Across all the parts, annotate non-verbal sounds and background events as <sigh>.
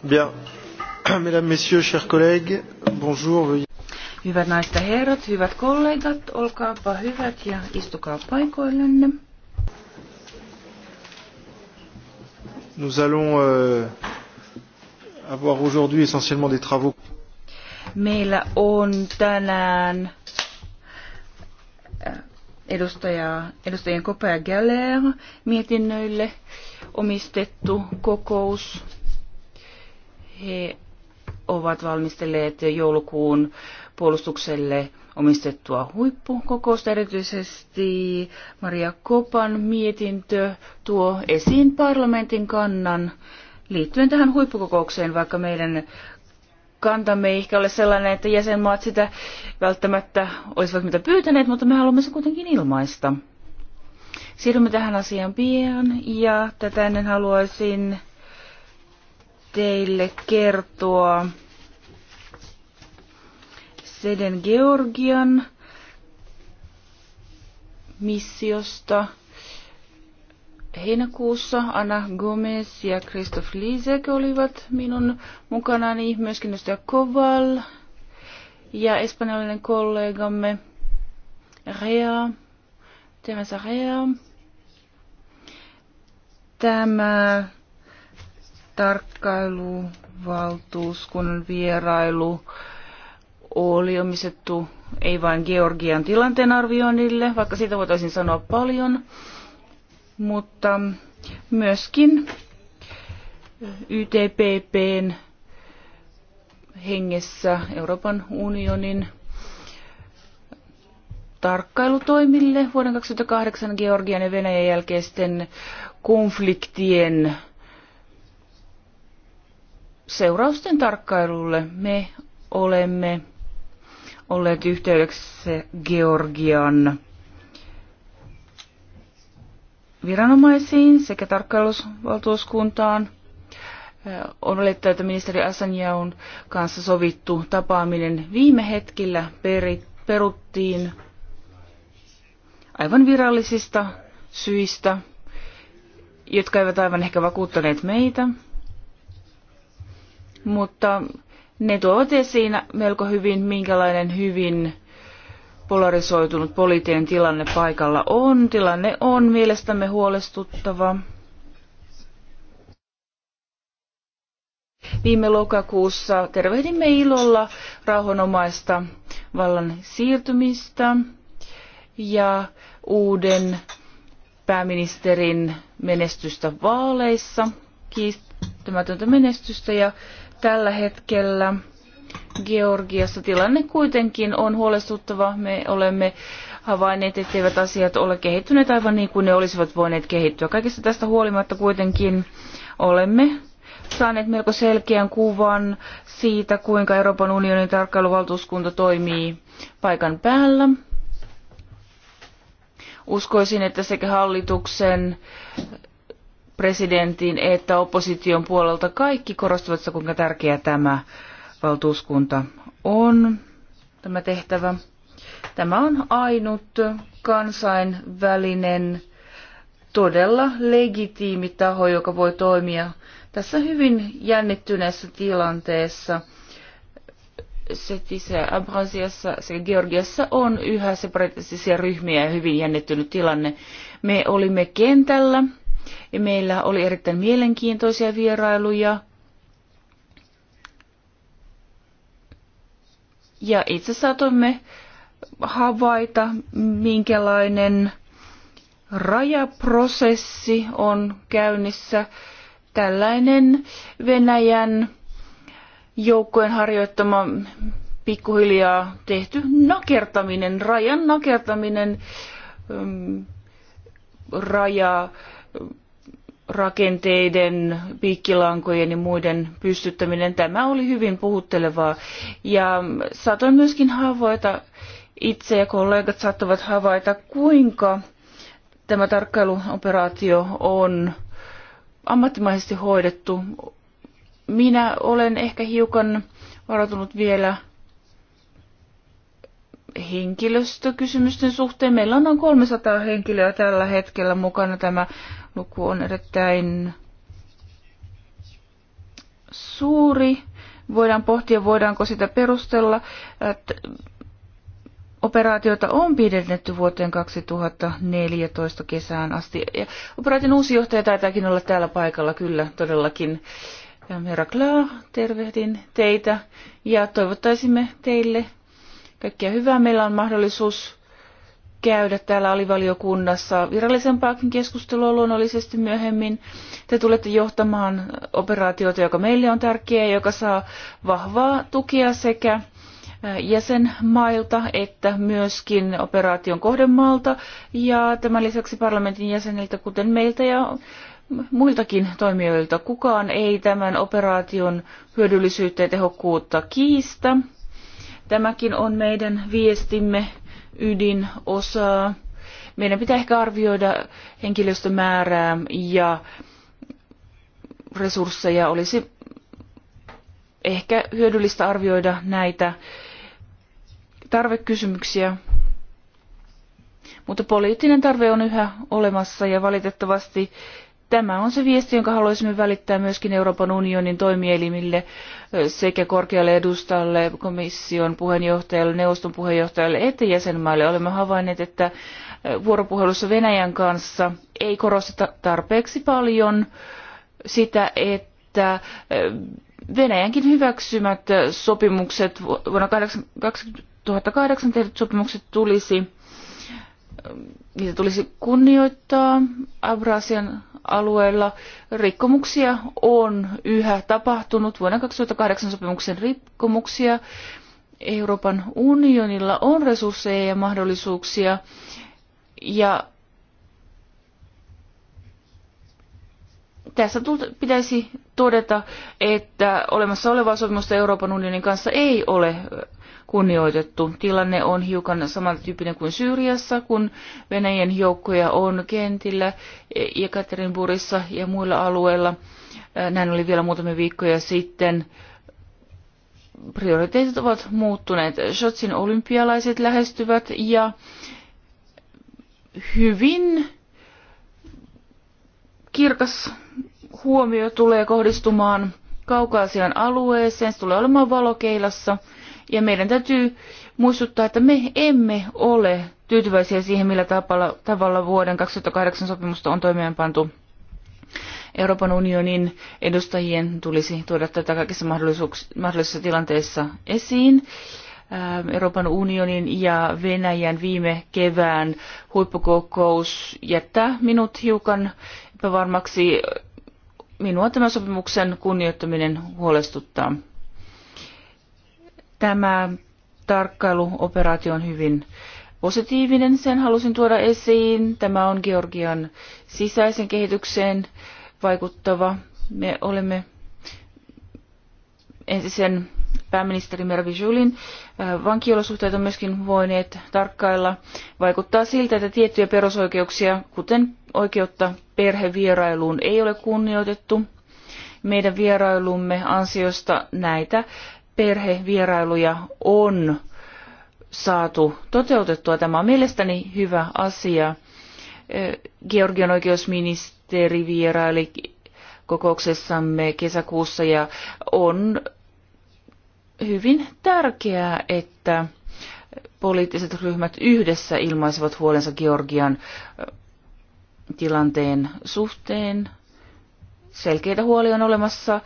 <clears throat> Mesdames, Messieurs, chers collègues, bonjour. Hyvät naiset ja herrat, hyvät kollegat, olkaapa hyvät ja istukaa paikoillenne. Nous allons euh, avoir aujourd'hui essentiellement des travaux. Meillä on tänään äh, edustaja, edustajien Kopa ja Galler mietinnöille omistettu kokous. He ovat valmistelleet joulukuun puolustukselle omistettua huippukokousta. Erityisesti Maria Kopan mietintö tuo esiin parlamentin kannan liittyen tähän huippukokoukseen, vaikka meidän kantamme ei ehkä ole sellainen, että jäsenmaat sitä välttämättä olisivat mitä pyytäneet, mutta me haluamme sen kuitenkin ilmaista. Siirrymme tähän asiaan pian ja tätä ennen haluaisin teille kertoa Seden Georgian missiosta heinäkuussa Anna Gomez ja Christoph Lisek olivat minun mukanani, myöskin edustaja Koval ja espanjalainen kollegamme Rea, Teresa Rea. Tämä valtuuskunnan vierailu oli omistettu ei vain Georgian tilanteen arvioinnille, vaikka siitä voitaisiin sanoa paljon, mutta myöskin YTPPn hengessä Euroopan unionin tarkkailutoimille vuoden 2008 Georgian ja Venäjän jälkeisten konfliktien seurausten tarkkailulle. Me olemme olleet yhteydessä Georgian viranomaisiin sekä tarkkailusvaltuuskuntaan. On olettu, että ministeri Asanjaun kanssa sovittu tapaaminen viime hetkillä peri, peruttiin aivan virallisista syistä, jotka eivät aivan ehkä vakuuttaneet meitä mutta ne tuovat esiin melko hyvin, minkälainen hyvin polarisoitunut poliittinen tilanne paikalla on. Tilanne on mielestämme huolestuttava. Viime lokakuussa tervehdimme ilolla rauhanomaista vallan siirtymistä ja uuden pääministerin menestystä vaaleissa, kiistämätöntä menestystä ja Tällä hetkellä Georgiassa tilanne kuitenkin on huolestuttava. Me olemme havainneet, etteivät asiat ole kehittyneet aivan niin kuin ne olisivat voineet kehittyä. Kaikesta tästä huolimatta kuitenkin olemme saaneet melko selkeän kuvan siitä, kuinka Euroopan unionin tarkkailuvaltuuskunta toimii paikan päällä. Uskoisin, että sekä hallituksen presidentin että opposition puolelta kaikki korostavat sitä, kuinka tärkeä tämä valtuuskunta on, tämä tehtävä. Tämä on ainut kansainvälinen, todella legitiimi taho, joka voi toimia tässä hyvin jännittyneessä tilanteessa. Setissä, Abrasiassa sekä Georgiassa on yhä separatistisia ryhmiä ja hyvin jännittynyt tilanne. Me olimme kentällä ja meillä oli erittäin mielenkiintoisia vierailuja. Ja itse saatoimme havaita, minkälainen rajaprosessi on käynnissä. Tällainen Venäjän joukkojen harjoittama pikkuhiljaa tehty nakertaminen, rajan nakertaminen, mm, raja rakenteiden, piikkilankojen ja muiden pystyttäminen, tämä oli hyvin puhuttelevaa. Ja saatoin myöskin havaita, itse ja kollegat saattavat havaita, kuinka tämä tarkkailuoperaatio on ammattimaisesti hoidettu. Minä olen ehkä hiukan varautunut vielä henkilöstökysymysten suhteen. Meillä on noin 300 henkilöä tällä hetkellä mukana. Tämä luku on erittäin suuri. Voidaan pohtia, voidaanko sitä perustella. Että operaatiota on pidennetty vuoteen 2014 kesään asti. Ja operaation uusi johtaja taitaakin olla täällä paikalla kyllä todellakin. Herra Kla, tervehdin teitä ja toivottaisimme teille kaikkea hyvää. Meillä on mahdollisuus käydä täällä alivaliokunnassa virallisempaakin keskustelua luonnollisesti myöhemmin. Te tulette johtamaan operaatiota, joka meille on tärkeä ja joka saa vahvaa tukea sekä eh, jäsenmailta että myöskin operaation kohdemaalta ja tämän lisäksi parlamentin jäseniltä, kuten meiltä ja muiltakin toimijoilta. Kukaan ei tämän operaation hyödyllisyyttä ja tehokkuutta kiistä. Tämäkin on meidän viestimme ydinosaa. Meidän pitää ehkä arvioida henkilöstömäärää ja resursseja. Olisi ehkä hyödyllistä arvioida näitä tarvekysymyksiä. Mutta poliittinen tarve on yhä olemassa ja valitettavasti Tämä on se viesti, jonka haluaisimme välittää myöskin Euroopan unionin toimielimille sekä korkealle edustajalle, komission puheenjohtajalle, neuvoston puheenjohtajalle että jäsenmaille. Olemme havainneet, että vuoropuhelussa Venäjän kanssa ei korosteta tarpeeksi paljon sitä, että Venäjänkin hyväksymät sopimukset, vuonna 2008, 2008 tehdyt sopimukset tulisi niitä tulisi kunnioittaa Abrasian alueella. Rikkomuksia on yhä tapahtunut. Vuonna 2008 sopimuksen rikkomuksia Euroopan unionilla on resursseja ja mahdollisuuksia. Ja tässä pitäisi todeta, että olemassa olevaa sopimusta Euroopan unionin kanssa ei ole kunnioitettu. Tilanne on hiukan samantyyppinen kuin Syyriassa, kun Venäjän joukkoja on kentillä ja ja muilla alueilla. Äh, näin oli vielä muutamia viikkoja sitten. Prioriteetit ovat muuttuneet. Shotsin olympialaiset lähestyvät ja hyvin kirkas huomio tulee kohdistumaan Kaukaasian alueeseen. Se tulee olemaan valokeilassa ja meidän täytyy muistuttaa, että me emme ole tyytyväisiä siihen, millä tavalla, tavalla vuoden 2008 sopimusta on toimeenpantu. Euroopan unionin edustajien tulisi tuoda tätä kaikissa mahdollisissa tilanteissa esiin. Euroopan unionin ja Venäjän viime kevään huippukokous jättää minut hiukan epävarmaksi. Minua tämän sopimuksen kunnioittaminen huolestuttaa. Tämä tarkkailuoperaatio on hyvin positiivinen, sen halusin tuoda esiin. Tämä on Georgian sisäisen kehitykseen vaikuttava. Me olemme ensisen pääministeri Julin äh, vankiolosuhteet on myöskin voineet tarkkailla. Vaikuttaa siltä, että tiettyjä perusoikeuksia, kuten oikeutta perhevierailuun, ei ole kunnioitettu. Meidän vierailumme ansiosta näitä perhevierailuja on saatu toteutettua. Tämä on mielestäni hyvä asia. Eh, Georgian oikeusministeri vieraili kokouksessamme kesäkuussa ja on hyvin tärkeää, että poliittiset ryhmät yhdessä ilmaisivat huolensa Georgian eh, tilanteen suhteen. Selkeitä huolia on olemassa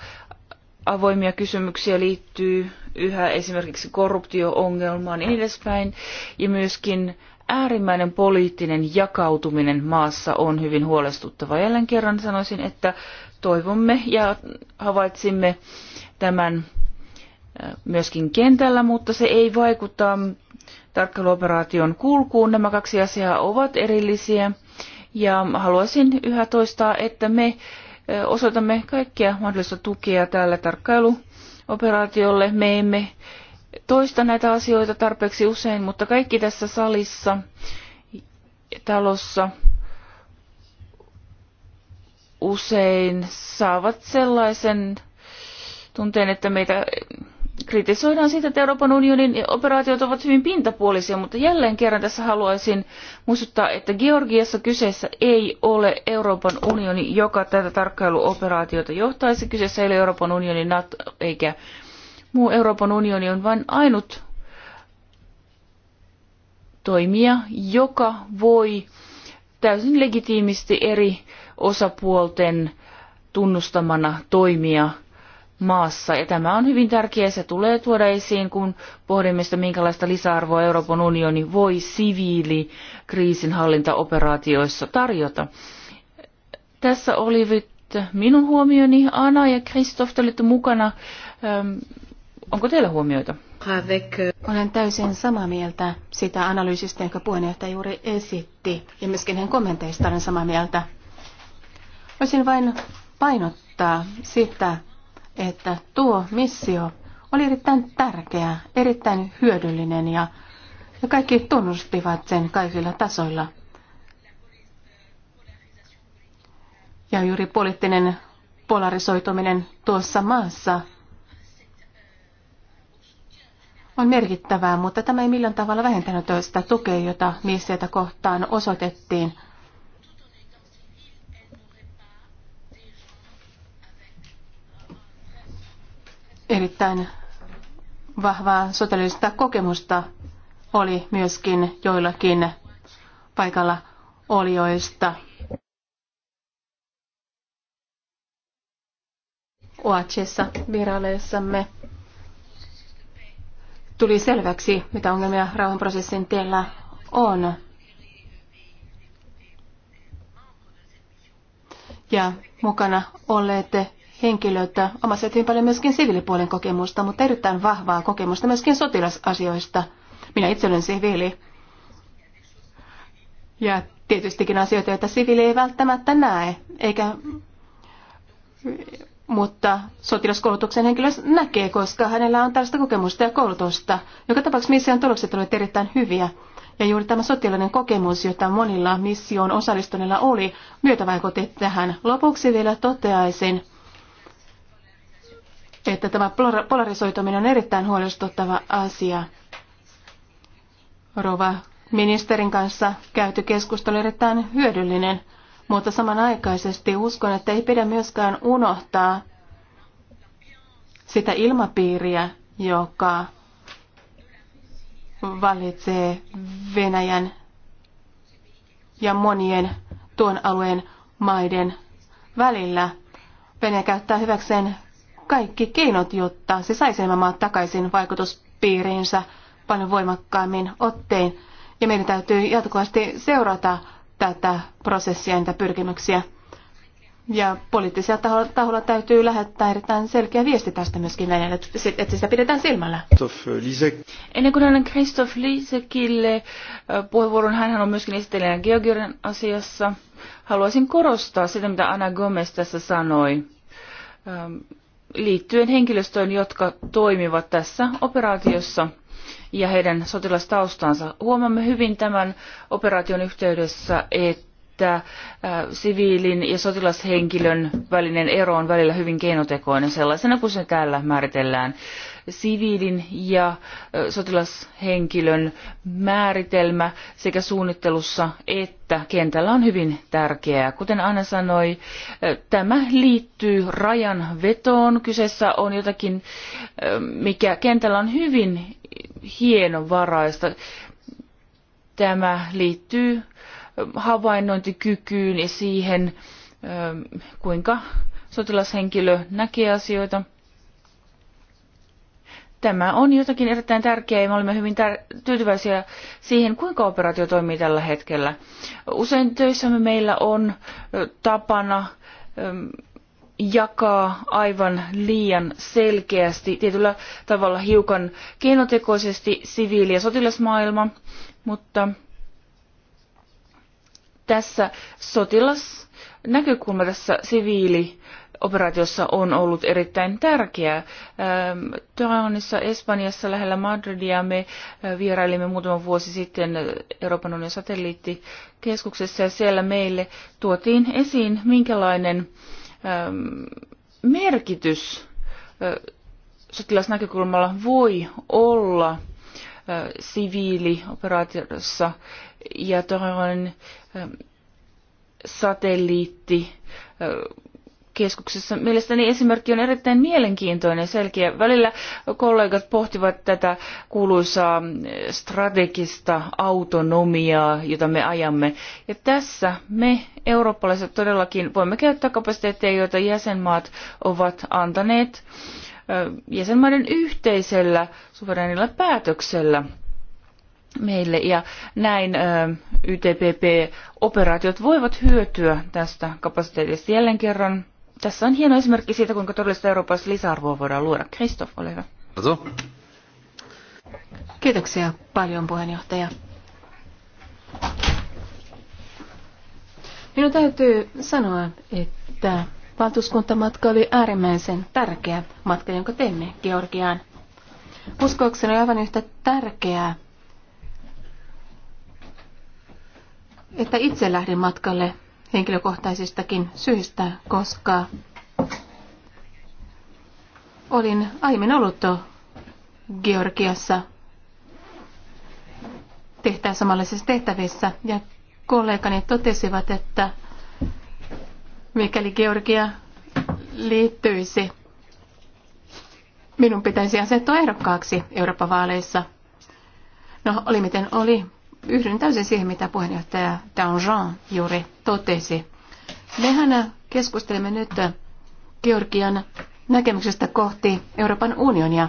avoimia kysymyksiä liittyy yhä esimerkiksi korruptioongelmaan ja niin edespäin. Ja myöskin äärimmäinen poliittinen jakautuminen maassa on hyvin huolestuttava. Jälleen kerran sanoisin, että toivomme ja havaitsimme tämän myöskin kentällä, mutta se ei vaikuta tarkkailuoperaation kulkuun. Nämä kaksi asiaa ovat erillisiä. Ja haluaisin yhä toistaa, että me osoitamme kaikkia mahdollista tukea tälle tarkkailuoperaatiolle. Me emme toista näitä asioita tarpeeksi usein, mutta kaikki tässä salissa, talossa usein saavat sellaisen tunteen, että meitä kritisoidaan siitä, että Euroopan unionin operaatiot ovat hyvin pintapuolisia, mutta jälleen kerran tässä haluaisin muistuttaa, että Georgiassa kyseessä ei ole Euroopan unioni, joka tätä tarkkailuoperaatiota johtaisi. Kyseessä ei ole Euroopan unioni, NATO eikä muu Euroopan unioni on vain ainut toimija, joka voi täysin legitiimisti eri osapuolten tunnustamana toimia – maassa. Ja tämä on hyvin tärkeää, se tulee tuoda esiin, kun pohdimme sitä, minkälaista lisäarvoa Euroopan unioni voi siviili kriisinhallintaoperaatioissa tarjota. Tässä olivat minun huomioni, Anna ja Kristoff, te olitte mukana. Öm, onko teillä huomioita? Olen täysin samaa mieltä sitä analyysistä, jonka puheenjohtaja juuri esitti, ja myöskin hänen kommenteista olen samaa mieltä. Voisin vain painottaa sitä, että tuo missio oli erittäin tärkeä, erittäin hyödyllinen ja, ja kaikki tunnustivat sen kaikilla tasoilla. Ja juuri poliittinen polarisoituminen tuossa maassa on merkittävää, mutta tämä ei millään tavalla vähentänyt sitä tukea, jota missiota kohtaan osoitettiin. erittäin vahvaa sotilaallista kokemusta oli myöskin joillakin paikalla olijoista. Oachessa viralleissamme tuli selväksi, mitä ongelmia rauhanprosessin tiellä on. Ja mukana olleet henkilöt Omassa paljon myöskin siviilipuolen kokemusta, mutta erittäin vahvaa kokemusta myöskin sotilasasioista. Minä itse olen siviili. Ja tietystikin asioita, joita siviili ei välttämättä näe, eikä, mutta sotilaskoulutuksen henkilö näkee, koska hänellä on tällaista kokemusta ja koulutusta. Joka tapauksessa mission tulokset olivat erittäin hyviä. Ja juuri tämä sotilainen kokemus, jota monilla missioon osallistuneilla oli, myötävaikutti tähän. Lopuksi vielä toteaisin, että tämä polarisoituminen on erittäin huolestuttava asia. Rova ministerin kanssa käyty keskustelu erittäin hyödyllinen, mutta samanaikaisesti uskon, että ei pidä myöskään unohtaa sitä ilmapiiriä, joka valitsee Venäjän ja monien tuon alueen maiden välillä. Venäjä käyttää hyväkseen kaikki keinot, jotta se saisi nämä maat takaisin vaikutuspiiriinsä paljon voimakkaammin ottein. Ja meidän täytyy jatkuvasti seurata tätä prosessia ja pyrkimyksiä. Ja poliittisia taholla, taholla täytyy lähettää erittäin selkeä viesti tästä myöskin Venäjälle, että sitä pidetään silmällä. Ennen kuin annan Kristof Lisekille puheenvuoron, hän on myöskin esittelijänä Georgian asiassa. Haluaisin korostaa sitä, mitä Anna Gomez tässä sanoi liittyen henkilöstöön, jotka toimivat tässä operaatiossa ja heidän sotilastaustansa. Huomamme hyvin tämän operaation yhteydessä, että äh, siviilin ja sotilashenkilön välinen ero on välillä hyvin keinotekoinen sellaisena kuin se täällä määritellään siviilin ja sotilashenkilön määritelmä sekä suunnittelussa että kentällä on hyvin tärkeää. Kuten Anna sanoi, tämä liittyy rajan vetoon. Kyseessä on jotakin, mikä kentällä on hyvin hienovaraista. Tämä liittyy havainnointikykyyn ja siihen, kuinka sotilashenkilö näkee asioita. Tämä on jotakin erittäin tärkeää ja me olemme hyvin tyytyväisiä siihen, kuinka operaatio toimii tällä hetkellä. Usein töissämme meillä on tapana jakaa aivan liian selkeästi, tietyllä tavalla hiukan keinotekoisesti siviili- ja sotilasmaailma, mutta tässä sotilasnäkökulma tässä siviili- operaatiossa on ollut erittäin tärkeä. Ähm, Toronissa, Espanjassa lähellä Madridia me äh, vierailimme muutama vuosi sitten Euroopan unionin satelliittikeskuksessa ja siellä meille tuotiin esiin, minkälainen ähm, merkitys äh, sotilasnäkökulmalla voi olla äh, siviilioperaatiossa ja Toron ähm, satelliitti keskuksessa. Mielestäni esimerkki on erittäin mielenkiintoinen ja selkeä. Välillä kollegat pohtivat tätä kuuluisaa mm, strategista autonomiaa, jota me ajamme. Ja tässä me eurooppalaiset todellakin voimme käyttää kapasiteetteja, joita jäsenmaat ovat antaneet jäsenmaiden yhteisellä suverenilla päätöksellä meille ja näin YTPP-operaatiot voivat hyötyä tästä kapasiteetista jälleen kerran tässä on hieno esimerkki siitä, kuinka todellista Euroopassa lisäarvoa voidaan luoda. Kristoff, ole hyvä. Kiitoksia paljon puheenjohtaja. Minun täytyy sanoa, että valtuuskuntamatka oli äärimmäisen tärkeä matka, jonka teimme Georgiaan. Uskoakseni on aivan yhtä tärkeää, että itse lähdin matkalle henkilökohtaisistakin syistä, koska olin aiemmin ollut Georgiassa tehtää samanlaisissa tehtävissä ja kollegani totesivat, että mikäli Georgia liittyisi, minun pitäisi asettua ehdokkaaksi Euroopan vaaleissa. No, oli miten oli yhdyn täysin siihen, mitä puheenjohtaja jean juuri totesi. Mehän keskustelemme nyt Georgian näkemyksestä kohti Euroopan unionia.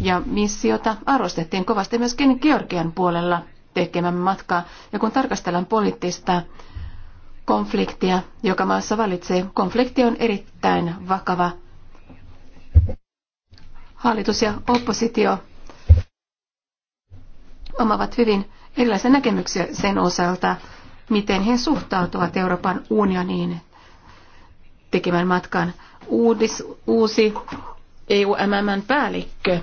Ja missiota arvostettiin kovasti myöskin Georgian puolella tekemän matkaa. Ja kun tarkastellaan poliittista konfliktia, joka maassa valitsee, konflikti on erittäin vakava. Hallitus ja oppositio omavat hyvin erilaisia näkemyksiä sen osalta, miten he suhtautuvat Euroopan unioniin tekemään matkan. Uudis, uusi EUMMn päällikkö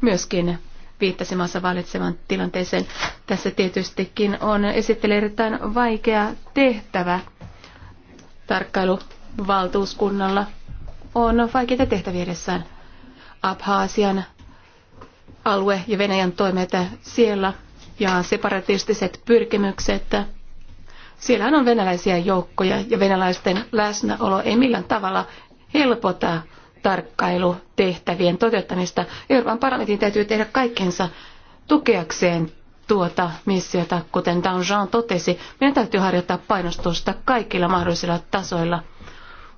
myöskin viittasi maassa valitsevan tilanteeseen. Tässä tietystikin on esittely erittäin vaikea tehtävä. Tarkkailuvaltuuskunnalla on vaikeita tehtäviä edessään. Abhaasian alue ja Venäjän toimet siellä ja separatistiset pyrkimykset. Siellähän on venäläisiä joukkoja ja venäläisten läsnäolo ei millään tavalla helpota tarkkailutehtävien toteuttamista. Euroopan parlamentin täytyy tehdä kaikkensa tukeakseen tuota missiota, kuten Danjean totesi. Meidän täytyy harjoittaa painostusta kaikilla mahdollisilla tasoilla.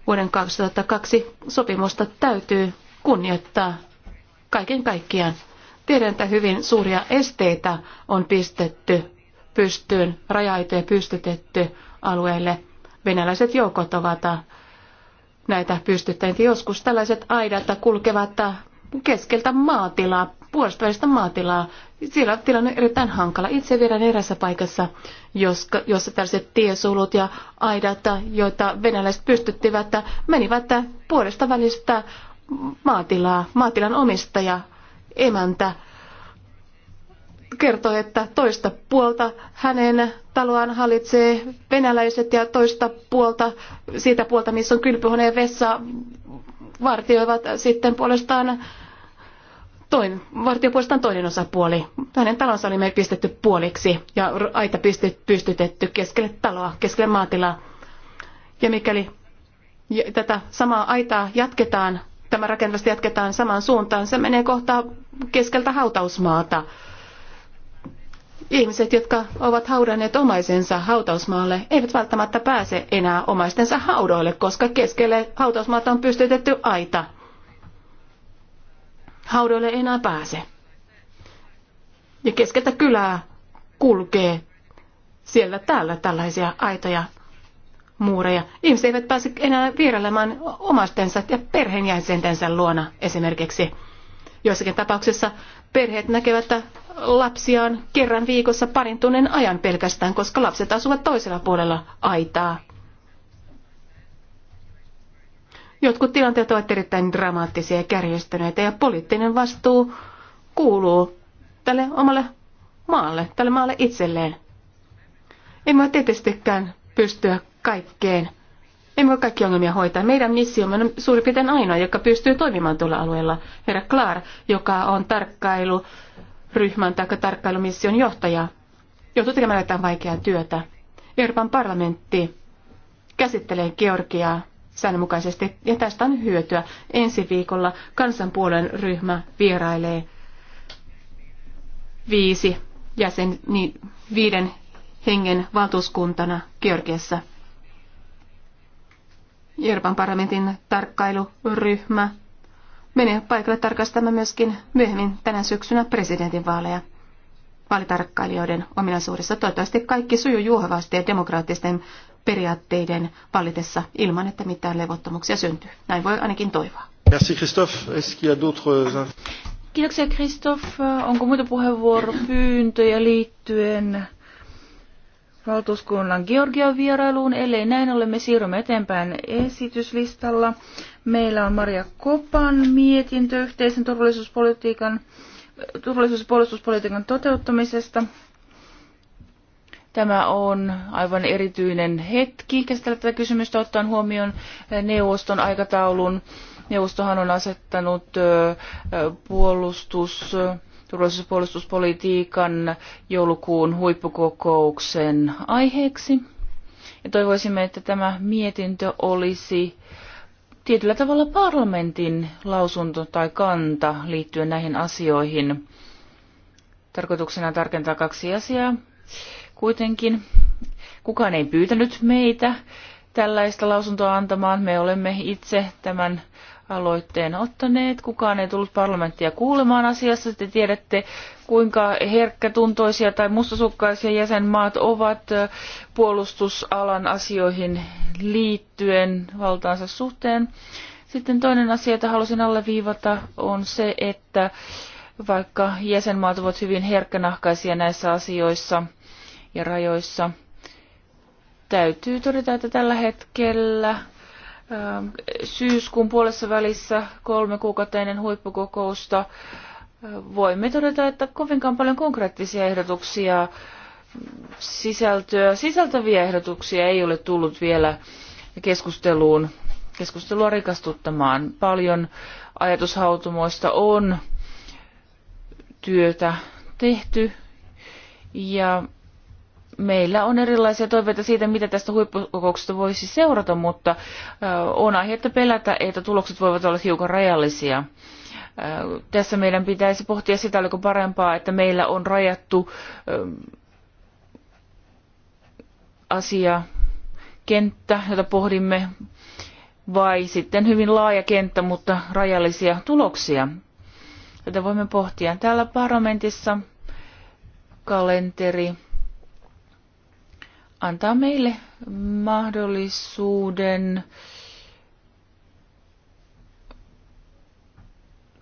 Vuoden 2002 sopimusta täytyy kunnioittaa kaiken kaikkiaan. Tiedän, että hyvin suuria esteitä on pistetty pystyyn, rajaitoja pystytetty alueelle. Venäläiset joukot ovat näitä pystyttäneet. Joskus tällaiset aidat kulkevat keskeltä maatilaa, puolesta maatilaa. Siellä on tilanne erittäin hankala. Itse viedään erässä paikassa, jossa tällaiset tiesulut ja aidat, joita venäläiset pystyttivät, menivät puolesta välistä maatilaa, maatilan omistaja emäntä kertoi, että toista puolta hänen taloaan hallitsee venäläiset ja toista puolta, siitä puolta, missä on kylpyhuoneen vessa, vartioivat sitten puolestaan toinen, vartio puolestaan toinen osapuoli. Hänen talonsa oli pistetty puoliksi ja aita pystytetty keskelle taloa, keskelle maatilaa. Ja mikäli tätä samaa aitaa jatketaan tämä rakennus jatketaan samaan suuntaan, se menee kohta keskeltä hautausmaata. Ihmiset, jotka ovat haudanneet omaisensa hautausmaalle, eivät välttämättä pääse enää omaistensa haudoille, koska keskelle hautausmaata on pystytetty aita. Haudoille ei enää pääse. Ja keskeltä kylää kulkee siellä täällä tällaisia aitoja muureja. Ihmiset eivät pääse enää vierailemaan omastensa ja perheenjäsentensä luona esimerkiksi. Joissakin tapauksissa perheet näkevät lapsiaan kerran viikossa parin tunnin ajan pelkästään, koska lapset asuvat toisella puolella aitaa. Jotkut tilanteet ovat erittäin dramaattisia ja kärjistyneitä ja poliittinen vastuu kuuluu tälle omalle maalle, tälle maalle itselleen. Emme tietystikään pystyä kaikkeen. Emme voi kaikki ongelmia hoitaa. Meidän missio on suurin piirtein ainoa, joka pystyy toimimaan tuolla alueella. Herra Klaar, joka on tarkkailuryhmän tai tarkkailumission johtaja, joutuu tekemään jotain vaikeaa työtä. Euroopan parlamentti käsittelee Georgiaa säännönmukaisesti ja tästä on hyötyä. Ensi viikolla kansanpuolen ryhmä vierailee viisi jäsen, niin viiden hengen valtuuskuntana Georgiassa. Euroopan parlamentin tarkkailuryhmä menee paikalle tarkastamaan myöskin myöhemmin tänä syksynä presidentinvaaleja vaalitarkkailijoiden ominaisuudessa. Toivottavasti kaikki sujuu juohavasti ja demokraattisten periaatteiden valitessa ilman, että mitään levottomuuksia syntyy. Näin voi ainakin toivoa. Merci Christophe. Est-ce qu'il y a d'autres... Kiitoksia Christophe. Onko muita puheenvuoropyyntöjä liittyen valtuuskunnan Georgian vierailuun. Ellei näin ole, me siirrymme eteenpäin esityslistalla. Meillä on Maria Kopan mietintö yhteisen turvallisuuspolitiikan, turvallisuus- ja puolustuspolitiikan toteuttamisesta. Tämä on aivan erityinen hetki käsitellä tätä kysymystä ottaen huomioon eh, neuvoston aikataulun. Neuvostohan on asettanut eh, eh, puolustus- turvallisuus- ja puolustuspolitiikan joulukuun huippukokouksen aiheeksi. Ja toivoisimme, että tämä mietintö olisi tietyllä tavalla parlamentin lausunto tai kanta liittyen näihin asioihin. Tarkoituksena tarkentaa kaksi asiaa. Kuitenkin kukaan ei pyytänyt meitä tällaista lausuntoa antamaan. Me olemme itse tämän aloitteen ottaneet. Kukaan ei tullut parlamenttia kuulemaan asiassa. Te tiedätte, kuinka herkkätuntoisia tai mustasukkaisia jäsenmaat ovat puolustusalan asioihin liittyen valtaansa suhteen. Sitten toinen asia, jota halusin alleviivata, on se, että vaikka jäsenmaat ovat hyvin herkkänahkaisia näissä asioissa ja rajoissa, täytyy todeta, että tällä hetkellä Ähm, syyskuun puolessa välissä kolme kuukautta ennen huippukokousta äh, voimme todeta, että kovinkaan paljon konkreettisia ehdotuksia sisältöä, sisältäviä ehdotuksia ei ole tullut vielä keskusteluun, keskustelua rikastuttamaan. Paljon ajatushautumoista on työtä tehty ja meillä on erilaisia toiveita siitä, mitä tästä huippukokouksesta voisi seurata, mutta on aihetta pelätä, että tulokset voivat olla hiukan rajallisia. Tässä meidän pitäisi pohtia sitä, oliko parempaa, että meillä on rajattu asia, kenttä, jota pohdimme, vai sitten hyvin laaja kenttä, mutta rajallisia tuloksia, joita voimme pohtia. Täällä parlamentissa kalenteri antaa meille mahdollisuuden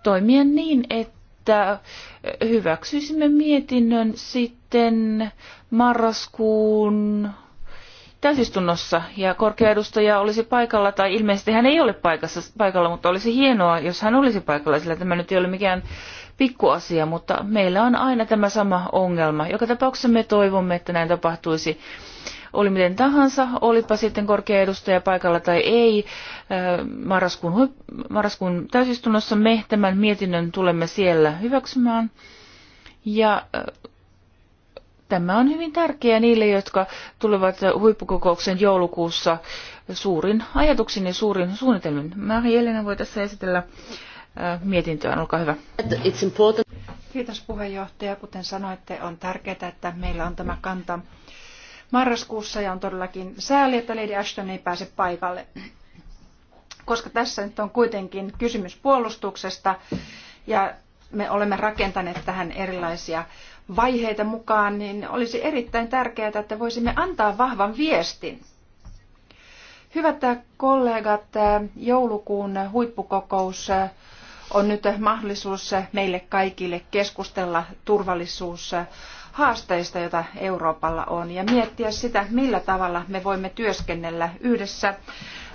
toimia niin, että hyväksyisimme mietinnön sitten marraskuun täysistunnossa ja korkea edustaja olisi paikalla, tai ilmeisesti hän ei ole paikassa, paikalla, mutta olisi hienoa, jos hän olisi paikalla, sillä tämä nyt ei ole mikään pikkuasia, mutta meillä on aina tämä sama ongelma. Joka tapauksessa me toivomme, että näin tapahtuisi oli miten tahansa, olipa sitten korkea edustaja paikalla tai ei, äh, marraskuun, marraskuun täysistunnossa me tämän mietinnön tulemme siellä hyväksymään. Ja äh, tämä on hyvin tärkeää niille, jotka tulevat huippukokouksen joulukuussa suurin ajatuksin ja suurin suunnitelmin. Mari-Elina voi tässä esitellä äh, mietintöä, Olkaa hyvä. It's Kiitos puheenjohtaja. Kuten sanoitte, on tärkeää, että meillä on tämä kanta marraskuussa ja on todellakin sääli, että Lady Ashton ei pääse paikalle. Koska tässä nyt on kuitenkin kysymys puolustuksesta ja me olemme rakentaneet tähän erilaisia vaiheita mukaan, niin olisi erittäin tärkeää, että voisimme antaa vahvan viestin. Hyvät kollegat, joulukuun huippukokous on nyt mahdollisuus meille kaikille keskustella turvallisuus haasteista, joita Euroopalla on, ja miettiä sitä, millä tavalla me voimme työskennellä yhdessä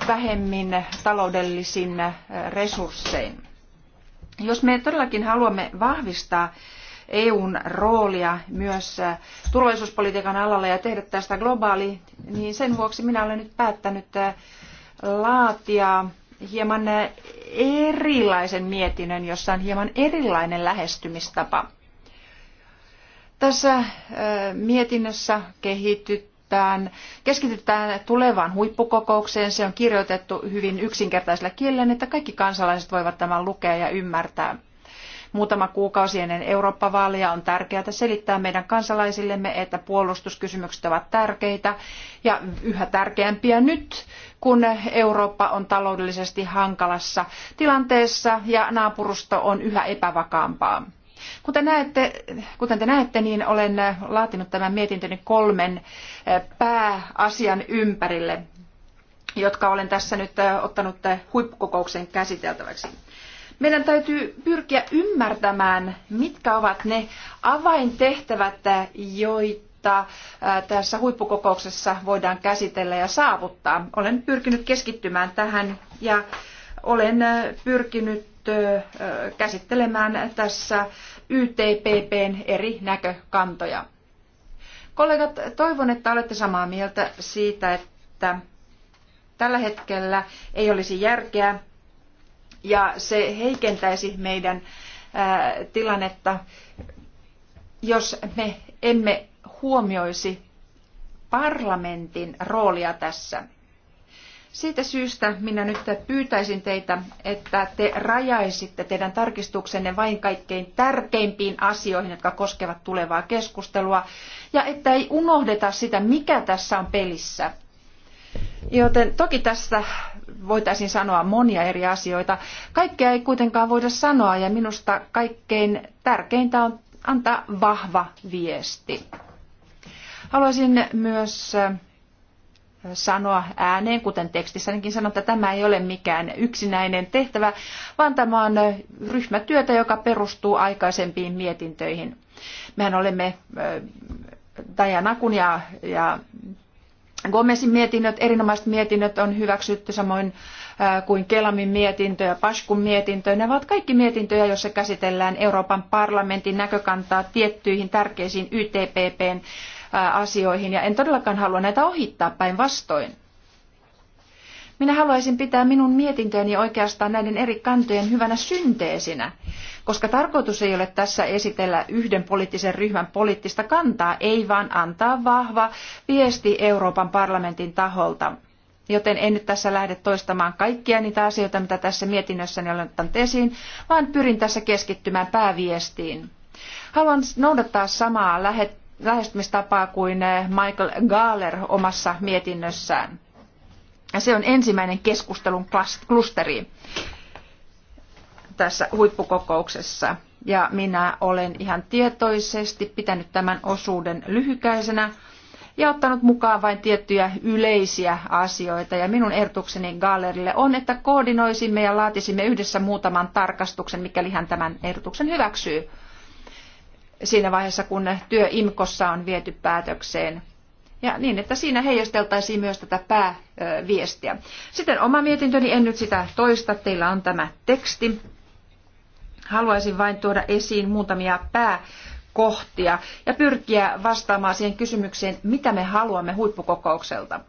vähemmin taloudellisin äh, resurssein. Jos me todellakin haluamme vahvistaa EUn roolia myös äh, turvallisuuspolitiikan alalla ja tehdä tästä globaali, niin sen vuoksi minä olen nyt päättänyt äh, laatia hieman erilaisen mietinnön, jossa on hieman erilainen lähestymistapa. Tässä mietinnössä kehitytään, keskitytään tulevaan huippukokoukseen. Se on kirjoitettu hyvin yksinkertaisella kielellä, että kaikki kansalaiset voivat tämän lukea ja ymmärtää. Muutama kuukausi ennen Eurooppa-vaalia on tärkeää selittää meidän kansalaisillemme, että puolustuskysymykset ovat tärkeitä ja yhä tärkeämpiä nyt, kun Eurooppa on taloudellisesti hankalassa tilanteessa ja naapurusto on yhä epävakaampaa. Kuten, näette, kuten te näette, niin olen laatinut tämän mietintöni kolmen eh, pääasian ympärille, jotka olen tässä nyt eh, ottanut eh, huippukokouksen käsiteltäväksi. Meidän täytyy pyrkiä ymmärtämään, mitkä ovat ne avaintehtävät, joita tässä huippukokouksessa voidaan käsitellä ja saavuttaa. Olen pyrkinyt keskittymään tähän ja olen pyrkinyt käsittelemään tässä YTPPn eri näkökantoja. Kollegat, toivon, että olette samaa mieltä siitä, että tällä hetkellä ei olisi järkeä ja se heikentäisi meidän tilannetta, jos me emme huomioisi parlamentin roolia tässä. Siitä syystä minä nyt pyytäisin teitä, että te rajaisitte teidän tarkistuksenne vain kaikkein tärkeimpiin asioihin, jotka koskevat tulevaa keskustelua, ja että ei unohdeta sitä, mikä tässä on pelissä. Joten toki tässä voitaisiin sanoa monia eri asioita. Kaikkea ei kuitenkaan voida sanoa ja minusta kaikkein tärkeintä on antaa vahva viesti. Haluaisin myös sanoa ääneen, kuten tekstissäkin sanotaan, että tämä ei ole mikään yksinäinen tehtävä, vaan tämä on ryhmätyötä, joka perustuu aikaisempiin mietintöihin. Mehän olemme Dajanakun ja, ja Gomesin mietinnöt, erinomaiset mietinnöt on hyväksytty, samoin kuin Kelamin mietintö ja Paskun mietintö. Ne ovat kaikki mietintöjä, joissa käsitellään Euroopan parlamentin näkökantaa tiettyihin tärkeisiin YTPPn asioihin ja en todellakaan halua näitä ohittaa päinvastoin. Minä haluaisin pitää minun mietintöni oikeastaan näiden eri kantojen hyvänä synteesinä, koska tarkoitus ei ole tässä esitellä yhden poliittisen ryhmän poliittista kantaa, ei vaan antaa vahva viesti Euroopan parlamentin taholta. Joten en nyt tässä lähde toistamaan kaikkia niitä asioita, mitä tässä mietinnössäni olen ottanut esiin, vaan pyrin tässä keskittymään pääviestiin. Haluan noudattaa samaa lähet, lähestymistapaa kuin eh, Michael Gahler omassa mietinnössään. Se on ensimmäinen keskustelun klusteri tässä huippukokouksessa. Ja minä olen ihan tietoisesti pitänyt tämän osuuden lyhykäisenä ja ottanut mukaan vain tiettyjä yleisiä asioita. Ja minun ehdotukseni Gallerille on, että koordinoisimme ja laatisimme yhdessä muutaman tarkastuksen, mikäli hän tämän ehdotuksen hyväksyy siinä vaiheessa, kun työ IMKossa on viety päätökseen. Ja niin, että siinä heijasteltaisiin myös tätä pääviestiä. Sitten oma mietintöni, en nyt sitä toista, teillä on tämä teksti. Haluaisin vain tuoda esiin muutamia pääkohtia ja pyrkiä vastaamaan siihen kysymykseen, mitä me haluamme huippukokoukselta.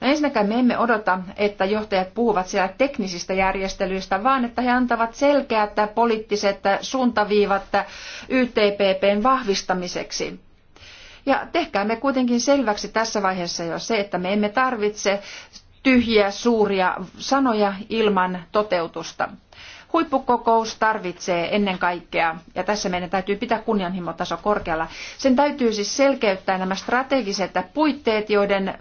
No ensinnäkään me emme odota, että johtajat puhuvat siellä teknisistä järjestelyistä, vaan että he antavat selkeät poliittiset suuntaviivat YTPPn vahvistamiseksi. Ja tehkäämme kuitenkin selväksi tässä vaiheessa jo se, että me emme tarvitse tyhjiä suuria sanoja ilman toteutusta. Huippukokous tarvitsee ennen kaikkea, ja tässä meidän täytyy pitää kunnianhimotaso korkealla, sen täytyy siis selkeyttää nämä strategiset puitteet, joiden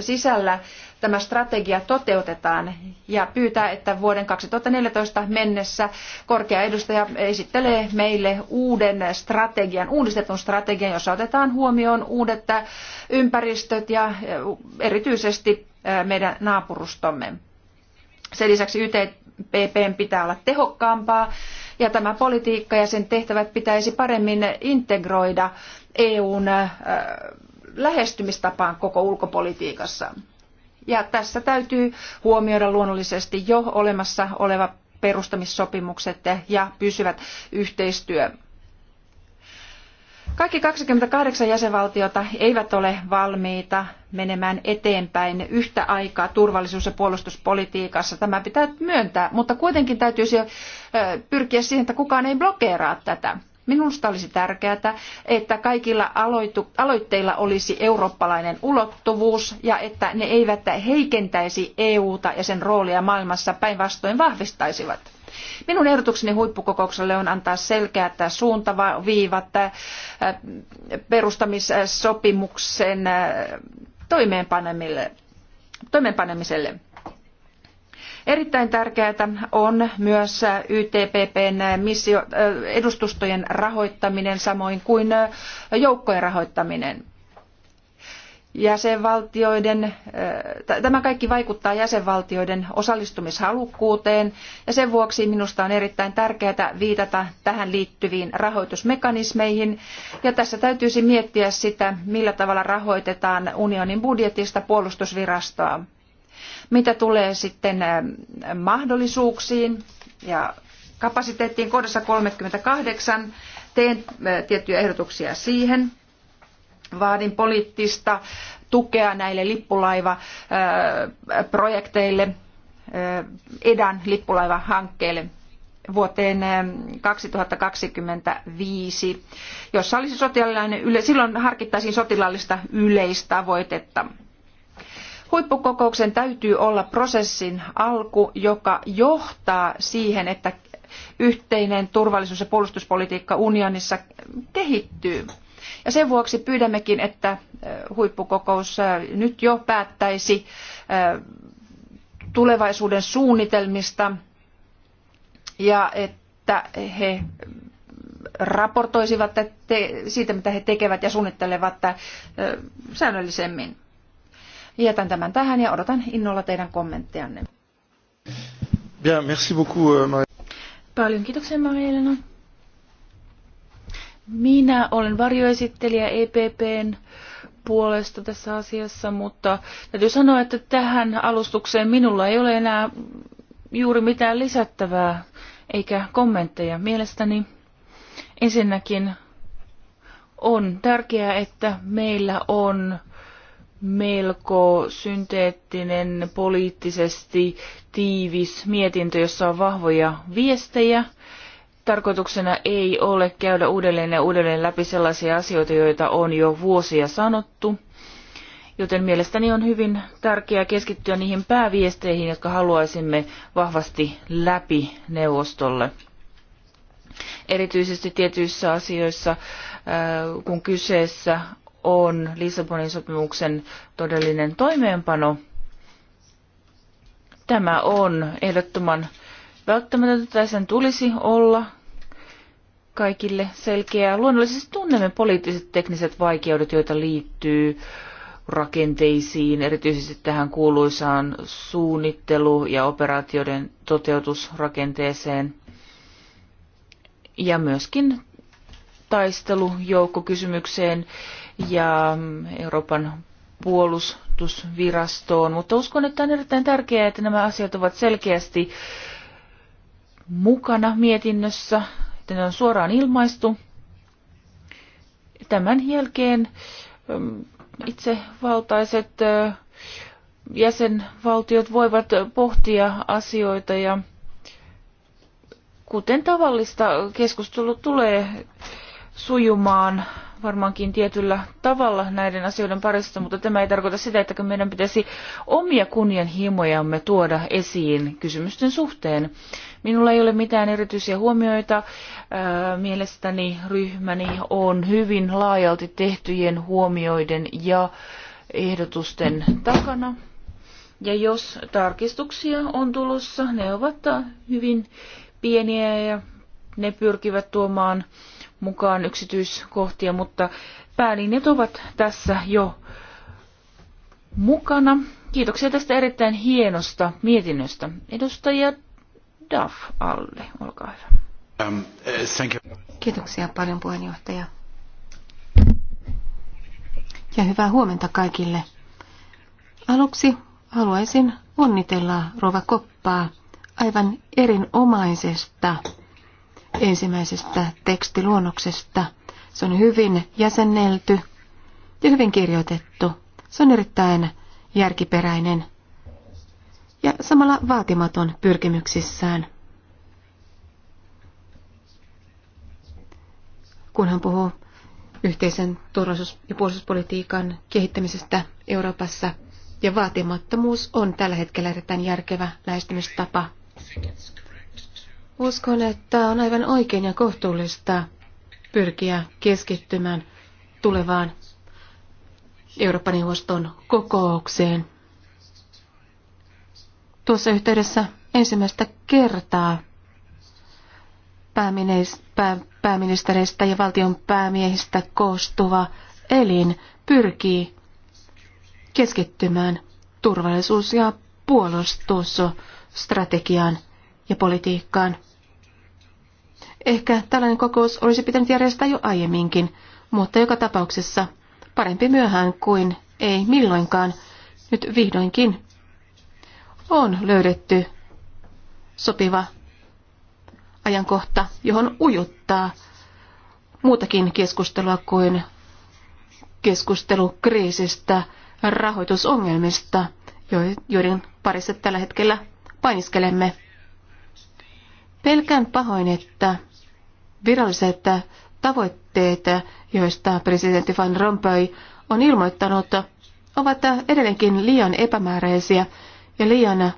sisällä tämä strategia toteutetaan ja pyytää, että vuoden 2014 mennessä korkea edustaja esittelee meille uuden strategian, uudistetun strategian, jossa otetaan huomioon uudet ympäristöt ja erityisesti meidän naapurustomme. Sen lisäksi EPPn pitää olla tehokkaampaa ja tämä politiikka ja sen tehtävät pitäisi paremmin integroida EUn äh, lähestymistapaan koko ulkopolitiikassa. Ja tässä täytyy huomioida luonnollisesti jo olemassa olevat perustamissopimukset ja pysyvät yhteistyö kaikki 28 jäsenvaltiota eivät ole valmiita menemään eteenpäin yhtä aikaa turvallisuus- ja puolustuspolitiikassa. Tämä pitää myöntää, mutta kuitenkin täytyisi pyrkiä siihen, että kukaan ei blokeeraa tätä. Minusta olisi tärkeää, että kaikilla aloitteilla olisi eurooppalainen ulottuvuus ja että ne eivät heikentäisi EUta ja sen roolia maailmassa päinvastoin vahvistaisivat. Minun ehdotukseni huippukokoukselle on antaa selkeät suuntaviivat äh, perustamissopimuksen äh, toimeenpanemiselle. Erittäin tärkeää on myös YTPPn missio, äh, edustustojen rahoittaminen samoin kuin joukkojen rahoittaminen jäsenvaltioiden, tämä kaikki vaikuttaa jäsenvaltioiden osallistumishalukkuuteen ja sen vuoksi minusta on erittäin tärkeää viitata tähän liittyviin rahoitusmekanismeihin ja tässä täytyisi miettiä sitä, millä tavalla rahoitetaan unionin budjetista puolustusvirastoa. Mitä tulee sitten mahdollisuuksiin ja kapasiteettiin kohdassa 38, teen tiettyjä ehdotuksia siihen – Vaadin poliittista tukea näille lippulaivaprojekteille, äh, äh, EDAN lippulaivahankkeille vuoteen 2025, äh, jossa olisi sotilaallinen yle, silloin harkittaisiin sotilaallista yleistavoitetta. Huippukokouksen täytyy olla prosessin alku, joka johtaa siihen, että yhteinen turvallisuus- ja puolustuspolitiikka unionissa kehittyy sen vuoksi pyydämmekin, että äh, huippukokous äh, nyt jo päättäisi äh, tulevaisuuden suunnitelmista ja että he raportoisivat siitä, mitä he tekevät ja suunnittelevat säännöllisemmin. Jätän tämän tähän ja odotan innolla teidän kommenttianne. Bien, merci beaucoup, euh, Marie. Paljon kiitoksia Marielena. Minä olen varjoesittelijä EPPn puolesta tässä asiassa, mutta täytyy sanoa, että tähän alustukseen minulla ei ole enää juuri mitään lisättävää eikä kommentteja. Mielestäni ensinnäkin on tärkeää, että meillä on melko synteettinen, poliittisesti tiivis mietintö, jossa on vahvoja viestejä – tarkoituksena ei ole käydä uudelleen ja uudelleen läpi sellaisia asioita, joita on jo vuosia sanottu, joten mielestäni on hyvin tärkeää keskittyä niihin pääviesteihin, jotka haluaisimme vahvasti läpi neuvostolle. Erityisesti tietyissä asioissa, äh, kun kyseessä on Lissabonin sopimuksen todellinen toimeenpano, tämä on ehdottoman välttämätöntä tai sen tulisi olla kaikille selkeää. Luonnollisesti tunnemme poliittiset tekniset vaikeudet, joita liittyy rakenteisiin, erityisesti tähän kuuluisaan suunnittelu- ja operaatioiden toteutusrakenteeseen ja myöskin taistelujoukkokysymykseen ja Euroopan puolustusvirastoon, mutta uskon, että on erittäin tärkeää, että nämä asiat ovat selkeästi mukana mietinnössä tavoitteena on suoraan ilmaistu. Tämän jälkeen ähm, itsevaltaiset äh, jäsenvaltiot voivat pohtia asioita ja kuten tavallista keskustelu tulee sujumaan varmaankin tietyllä tavalla näiden asioiden parissa, mutta tämä ei tarkoita sitä, että meidän pitäisi omia kunnianhimojamme tuoda esiin kysymysten suhteen. Minulla ei ole mitään erityisiä huomioita. Mielestäni ryhmäni on hyvin laajalti tehtyjen huomioiden ja ehdotusten takana. Ja jos tarkistuksia on tulossa, ne ovat hyvin pieniä ja ne pyrkivät tuomaan mukaan yksityiskohtia, mutta päälinjat ovat tässä jo mukana. Kiitoksia tästä erittäin hienosta mietinnöstä. Edustaja Duff Alle, olkaa hyvä. Um, uh, Kiitoksia paljon puheenjohtaja. Ja hyvää huomenta kaikille. Aluksi haluaisin onnitella Rova Koppaa aivan erinomaisesta ensimmäisestä tekstiluonnoksesta. Se on hyvin jäsennelty ja hyvin kirjoitettu. Se on erittäin järkiperäinen ja samalla vaatimaton pyrkimyksissään. Kun hän puhuu yhteisen turvallisuus- ja puolustuspolitiikan kehittämisestä Euroopassa, ja vaatimattomuus on tällä hetkellä erittäin järkevä lähestymistapa. Uskon, että on aivan oikein ja kohtuullista pyrkiä keskittymään tulevaan Euroopan neuvoston kokoukseen. Tuossa yhteydessä ensimmäistä kertaa pääministereistä ja valtion päämiehistä koostuva elin pyrkii keskittymään turvallisuus- ja puolustusstrategiaan ja politiikkaan – Ehkä tällainen kokous olisi pitänyt järjestää jo aiemminkin, mutta joka tapauksessa parempi myöhään kuin ei milloinkaan. Nyt vihdoinkin on löydetty sopiva ajankohta, johon ujuttaa muutakin keskustelua kuin keskustelu kriisistä, rahoitusongelmista, joiden parissa tällä hetkellä painiskelemme. Pelkään pahoin, että viralliset tavoitteet, joista presidentti Van Rompuy on ilmoittanut, ovat edelleenkin liian epämääräisiä ja liian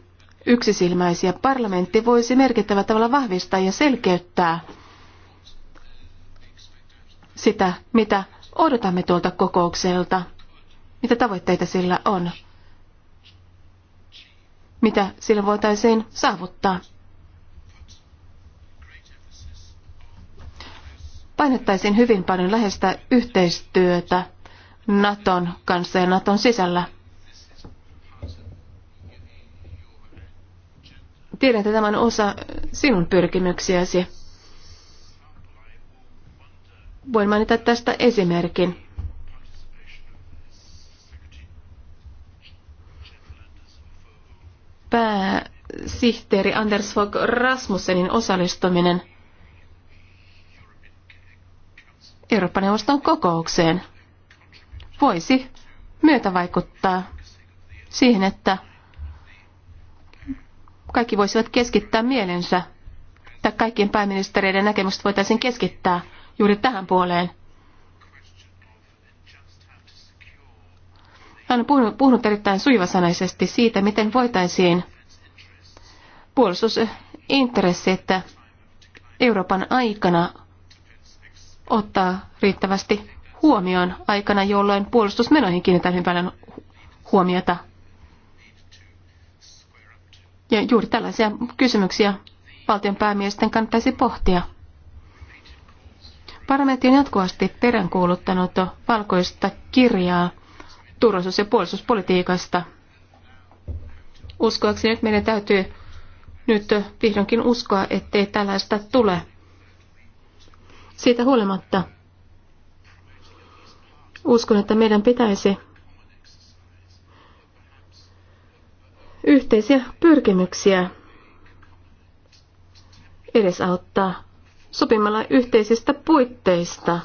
yksisilmäisiä. Parlamentti voisi merkittävällä tavalla vahvistaa ja selkeyttää sitä, mitä odotamme tuolta kokoukselta, mitä tavoitteita sillä on, mitä sillä voitaisiin saavuttaa. painettaisiin hyvin paljon läheistä yhteistyötä Naton kanssa ja Naton sisällä. Tiedän, että tämä on osa sinun pyrkimyksiäsi. Voin mainita tästä esimerkin. Pääsihteeri Anders Fogh Rasmussenin osallistuminen – Eurooppa-neuvoston kokoukseen voisi myötävaikuttaa siihen, että kaikki voisivat keskittää mielensä, tai kaikkien pääministeriöiden näkemykset voitaisiin keskittää juuri tähän puoleen. Hän on puhunut, puhunut erittäin sujuvasanaisesti siitä, miten voitaisiin puolustusintressit Euroopan aikana ottaa riittävästi huomioon aikana, jolloin puolustusmenoihin kiinnitetään hyvin paljon huomiota. Ja juuri tällaisia kysymyksiä valtion päämiesten kannattaisi pohtia. Parlamentti on jatkuvasti peräänkuuluttanut valkoista kirjaa turvallisuus- ja puolustuspolitiikasta. Uskoakseni nyt meidän täytyy nyt vihdoinkin uskoa, ettei tällaista tule. Siitä huolimatta uskon, että meidän pitäisi yhteisiä pyrkimyksiä edesauttaa sopimalla yhteisistä puitteista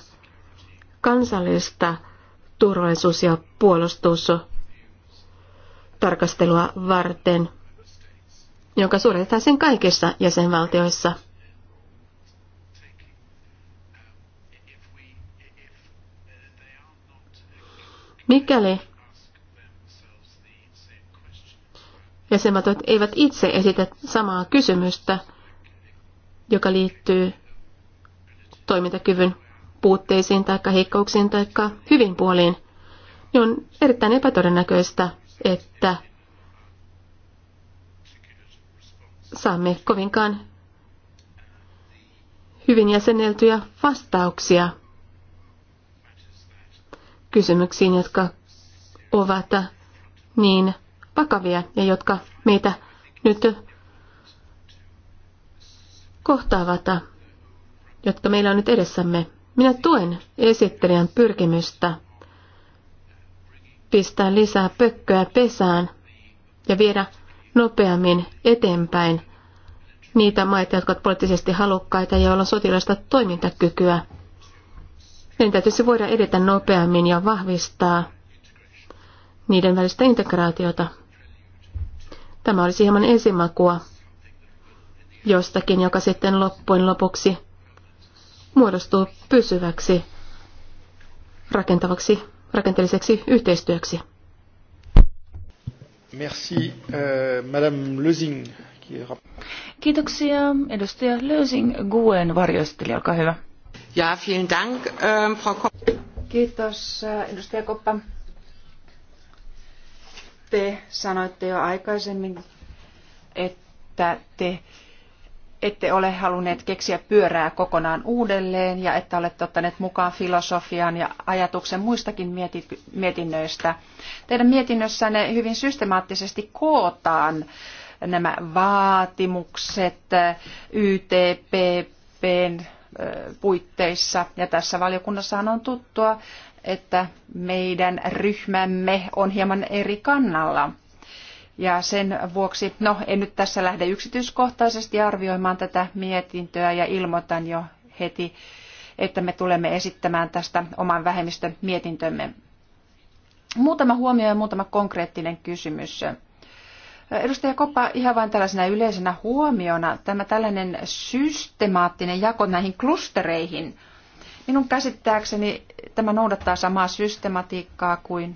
kansallista turvallisuus- ja tarkastelua varten, jonka suoritetaan sen kaikissa jäsenvaltioissa – Mikäli jäsenvaltiot eivät itse esitä samaa kysymystä, joka liittyy toimintakyvyn puutteisiin tai heikkouksiin tai hyvin puoliin, niin on erittäin epätodennäköistä, että saamme kovinkaan hyvin jäsenneltyjä vastauksia kysymyksiin, jotka ovat niin vakavia ja jotka meitä nyt kohtaavat, jotka meillä on nyt edessämme. Minä tuen esittelijän pyrkimystä pistää lisää pökköä pesään ja viedä nopeammin eteenpäin niitä maita, jotka ovat poliittisesti halukkaita ja joilla on sotilasta toimintakykyä meidän täytyisi voida edetä nopeammin ja vahvistaa niiden välistä integraatiota. Tämä olisi hieman esimakua jostakin, joka sitten loppujen lopuksi muodostuu pysyväksi rakentavaksi, rakenteelliseksi yhteistyöksi. Merci, uh, Madame Lösing. Kiitoksia, edustaja Lösing. Guen varjoistelija, olkaa hyvä. Ähm, Kiitos, äh, edustaja Koppa. Te sanoitte jo aikaisemmin, että te ette ole halunneet keksiä pyörää kokonaan uudelleen ja että olette ottaneet mukaan filosofian ja ajatuksen muistakin mietinnöistä. Teidän mietinnössänne hyvin systemaattisesti kootaan nämä vaatimukset, äh, YTPPn puitteissa. Ja tässä valiokunnassahan on tuttua, että meidän ryhmämme on hieman eri kannalla. Ja sen vuoksi, no en nyt tässä lähde yksityiskohtaisesti arvioimaan tätä mietintöä ja ilmoitan jo heti, että me tulemme esittämään tästä oman vähemmistön mietintömme. Muutama huomio ja muutama konkreettinen kysymys. Edustaja Koppa, ihan vain tällaisena yleisenä huomiona, tämä tällainen systemaattinen jako näihin klustereihin, minun käsittääkseni tämä noudattaa samaa systematiikkaa kuin,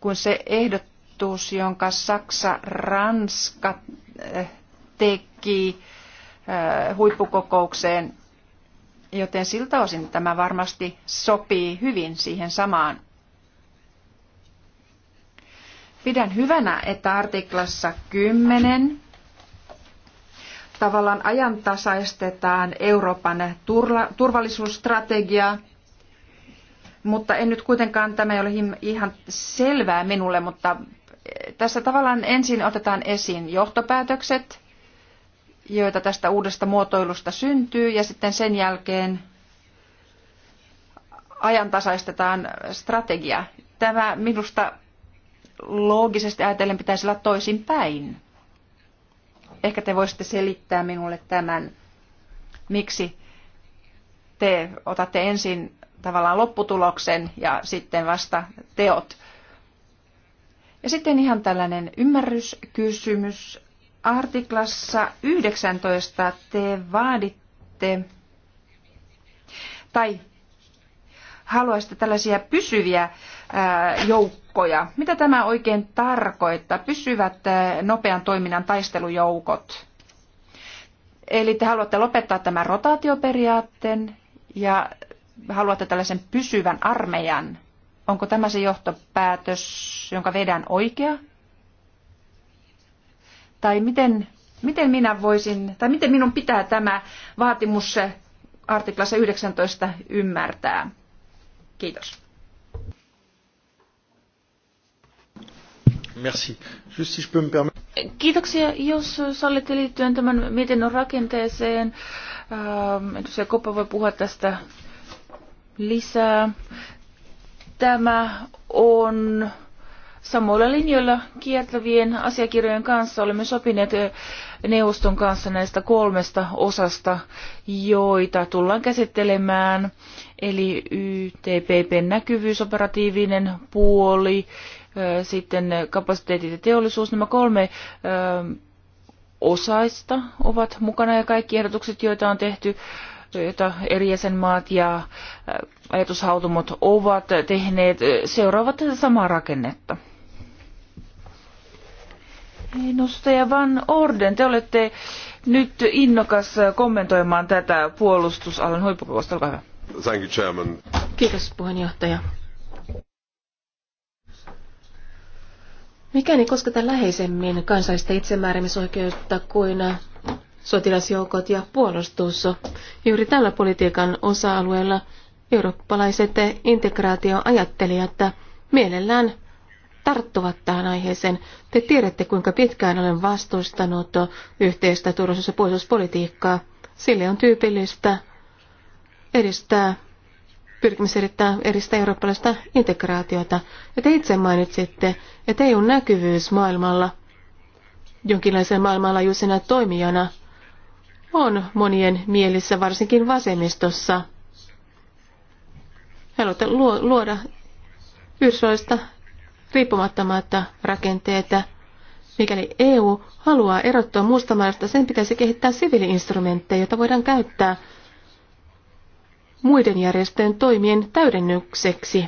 kuin se ehdotus, jonka Saksa, Ranska eh, teki eh, huippukokoukseen, joten siltä osin tämä varmasti sopii hyvin siihen samaan Pidän hyvänä, että artiklassa 10 tavallaan ajantasaistetaan Euroopan turvallisuusstrategiaa, mutta en nyt kuitenkaan, tämä ei ole ihan selvää minulle, mutta eh, tässä tavallaan ensin otetaan esiin johtopäätökset, joita tästä uudesta muotoilusta syntyy, ja sitten sen jälkeen ajantasaistetaan strategia. Tämä minusta loogisesti ajatellen pitäisi olla toisinpäin. Ehkä te voisitte selittää minulle tämän, miksi te otatte ensin tavallaan lopputuloksen ja sitten vasta teot. Ja sitten ihan tällainen ymmärryskysymys. Artiklassa 19 te vaaditte tai haluaisitte tällaisia pysyviä joukkoja. Mitä tämä oikein tarkoittaa? Pysyvät nopean toiminnan taistelujoukot. Eli te haluatte lopettaa tämän rotaatioperiaatteen ja haluatte tällaisen pysyvän armeijan. Onko tämä se johtopäätös, jonka vedän oikea? Tai miten, miten minä voisin, tai miten minun pitää tämä vaatimus artiklassa 19 ymmärtää? Kiitos. Kiitoksia, jos sallitte liittyen tämän mietinnön rakenteeseen. Ähm, edustaja Koppa voi puhua tästä lisää. Tämä on samoilla linjoilla kiertävien asiakirjojen kanssa. Olemme sopineet neuvoston kanssa näistä kolmesta osasta, joita tullaan käsittelemään. Eli ytpp näkyvyys, operatiivinen puoli, sitten kapasiteetit ja teollisuus. Nämä kolme osaista ovat mukana ja kaikki ehdotukset, joita on tehty, joita eri jäsenmaat ja ajatushautumot ovat tehneet, seuraavat tätä samaa rakennetta. Edustaja Van Orden, te olette nyt innokas kommentoimaan tätä puolustusalan huippukokousta. Olkaa hyvä. Thank you, Chairman. Kiitos puheenjohtaja. Mikään niin ei kosketa läheisemmin kansallista itsemääräämisoikeutta kuin sotilasjoukot ja puolustus. Juuri tällä politiikan osa-alueella eurooppalaiset integraatioajattelijat mielellään tarttuvat tähän aiheeseen. Te tiedätte, kuinka pitkään olen vastustanut yhteistä turvallisuus- ja puolustuspolitiikkaa. Sille on tyypillistä edistää pyrkimys edistää, edistää eurooppalaista integraatiota. Ja te itse mainitsitte, että EUn näkyvyys maailmalla jonkinlaisen maailmanlaajuisena toimijana on monien mielissä, varsinkin vasemmistossa. Haluatte luoda Yhdysvalloista riippumattomatta rakenteita. Mikäli EU haluaa erottua muusta maailmasta, sen pitäisi kehittää siviiliinstrumentteja, joita voidaan käyttää muiden järjestöjen toimien täydennykseksi.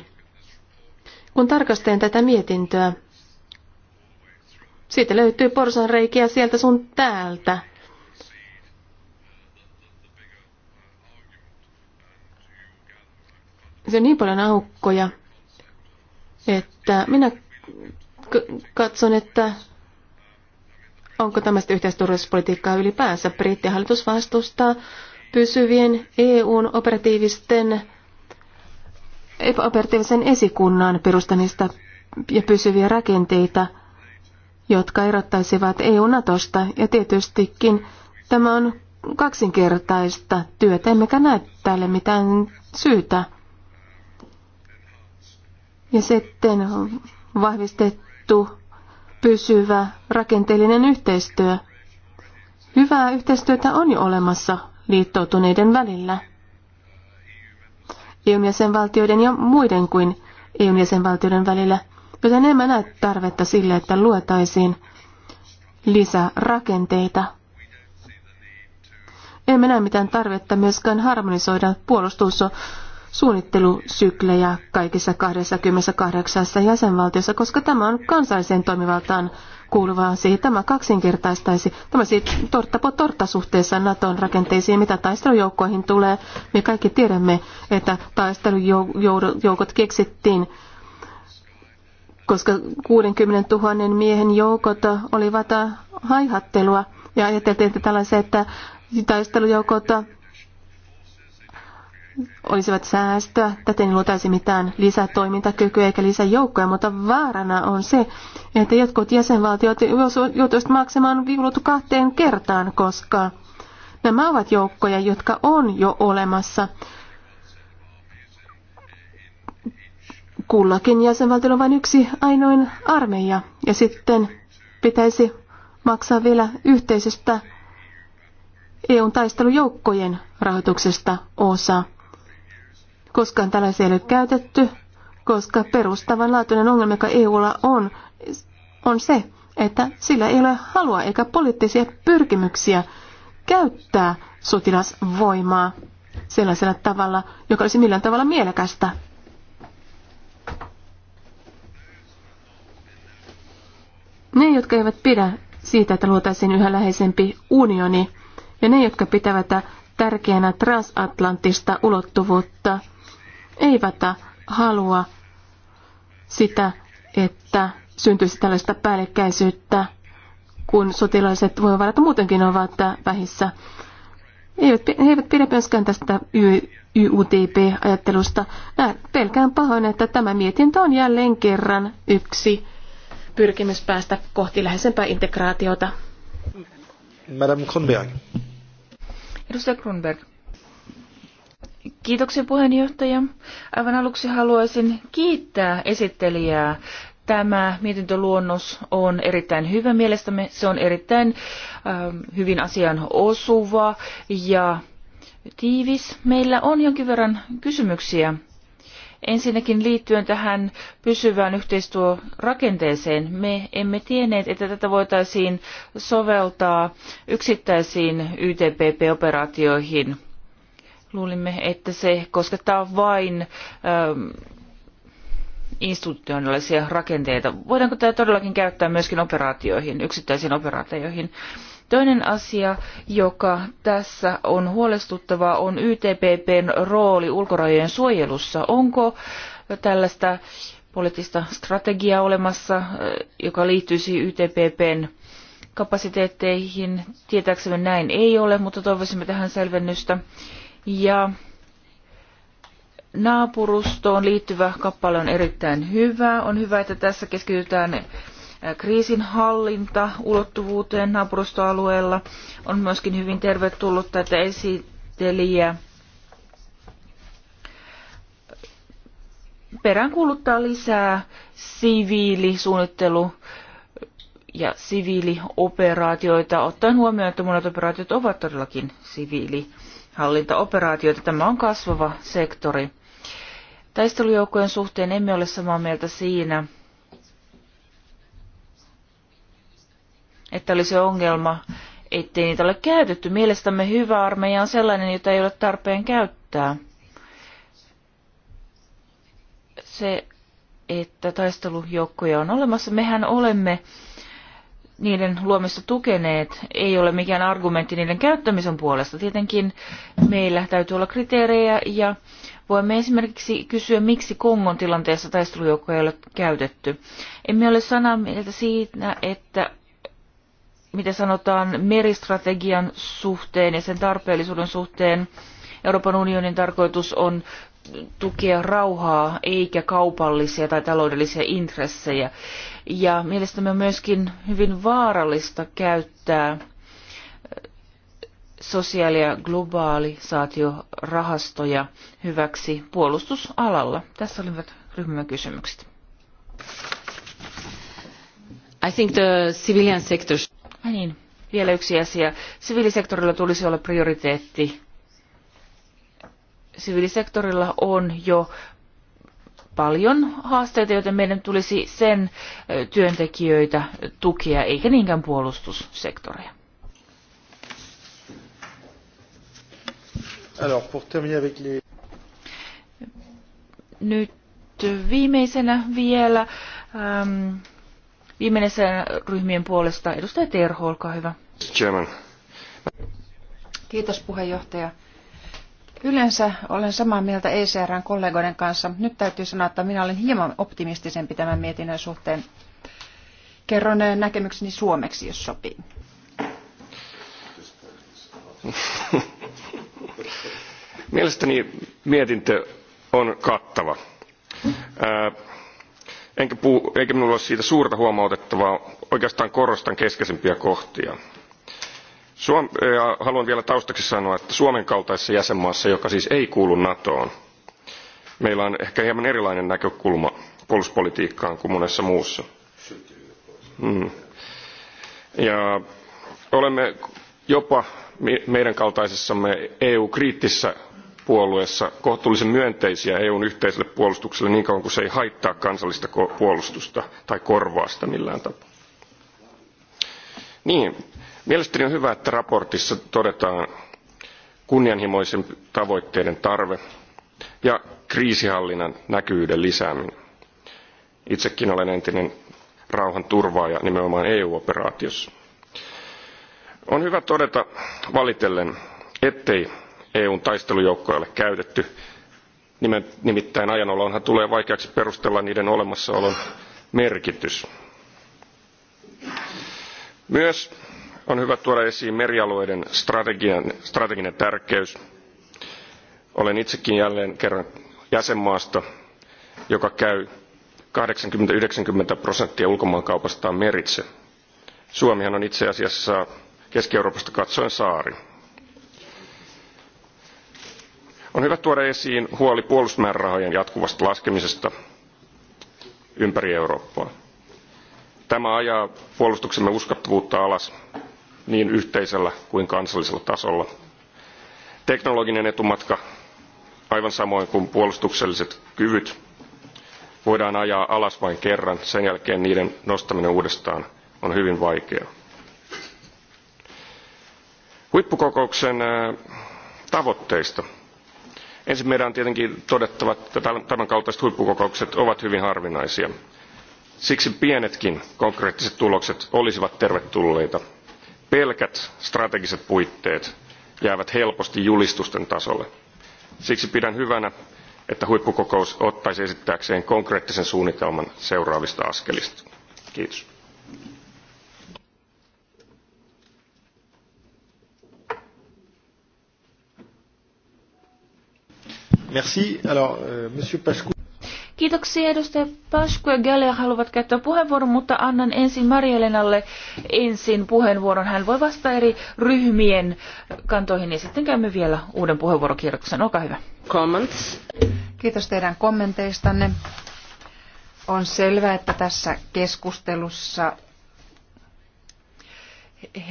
Kun tarkastelen tätä mietintöä, siitä löytyy porsanreikiä sieltä sun täältä. Se on niin paljon aukkoja, että minä katson, että onko tämmöistä yhteisturvallisuuspolitiikkaa ylipäänsä. Brittihallitus vastustaa pysyvien EUn operatiivisten operatiivisen esikunnan perustamista ja pysyviä rakenteita, jotka erottaisivat EU-Natosta. Ja tietystikin tämä on kaksinkertaista työtä, emmekä näe tälle mitään syytä. Ja sitten vahvistettu pysyvä rakenteellinen yhteistyö. Hyvää yhteistyötä on jo olemassa liittoutuneiden välillä. EU-jäsenvaltioiden ja muiden kuin EU-jäsenvaltioiden välillä, joten emme näe tarvetta sille, että luetaisiin lisärakenteita. Emme näe mitään tarvetta myöskään harmonisoida puolustus suunnittelusyklejä kaikissa 28 jäsenvaltiossa, koska tämä on kansalliseen toimivaltaan kuuluvaa asia. Tämä kaksinkertaistaisi tämmöisiä torta tortta suhteessa Naton rakenteisiin, mitä taistelujoukkoihin tulee. Me kaikki tiedämme, että taistelujoukot keksittiin koska 60 000 miehen joukot olivat äh, haihattelua ja ajateltiin, että tällaiset äh, taistelujoukot olisivat säästöä. Täten ei luotaisi mitään lisätoimintakykyä eikä lisäjoukkoja, mutta vaarana on se, että jotkut jäsenvaltiot joutuisivat maksamaan viulut kahteen kertaan, koska nämä ovat joukkoja, jotka on jo olemassa. Kullakin jäsenvaltiolla on vain yksi ainoin armeija, ja sitten pitäisi maksaa vielä yhteisestä EUn taistelujoukkojen rahoituksesta osa. Koskaan tällaisia ei ole käytetty, koska perustavanlaatuinen ongelma, joka EUlla on, on se, että sillä ei ole halua eikä poliittisia pyrkimyksiä käyttää sotilasvoimaa sellaisella tavalla, joka olisi millään tavalla mielekästä. Ne, jotka eivät pidä siitä, että luotaisiin yhä läheisempi unioni, ja ne, jotka pitävät tärkeänä transatlanttista ulottuvuutta – eivät halua sitä, että syntyisi tällaista päällekkäisyyttä, kun sotilaiset että muutenkin ovat vähissä. He eivät, he eivät pidä myöskään tästä YUTP-ajattelusta. Pelkään pahoin, että tämä mietintö on jälleen kerran yksi pyrkimys päästä kohti läheisempää integraatiota. Madame Kronberg. Edustaja Kronberg. Kiitoksia puheenjohtaja. Aivan aluksi haluaisin kiittää esittelijää. Tämä mietintöluonnos on erittäin hyvä mielestämme. Se on erittäin äh, hyvin asian osuva ja tiivis. Meillä on jonkin verran kysymyksiä. Ensinnäkin liittyen tähän pysyvään yhteistyörakenteeseen, me emme tienneet, että tätä voitaisiin soveltaa yksittäisiin YTPP-operaatioihin Luulimme, että se koskettaa vain ähm, institutionaalisia rakenteita. Voidaanko tämä todellakin käyttää myöskin operaatioihin, yksittäisiin operaatioihin? Toinen asia, joka tässä on huolestuttavaa, on YTPPn rooli ulkorajojen suojelussa. Onko tällaista poliittista strategiaa olemassa, äh, joka liittyisi YTPPn kapasiteetteihin? Tietääksemme näin ei ole, mutta toivoisimme tähän selvennystä ja naapurustoon liittyvä kappale on erittäin hyvä. On hyvä, että tässä keskitytään äh, hallinta ulottuvuuteen naapurustoalueella. On myöskin hyvin tervetullut tätä esittelijä kuuluttaa lisää siviilisuunnittelu ja siviilioperaatioita, ottaen huomioon, että monet operaatiot ovat todellakin siviili hallintaoperaatioita. Tämä on kasvava sektori. Taistelujoukkojen suhteen emme ole samaa mieltä siinä, että oli se ongelma, ettei niitä ole käytetty. Mielestämme hyvä armeija on sellainen, jota ei ole tarpeen käyttää. Se, että taistelujoukkoja on olemassa, mehän olemme niiden luomista tukeneet, ei ole mikään argumentti niiden käyttämisen puolesta. Tietenkin meillä täytyy olla kriteerejä ja voimme esimerkiksi kysyä, miksi Kongon tilanteessa taistelujoukkoja ei ole käytetty. Emme ole sanaa mieltä siitä, että mitä sanotaan meristrategian suhteen ja sen tarpeellisuuden suhteen. Euroopan unionin tarkoitus on tukea rauhaa eikä kaupallisia tai taloudellisia intressejä. Ja mielestäni on myöskin hyvin vaarallista käyttää sosiaali- ja globaalisaatiorahastoja hyväksi puolustusalalla. Tässä olivat ryhmän kysymykset. I think the civilian sector... Ai niin, vielä yksi asia. Siviilisektorilla tulisi olla prioriteetti siviilisektorilla on jo paljon haasteita, joten meidän tulisi sen työntekijöitä tukea, eikä niinkään puolustussektoria. Alors, pour terminer avec les... Nyt viimeisenä vielä, ähm, viimeisenä ryhmien puolesta edustaja Terho, olkaa hyvä. Chairman. Kiitos puheenjohtaja. Yleensä olen samaa mieltä ECRn kollegoiden kanssa. Nyt täytyy sanoa, että minä olen hieman optimistisempi tämän mietinnön suhteen. Kerron eh, näkemykseni suomeksi, jos sopii. <laughs> Mielestäni mietintö on kattava. enkä puhu, eikä minulla ole siitä suurta huomautettavaa, oikeastaan korostan keskeisimpiä kohtia. Eh, haluan vielä taustaksi sanoa, että Suomen kaltaisessa jäsenmaassa, joka siis ei kuulu NATOon, meillä on ehkä hieman erilainen näkökulma puolustuspolitiikkaan kuin monessa muussa. Mm. Ja olemme jopa meidän kaltaisessamme EU-kriittisessä puolueessa kohtuullisen myönteisiä EUn yhteiselle puolustukselle niin kauan kuin se ei haittaa kansallista puolustusta tai korvaa sitä millään tapaa. Niin, mielestäni on hyvä että mietinnössä todetaan kunnianhimoisten tavoitteiden tarve ja kriisinhallinnan näkyvyyden lisääminen. itsekin olen entinen rauhanturvaaja nimenomaan eu operaatiossa. on hyvä todeta valitellen ettei eun taistelujoukkoja ole käytetty nimittäin ajanolonhan tulee vaikeaksi perustella niiden olemassaolon merkitys. myös on hyvä tuoda esiin merialueiden strateginen tärkeys. olen itsekin jälleen kerran jäsenmaasta joka käy kahdeksankymmentä yhdeksänkymmentä prosenttia ulkomaankaupastaan meritse. suomihan on itse asiassa keski euroopasta katsoen saari. on hyvä tuoda esiin huoli puolustusmäärärahojen jatkuvasta laskemisesta ympäri eurooppaa. tämä ajaa puolustuksemme uskottavuutta alas niin yhteisellä kuin kansallisella tasolla. Teknologinen etumatka, aivan samoin kuin puolustukselliset kyvyt, voidaan ajaa alas vain kerran, sen jälkeen niiden nostaminen uudestaan on hyvin vaikeaa. Huippukokouksen tavoitteista. Ensin meidän on tietenkin todettava, että kaltaiset huippukokoukset ovat hyvin harvinaisia. Siksi pienetkin konkreettiset tulokset olisivat tervetulleita – pelkät strategiset puitteet jäävät helposti julistusten tasolle. siksi pidän hyvänä että huippukokous ottaisi esittääkseen konkreettisen suunnitelman seuraavista askelista. kiitos. Merci. Alors, euh, Monsieur Pascu. Kiitoksia edustaja Pasku ja Galia haluavat käyttää puheenvuoron, mutta annan ensin Marielenalle ensin puheenvuoron. Hän voi vastata eri ryhmien kantoihin ja sitten käymme vielä uuden puheenvuorokierroksen. Olkaa hyvä. Comments. Kiitos teidän kommenteistanne. On selvää, että tässä keskustelussa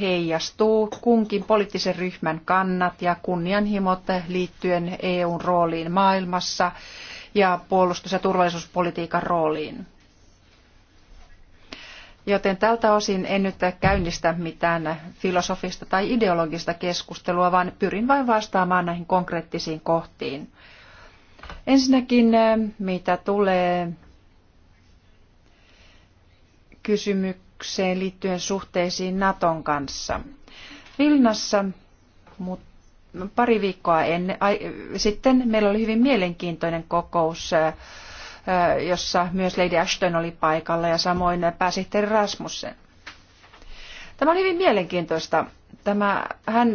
heijastuu kunkin poliittisen ryhmän kannat ja kunnianhimot liittyen EUn rooliin maailmassa ja puolustus- ja turvallisuuspolitiikan rooliin. Joten tältä osin en nyt käynnistä mitään filosofista tai ideologista keskustelua, vaan pyrin vain vastaamaan näihin konkreettisiin kohtiin. Ensinnäkin, eh, mitä tulee kysymykseen liittyen suhteisiin Naton kanssa. Vilnassa, mutta pari viikkoa ennen, ai, sitten meillä oli hyvin mielenkiintoinen kokous, jossa myös Lady Ashton oli paikalla ja samoin pääsihteeri Rasmussen. Tämä oli hyvin mielenkiintoista. Tämä, hän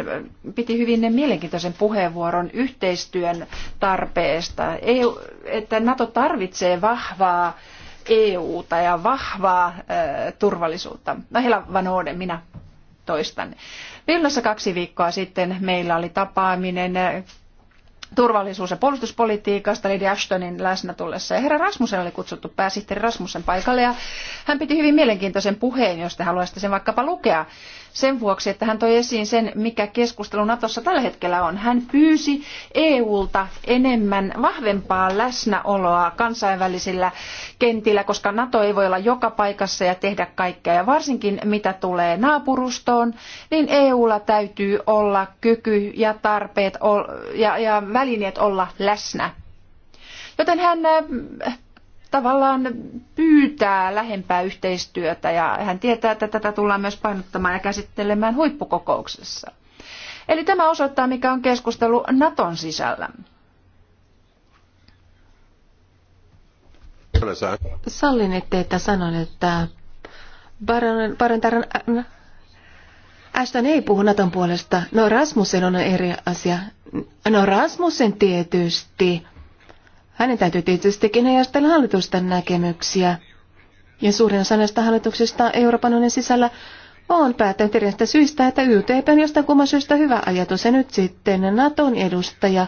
piti hyvin mielenkiintoisen puheenvuoron yhteistyön tarpeesta, EU, että NATO tarvitsee vahvaa EUta ja vahvaa äh, turvallisuutta. No Hela minä toistan. Vilnassa kaksi viikkoa sitten meillä oli tapaaminen eh, turvallisuus- ja puolustuspolitiikasta Lady Ashtonin läsnä tullessa. Ja herra Rasmussen oli kutsuttu pääsihteeri Rasmussen paikalle ja hän piti hyvin mielenkiintoisen puheen, jos te haluaisitte sen vaikkapa lukea sen vuoksi, että hän toi esiin sen, mikä keskustelu Natossa tällä hetkellä on. Hän pyysi EUlta enemmän vahvempaa läsnäoloa kansainvälisillä kentillä, koska Nato ei voi olla joka paikassa ja tehdä kaikkea. Ja varsinkin mitä tulee naapurustoon, niin EUlla täytyy olla kyky ja tarpeet ja, ja välineet olla läsnä. Joten hän tavallaan pyytää lähempää yhteistyötä ja hän tietää, että tätä tullaan myös painottamaan ja käsittelemään huippukokouksessa. Eli tämä osoittaa, mikä on keskustelu Naton sisällä. Sallin, ettei että sanon, että Barantaran äh, Ashton ei puhu Naton puolesta. No Rasmussen on eri asia. No Rasmussen tietysti hänen täytyy tietystikin heijastella hallitusten näkemyksiä. Ja suurin osa näistä hallituksista Euroopan unionin sisällä on päättänyt erilaisista syistä, että YTP on jostain kumman syystä hyvä ajatus. Ja nyt sitten Naton edustaja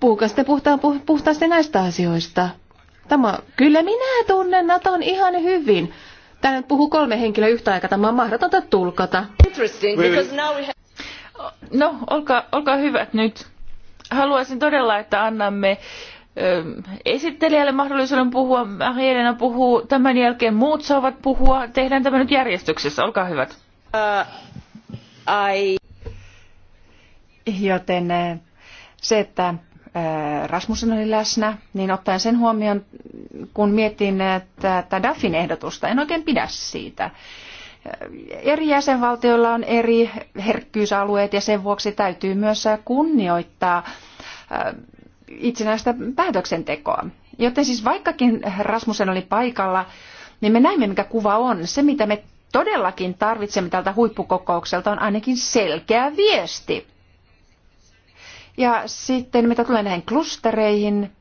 puhukaste puhtaan, puh, puhtaasti näistä asioista. Tämä, kyllä minä tunnen Naton ihan hyvin. Tänne puhuu kolme henkilöä yhtä aikaa. Tämä on mahdotonta tulkata. No, olkaa, olkaa hyvät nyt. Haluaisin todella, että annamme esittelijälle mahdollisuuden puhua. Helena puhuu, tämän jälkeen muut saavat puhua. Tehdään tämä nyt järjestyksessä, olkaa hyvät. Uh, I... Joten se, että Rasmussen oli läsnä, niin ottaen sen huomioon, kun mietin tätä Daffin ehdotusta, en oikein pidä siitä. Eri jäsenvaltioilla on eri herkkyysalueet ja sen vuoksi täytyy myös kunnioittaa itsenäistä päätöksentekoa. Joten siis vaikkakin Rasmussen oli paikalla, niin me näimme mikä kuva on. Se mitä me todellakin tarvitsemme tältä huippukokoukselta on ainakin selkeä viesti. Ja sitten mitä tulee näihin klustereihin,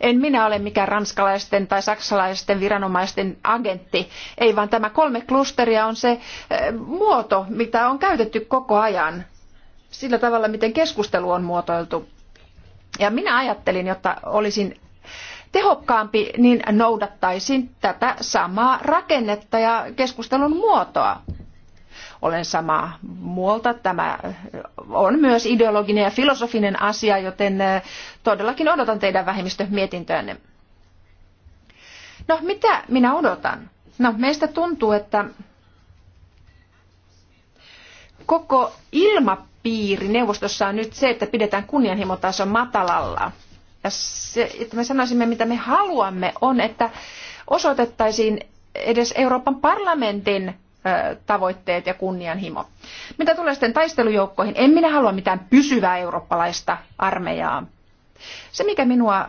en minä ole mikään ranskalaisten tai saksalaisten viranomaisten agentti, ei vaan tämä kolme klusteria on se eh, muoto, mitä on käytetty koko ajan, sillä tavalla, miten keskustelu on muotoiltu. Ja minä ajattelin, jotta olisin tehokkaampi, niin noudattaisin tätä samaa rakennetta ja keskustelun muotoa. Olen samaa muolta. Tämä on myös ideologinen ja filosofinen asia, joten eh, todellakin odotan teidän vähemmistömietintöänne. No, mitä minä odotan? No, meistä tuntuu, että koko ilmapiiri neuvostossa on nyt se, että pidetään kunnianhimotaso matalalla. Ja se, että me sanoisimme, mitä me haluamme, on, että osoitettaisiin edes Euroopan parlamentin tavoitteet ja kunnianhimo. Mitä tulee sitten taistelujoukkoihin, en minä halua mitään pysyvää eurooppalaista armeijaa. Se, mikä minua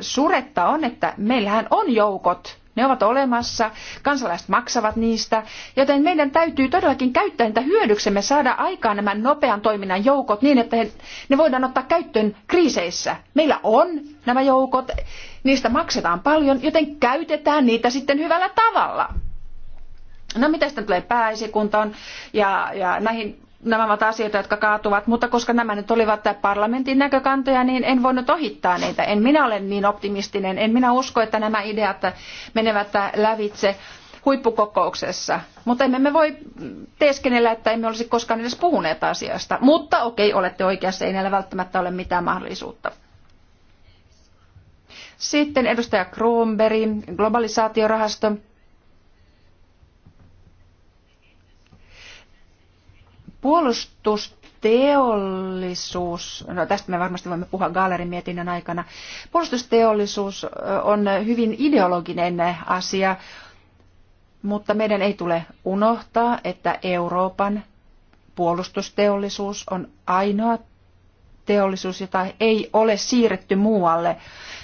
suretta on, että meillähän on joukot, ne ovat olemassa, kansalaiset maksavat niistä, joten meidän täytyy todellakin käyttää niitä hyödyksemme saada aikaan nämä nopean toiminnan joukot niin, että ne voidaan ottaa käyttöön kriiseissä. Meillä on nämä joukot, niistä maksetaan paljon, joten käytetään niitä sitten hyvällä tavalla. No mitä sitten tulee pääesikuntaan ja, ja näihin nämä ovat asioita, jotka kaatuvat, mutta koska nämä nyt olivat parlamentin näkökantoja, niin en voinut ohittaa niitä. En minä ole niin optimistinen, en minä usko, että nämä ideat menevät lävitse huippukokouksessa. Mutta emme me voi teeskennellä, että emme olisi koskaan edes puhuneet asiasta. Mutta okei, olette oikeassa, ei näillä välttämättä ole mitään mahdollisuutta. Sitten edustaja Kruunberg, globalisaatiorahasto. Puolustusteollisuus, no tästä me varmasti voimme puhua Gaalerin mietinnän aikana, puolustusteollisuus on hyvin ideologinen asia, mutta meidän ei tule unohtaa, että Euroopan puolustusteollisuus on ainoa teollisuus, jota ei ole siirretty muualle.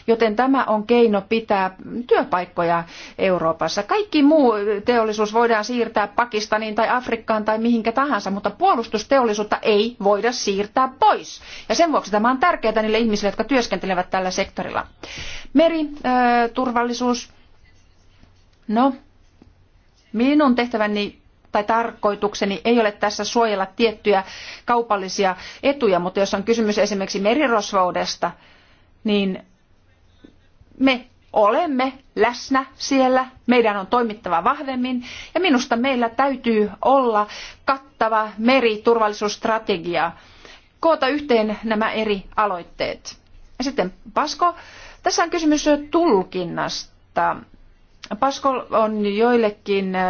Joten tämä on keino pitää työpaikkoja Euroopassa. Kaikki muu teollisuus voidaan siirtää Pakistaniin tai Afrikkaan tai mihinkä tahansa, mutta puolustusteollisuutta ei voida siirtää pois. Ja sen vuoksi tämä on tärkeää niille ihmisille, jotka työskentelevät tällä sektorilla. Meri, turvallisuus. No, minun tehtäväni tai tarkoitukseni ei ole tässä suojella tiettyjä kaupallisia etuja, mutta jos on kysymys esimerkiksi merirosvoudesta, niin me olemme läsnä siellä, meidän on toimittava vahvemmin ja minusta meillä täytyy olla kattava meriturvallisuusstrategia, koota yhteen nämä eri aloitteet. Ja sitten Pasko, tässä on kysymys tulkinnasta. Paskol on joillekin äh,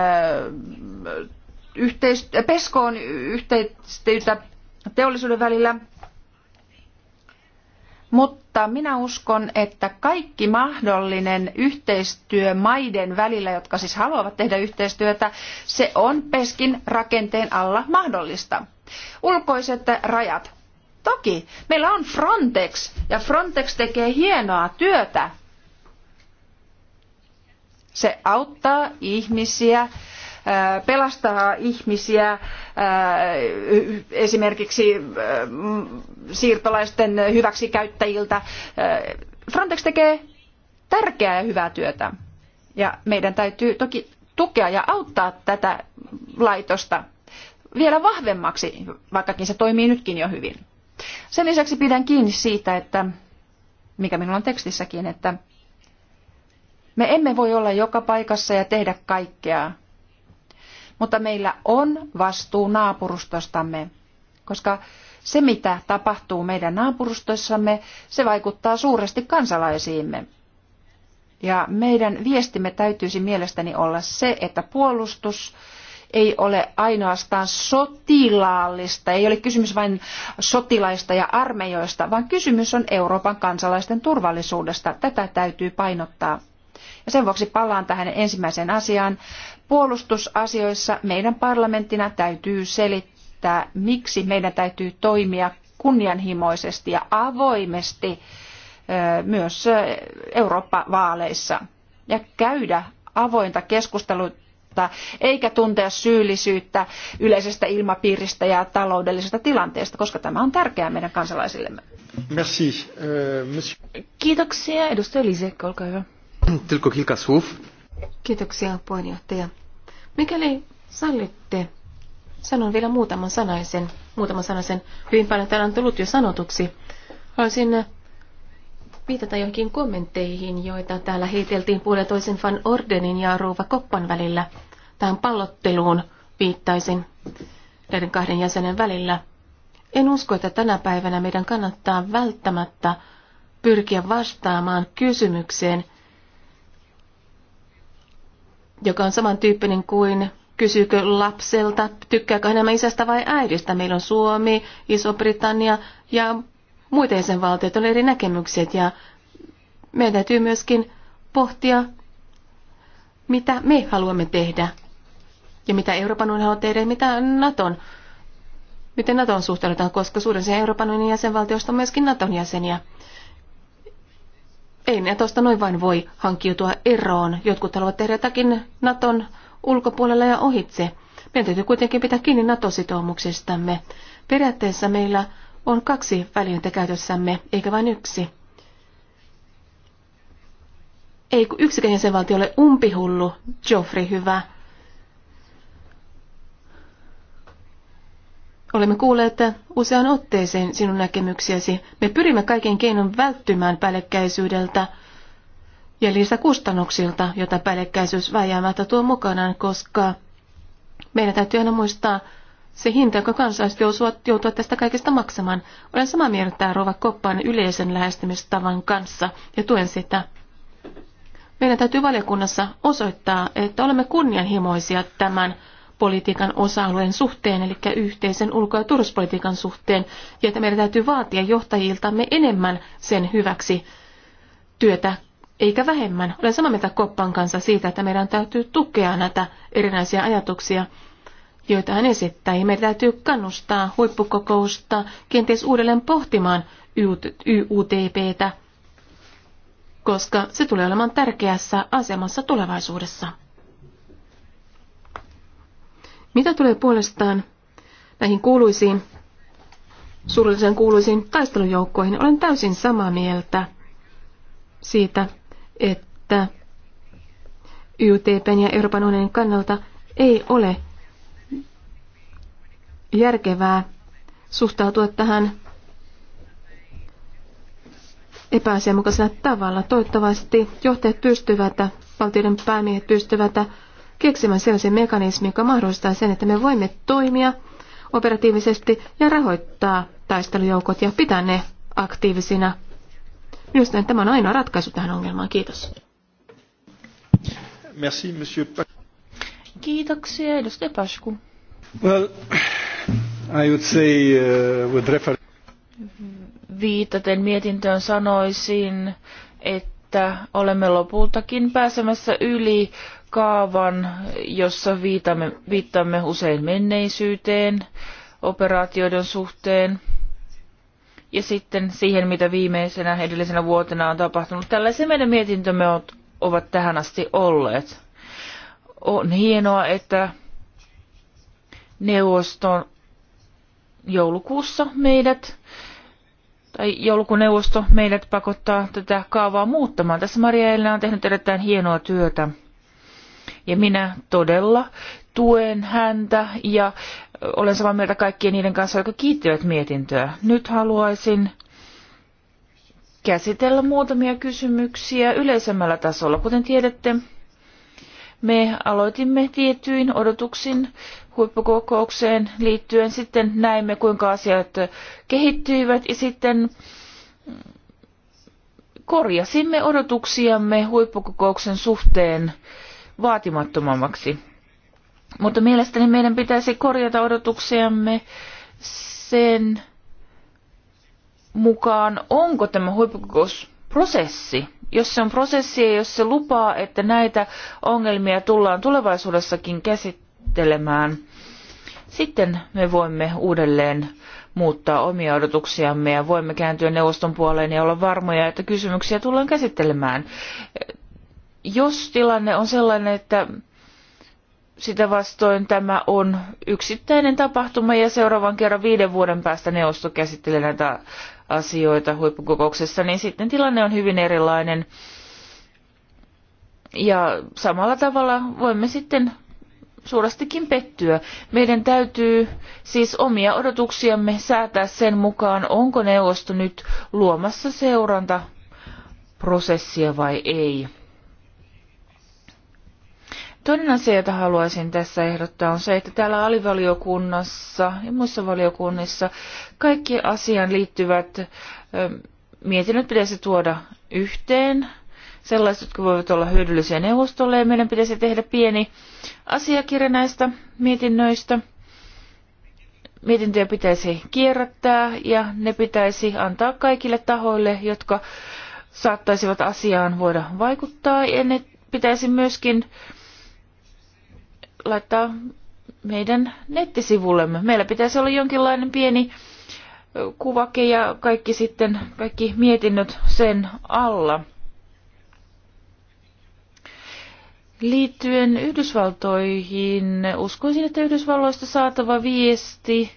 yhteist- Pesko on yhteistyötä teollisuuden välillä, mutta minä uskon, että kaikki mahdollinen yhteistyö maiden välillä, jotka siis haluavat tehdä yhteistyötä, se on peskin rakenteen alla mahdollista. Ulkoiset rajat. Toki meillä on Frontex ja Frontex tekee hienoa työtä se auttaa ihmisiä, äh, pelastaa ihmisiä äh, esimerkiksi äh, siirtolaisten hyväksikäyttäjiltä. Frontex tekee tärkeää ja hyvää työtä ja meidän täytyy toki tukea ja auttaa tätä laitosta vielä vahvemmaksi, vaikkakin se toimii nytkin jo hyvin. Sen lisäksi pidän kiinni siitä, että mikä minulla on tekstissäkin, että me emme voi olla joka paikassa ja tehdä kaikkea, mutta meillä on vastuu naapurustostamme, koska se mitä tapahtuu meidän naapurustossamme, se vaikuttaa suuresti kansalaisiimme. Ja meidän viestimme täytyisi mielestäni olla se, että puolustus ei ole ainoastaan sotilaallista, ei ole kysymys vain sotilaista ja armeijoista, vaan kysymys on Euroopan kansalaisten turvallisuudesta. Tätä täytyy painottaa. Ja sen vuoksi palaan tähän ensimmäiseen asiaan. Puolustusasioissa meidän parlamenttina täytyy selittää, miksi meidän täytyy toimia kunnianhimoisesti ja avoimesti myös Eurooppa-vaaleissa ja käydä avointa keskustelua eikä tuntea syyllisyyttä yleisestä ilmapiiristä ja taloudellisesta tilanteesta, koska tämä on tärkeää meidän kansalaisillemme. Merci. Euh, Kiitoksia. Edustaja Lisek, olkaa hyvä. Tylko kilka słów. Kiitoksia puheenjohtaja. Mikäli sallitte, sanon vielä muutaman sanaisen. Muutaman sanaisen. Hyvin paljon täällä on tullut jo sanotuksi. Haluaisin viitata johonkin kommentteihin, joita täällä heiteltiin toisen Van Ordenin ja Rouva Koppan välillä. Tähän pallotteluun viittaisin näiden kahden jäsenen välillä. En usko, että tänä päivänä meidän kannattaa välttämättä pyrkiä vastaamaan kysymykseen, joka on samantyyppinen kuin kysykö lapselta, tykkääkö hän isästä vai äidistä. Meillä on Suomi, Iso-Britannia ja muita jäsenvaltioita on eri näkemykset ja meidän täytyy myöskin pohtia, mitä me haluamme tehdä ja mitä Euroopan unioni haluaa tehdä ja mitä Naton, miten Naton suhtaudutaan, koska suurin se Euroopan unionin jäsenvaltioista on myöskin Naton jäseniä. Ei ne tuosta noin vain voi hankkiutua eroon. Jotkut haluavat tehdä jotakin Naton ulkopuolella ja ohitse. Meidän täytyy kuitenkin pitää kiinni NATO-sitoumuksistamme. Periaatteessa meillä on kaksi välinettä käytössämme, eikä vain yksi. Ei yksikään jäsenvaltio ole umpihullu, Joffrey hyvä. Olemme kuulleet usean otteeseen sinun näkemyksiäsi. Me pyrimme kaiken keinon välttymään päällekkäisyydeltä ja lisäkustannuksilta, jota päällekkäisyys väijäämättä tuo mukanaan, koska meidän täytyy aina muistaa se hinta, joka kansalaiset joutua tästä kaikesta maksamaan. Olen samaa mieltä Rova Koppan yleisen lähestymistavan kanssa ja tuen sitä. Meidän täytyy valiokunnassa osoittaa, että olemme kunnianhimoisia tämän politiikan osa-alueen suhteen, eli yhteisen ulko- ja turvallisuuspolitiikan suhteen, ja että meidän täytyy vaatia johtajiltamme enemmän sen hyväksi työtä, eikä vähemmän. Olen samaa mieltä Koppan kanssa siitä, että meidän täytyy tukea näitä erinäisiä ajatuksia, joita hän esittää, ja meidän täytyy kannustaa huippukokousta kenties uudelleen pohtimaan YUTPtä, koska se tulee olemaan tärkeässä asemassa tulevaisuudessa. Mitä tulee puolestaan näihin kuuluisiin, surullisen kuuluisiin taistelujoukkoihin, olen täysin samaa mieltä siitä, että YTPn ja Euroopan unionin kannalta ei ole järkevää suhtautua tähän epäasianmukaisella tavalla. Toivottavasti johtajat pystyvät, valtioiden päämiehet pystyvät keksimään sellaisen mekanismin, joka mahdollistaa sen, että me voimme toimia operatiivisesti ja rahoittaa taistelujoukot ja pitää ne aktiivisina. Minusta tämä on ainoa ratkaisu tähän ongelmaan. Kiitos. Merci, monsieur. Kiitoksia, edustaja Pasku. Well, I would say, uh, with refer- Viitaten mietintöön sanoisin, että olemme lopultakin pääsemässä yli kaavan, jossa viitamme, viittamme usein menneisyyteen operaatioiden suhteen ja sitten siihen, mitä viimeisenä edellisenä vuotena on tapahtunut. Tällaisia meidän mietintömme ovat tähän asti olleet. On hienoa, että neuvoston joulukuussa meidät tai joulukuneuvosto meidät pakottaa tätä kaavaa muuttamaan. Tässä Maria Elina on tehnyt erittäin hienoa työtä. Ja minä todella tuen häntä ja olen samaa mieltä kaikkien niiden kanssa, jotka kiittivät mietintöä. Nyt haluaisin käsitellä muutamia kysymyksiä yleisemmällä tasolla. Kuten tiedätte, me aloitimme tiettyin odotuksin huippukokoukseen liittyen. Sitten näimme, kuinka asiat kehittyivät ja sitten korjasimme odotuksiamme huippukokouksen suhteen vaatimattomammaksi. Mutta mielestäni meidän pitäisi korjata odotuksiamme sen mukaan, onko tämä huippukokousprosessi. Jos se on prosessi ja jos se lupaa, että näitä ongelmia tullaan tulevaisuudessakin käsittelemään, sitten me voimme uudelleen muuttaa omia odotuksiamme ja voimme kääntyä neuvoston puoleen ja olla varmoja, että kysymyksiä tullaan käsittelemään. Jos tilanne on sellainen, että sitä vastoin tämä on yksittäinen tapahtuma ja seuraavan kerran viiden vuoden päästä neuvosto käsittelee näitä asioita huippukokouksessa, niin sitten tilanne on hyvin erilainen. Ja samalla tavalla voimme sitten suurastikin pettyä. Meidän täytyy siis omia odotuksiamme säätää sen mukaan, onko neuvosto nyt luomassa seurantaprosessia vai ei. Toinen asia, jota haluaisin tässä ehdottaa, on se, että täällä alivaliokunnassa ja muissa valiokunnissa kaikki asian liittyvät mietinnöt pitäisi tuoda yhteen, sellaiset, jotka voivat olla hyödyllisiä neuvostolle, ja meidän pitäisi tehdä pieni asiakirja näistä mietinnöistä. Mietintöjä pitäisi kierrättää ja ne pitäisi antaa kaikille tahoille, jotka saattaisivat asiaan voida vaikuttaa, ja ne pitäisi myöskin laittaa meidän nettisivullemme. Meillä pitäisi olla jonkinlainen pieni kuvake ja kaikki sitten, kaikki mietinnöt sen alla. Liittyen Yhdysvaltoihin, uskoisin, että Yhdysvalloista saatava viesti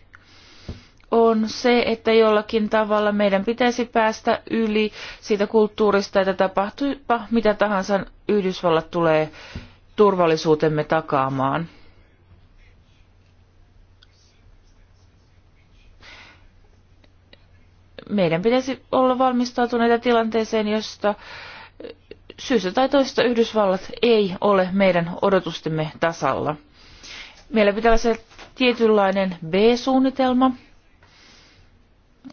on se, että jollakin tavalla meidän pitäisi päästä yli siitä kulttuurista, että tapahtuipa mitä tahansa Yhdysvallat tulee turvallisuutemme takaamaan. Meidän pitäisi olla valmistautuneita tilanteeseen, josta syystä tai toista Yhdysvallat ei ole meidän odotustemme tasalla. Meillä pitää olla se tietynlainen B-suunnitelma,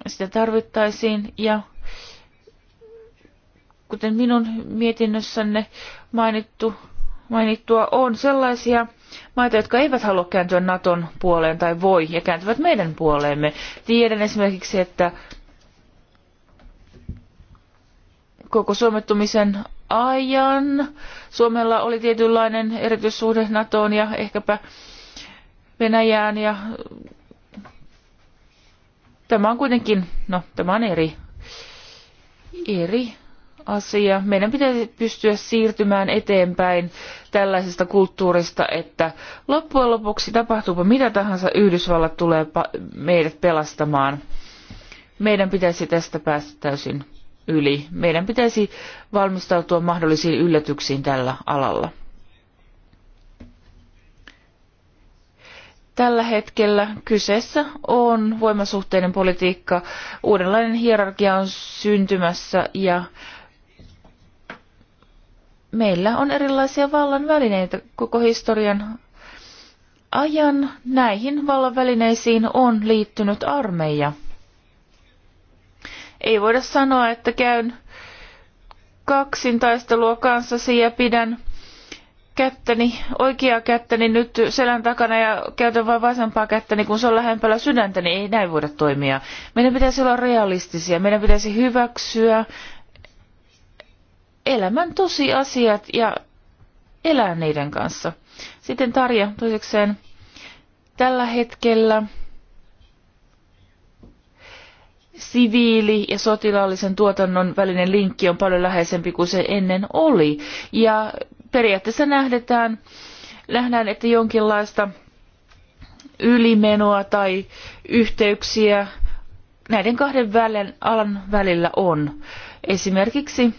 sitä tarvittaisiin ja kuten minun mietinnössänne mainittu mainittua, on sellaisia maita, jotka eivät halua kääntyä Naton puoleen tai voi ja kääntyvät meidän puoleemme. Tiedän esimerkiksi, että koko suomettumisen ajan Suomella oli tietynlainen erityissuhde NATOon ja ehkäpä Venäjään ja tämä on kuitenkin, no tämä on eri, eri asia. Meidän pitää pystyä siirtymään eteenpäin tällaisesta kulttuurista, että loppujen lopuksi tapahtuupa mitä tahansa, Yhdysvallat tulee meidät pelastamaan. Meidän pitäisi tästä päästä täysin yli. Meidän pitäisi valmistautua mahdollisiin yllätyksiin tällä alalla. Tällä hetkellä kyseessä on voimasuhteinen politiikka. Uudenlainen hierarkia on syntymässä ja meillä on erilaisia vallan välineitä koko historian ajan. Näihin vallan välineisiin on liittynyt armeija. Ei voida sanoa, että käyn kaksintaistelua kanssasi ja pidän kättäni, oikeaa kättäni nyt selän takana ja käytän vain vasempaa kättäni, kun se on lähempänä sydäntäni. Ei näin voida toimia. Meidän pitäisi olla realistisia. Meidän pitäisi hyväksyä elämän tosiasiat ja elää niiden kanssa. Sitten Tarja toisekseen tällä hetkellä siviili- ja sotilaallisen tuotannon välinen linkki on paljon läheisempi kuin se ennen oli. Ja periaatteessa nähdetään, nähdään, että jonkinlaista ylimenoa tai yhteyksiä näiden kahden välin, alan välillä on. Esimerkiksi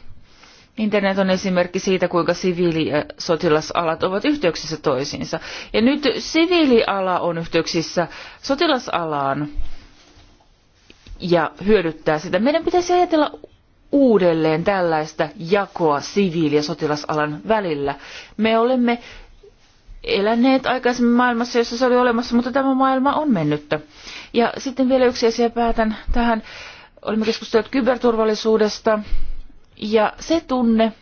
Internet on esimerkki siitä, kuinka siviili- ja sotilasalat ovat yhteyksissä toisiinsa. Ja nyt siviiliala on yhteyksissä sotilasalaan ja hyödyttää sitä. Meidän pitäisi ajatella uudelleen tällaista jakoa siviili- ja sotilasalan välillä. Me olemme eläneet aikaisemmin maailmassa, jossa se oli olemassa, mutta tämä maailma on mennyttä. Ja sitten vielä yksi asia päätän tähän. Olemme keskustelleet kyberturvallisuudesta, ja se tunne,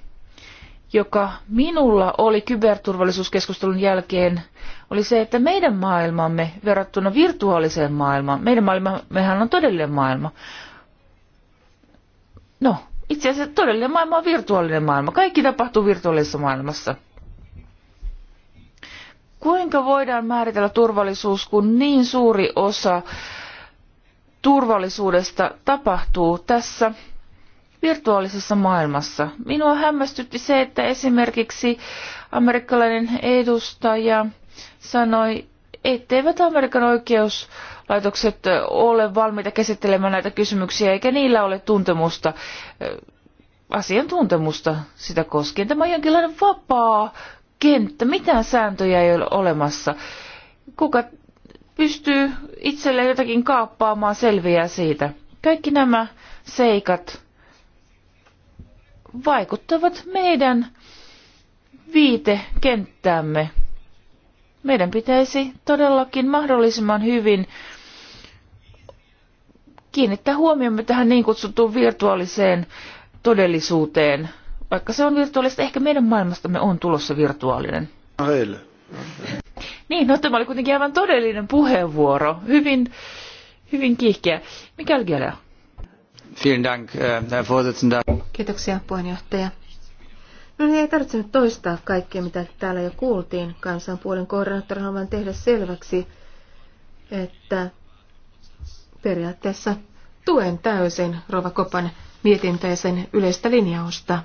joka minulla oli kyberturvallisuuskeskustelun jälkeen, oli se, että meidän maailmamme verrattuna virtuaaliseen maailmaan, meidän maailmammehan on todellinen maailma. No, itse asiassa todellinen maailma on virtuaalinen maailma. Kaikki tapahtuu virtuaalisessa maailmassa. Kuinka voidaan määritellä turvallisuus, kun niin suuri osa turvallisuudesta tapahtuu tässä virtuaalisessa maailmassa. Minua hämmästytti se, että esimerkiksi amerikkalainen edustaja sanoi, etteivät Amerikan oikeuslaitokset ole valmiita käsittelemään näitä kysymyksiä, eikä niillä ole tuntemusta, äh, asiantuntemusta sitä koskien. Tämä on jonkinlainen vapaa kenttä, mitään sääntöjä ei ole olemassa. Kuka pystyy itselleen jotakin kaappaamaan, selviää siitä. Kaikki nämä seikat vaikuttavat meidän viitekenttämme. Meidän pitäisi todellakin mahdollisimman hyvin kiinnittää huomiomme tähän niin kutsuttuun virtuaaliseen todellisuuteen. Vaikka se on virtuaalista, ehkä meidän maailmastamme on tulossa virtuaalinen. Heille. Niin, no tämä oli kuitenkin aivan todellinen puheenvuoro. Hyvin, hyvin kiihkeä. Mikä Geller? Äh, Kiitoksia, puheenjohtaja. No niin, ei tarvitse nyt toistaa kaikkea, mitä täällä jo kuultiin. Kansanpuolen koordinaattori haluan tehdä selväksi, että periaatteessa tuen täysin Rova Kopan sen yleistä linjausta.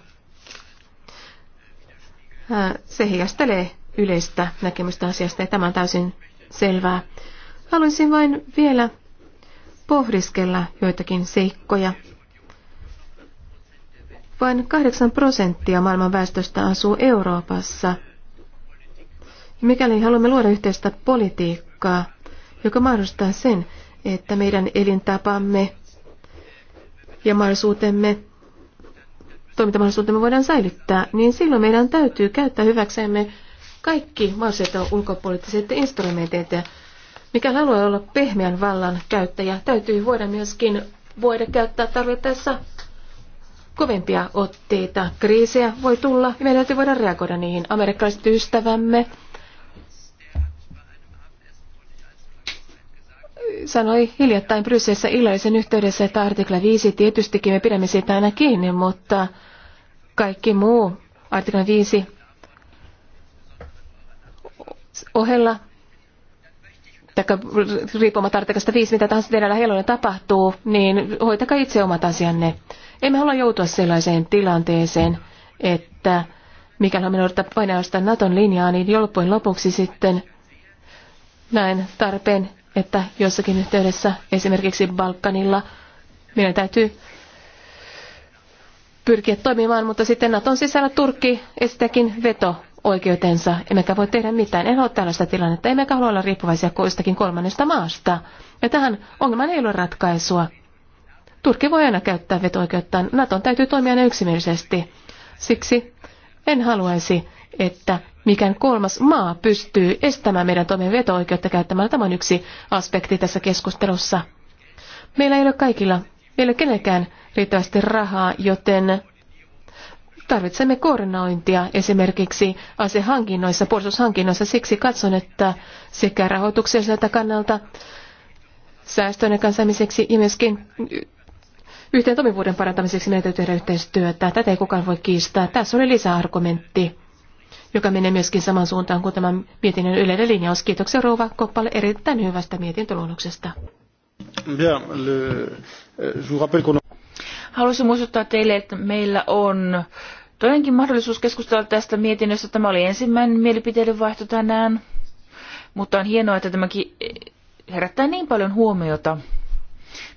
Se heijastelee yleistä näkemystä asiasta ja tämä on täysin selvää. Haluaisin vain vielä pohdiskella joitakin seikkoja. Vain 8 prosenttia maailman väestöstä asuu Euroopassa. Mikäli haluamme luoda yhteistä politiikkaa, joka mahdollistaa sen, että meidän elintapamme ja mahdollisuutemme, toimintamahdollisuutemme voidaan säilyttää, niin silloin meidän täytyy käyttää hyväksemme kaikki mahdolliset ulkopoliittiset instrumentit, mikä haluaa olla pehmeän vallan käyttäjä, täytyy voida myöskin voida käyttää tarvittaessa kovempia otteita. Kriisejä voi tulla ja meidän täytyy voida reagoida niihin. Amerikkalaiset ystävämme sanoi hiljattain Brysselissä illallisen yhteydessä, että artikla 5 tietystikin me pidämme siitä aina kiinni, mutta kaikki muu artikla 5 ohella tai riippumatta artikasta 5, mitä tahansa teidän lähellä tapahtuu, niin hoitakaa itse omat asianne. Emme halua joutua sellaiseen tilanteeseen, että mikäli me noudattaa vain ainoastaan Naton linjaa, niin loppujen lopuksi sitten näen tarpeen, että jossakin yhteydessä, esimerkiksi Balkanilla, meidän täytyy pyrkiä toimimaan, mutta sitten Naton sisällä Turkki esitäkin veto oikeutensa, emmekä voi tehdä mitään. En halua tällaista tilannetta, emmekä halua olla riippuvaisia koistakin kolmannesta maasta. Ja tähän ongelmaan ei ole ratkaisua. Turkki voi aina käyttää veto-oikeuttaan. Naton täytyy toimia ne yksimielisesti. Siksi en haluaisi, että mikään kolmas maa pystyy estämään meidän toimen veto-oikeutta käyttämällä. Tämä on yksi aspekti tässä keskustelussa. Meillä ei ole kaikilla, ei ole kenelläkään riittävästi rahaa, joten Tarvitsemme koordinointia esimerkiksi asehankinnoissa, puolustushankinnoissa. Siksi katson, että sekä rahoitukselliselta kannalta säästöjen kansaamiseksi ja myöskin yhteen toimivuuden parantamiseksi meidän täytyy tehdä yhteistyötä. Tätä ei kukaan voi kiistää. Tässä oli lisäargumentti, joka menee myöskin saman suuntaan kuin tämän mietinnön yleinen linjaus. Kiitoksia Rouva Koppalle erittäin hyvästä mietintöluonnoksesta. Eh, Haluaisin muistuttaa teille, että meillä on toinenkin mahdollisuus keskustella tästä mietinnöstä. Tämä oli ensimmäinen mielipiteiden vaihto tänään, mutta on hienoa, että tämäkin herättää niin paljon huomiota.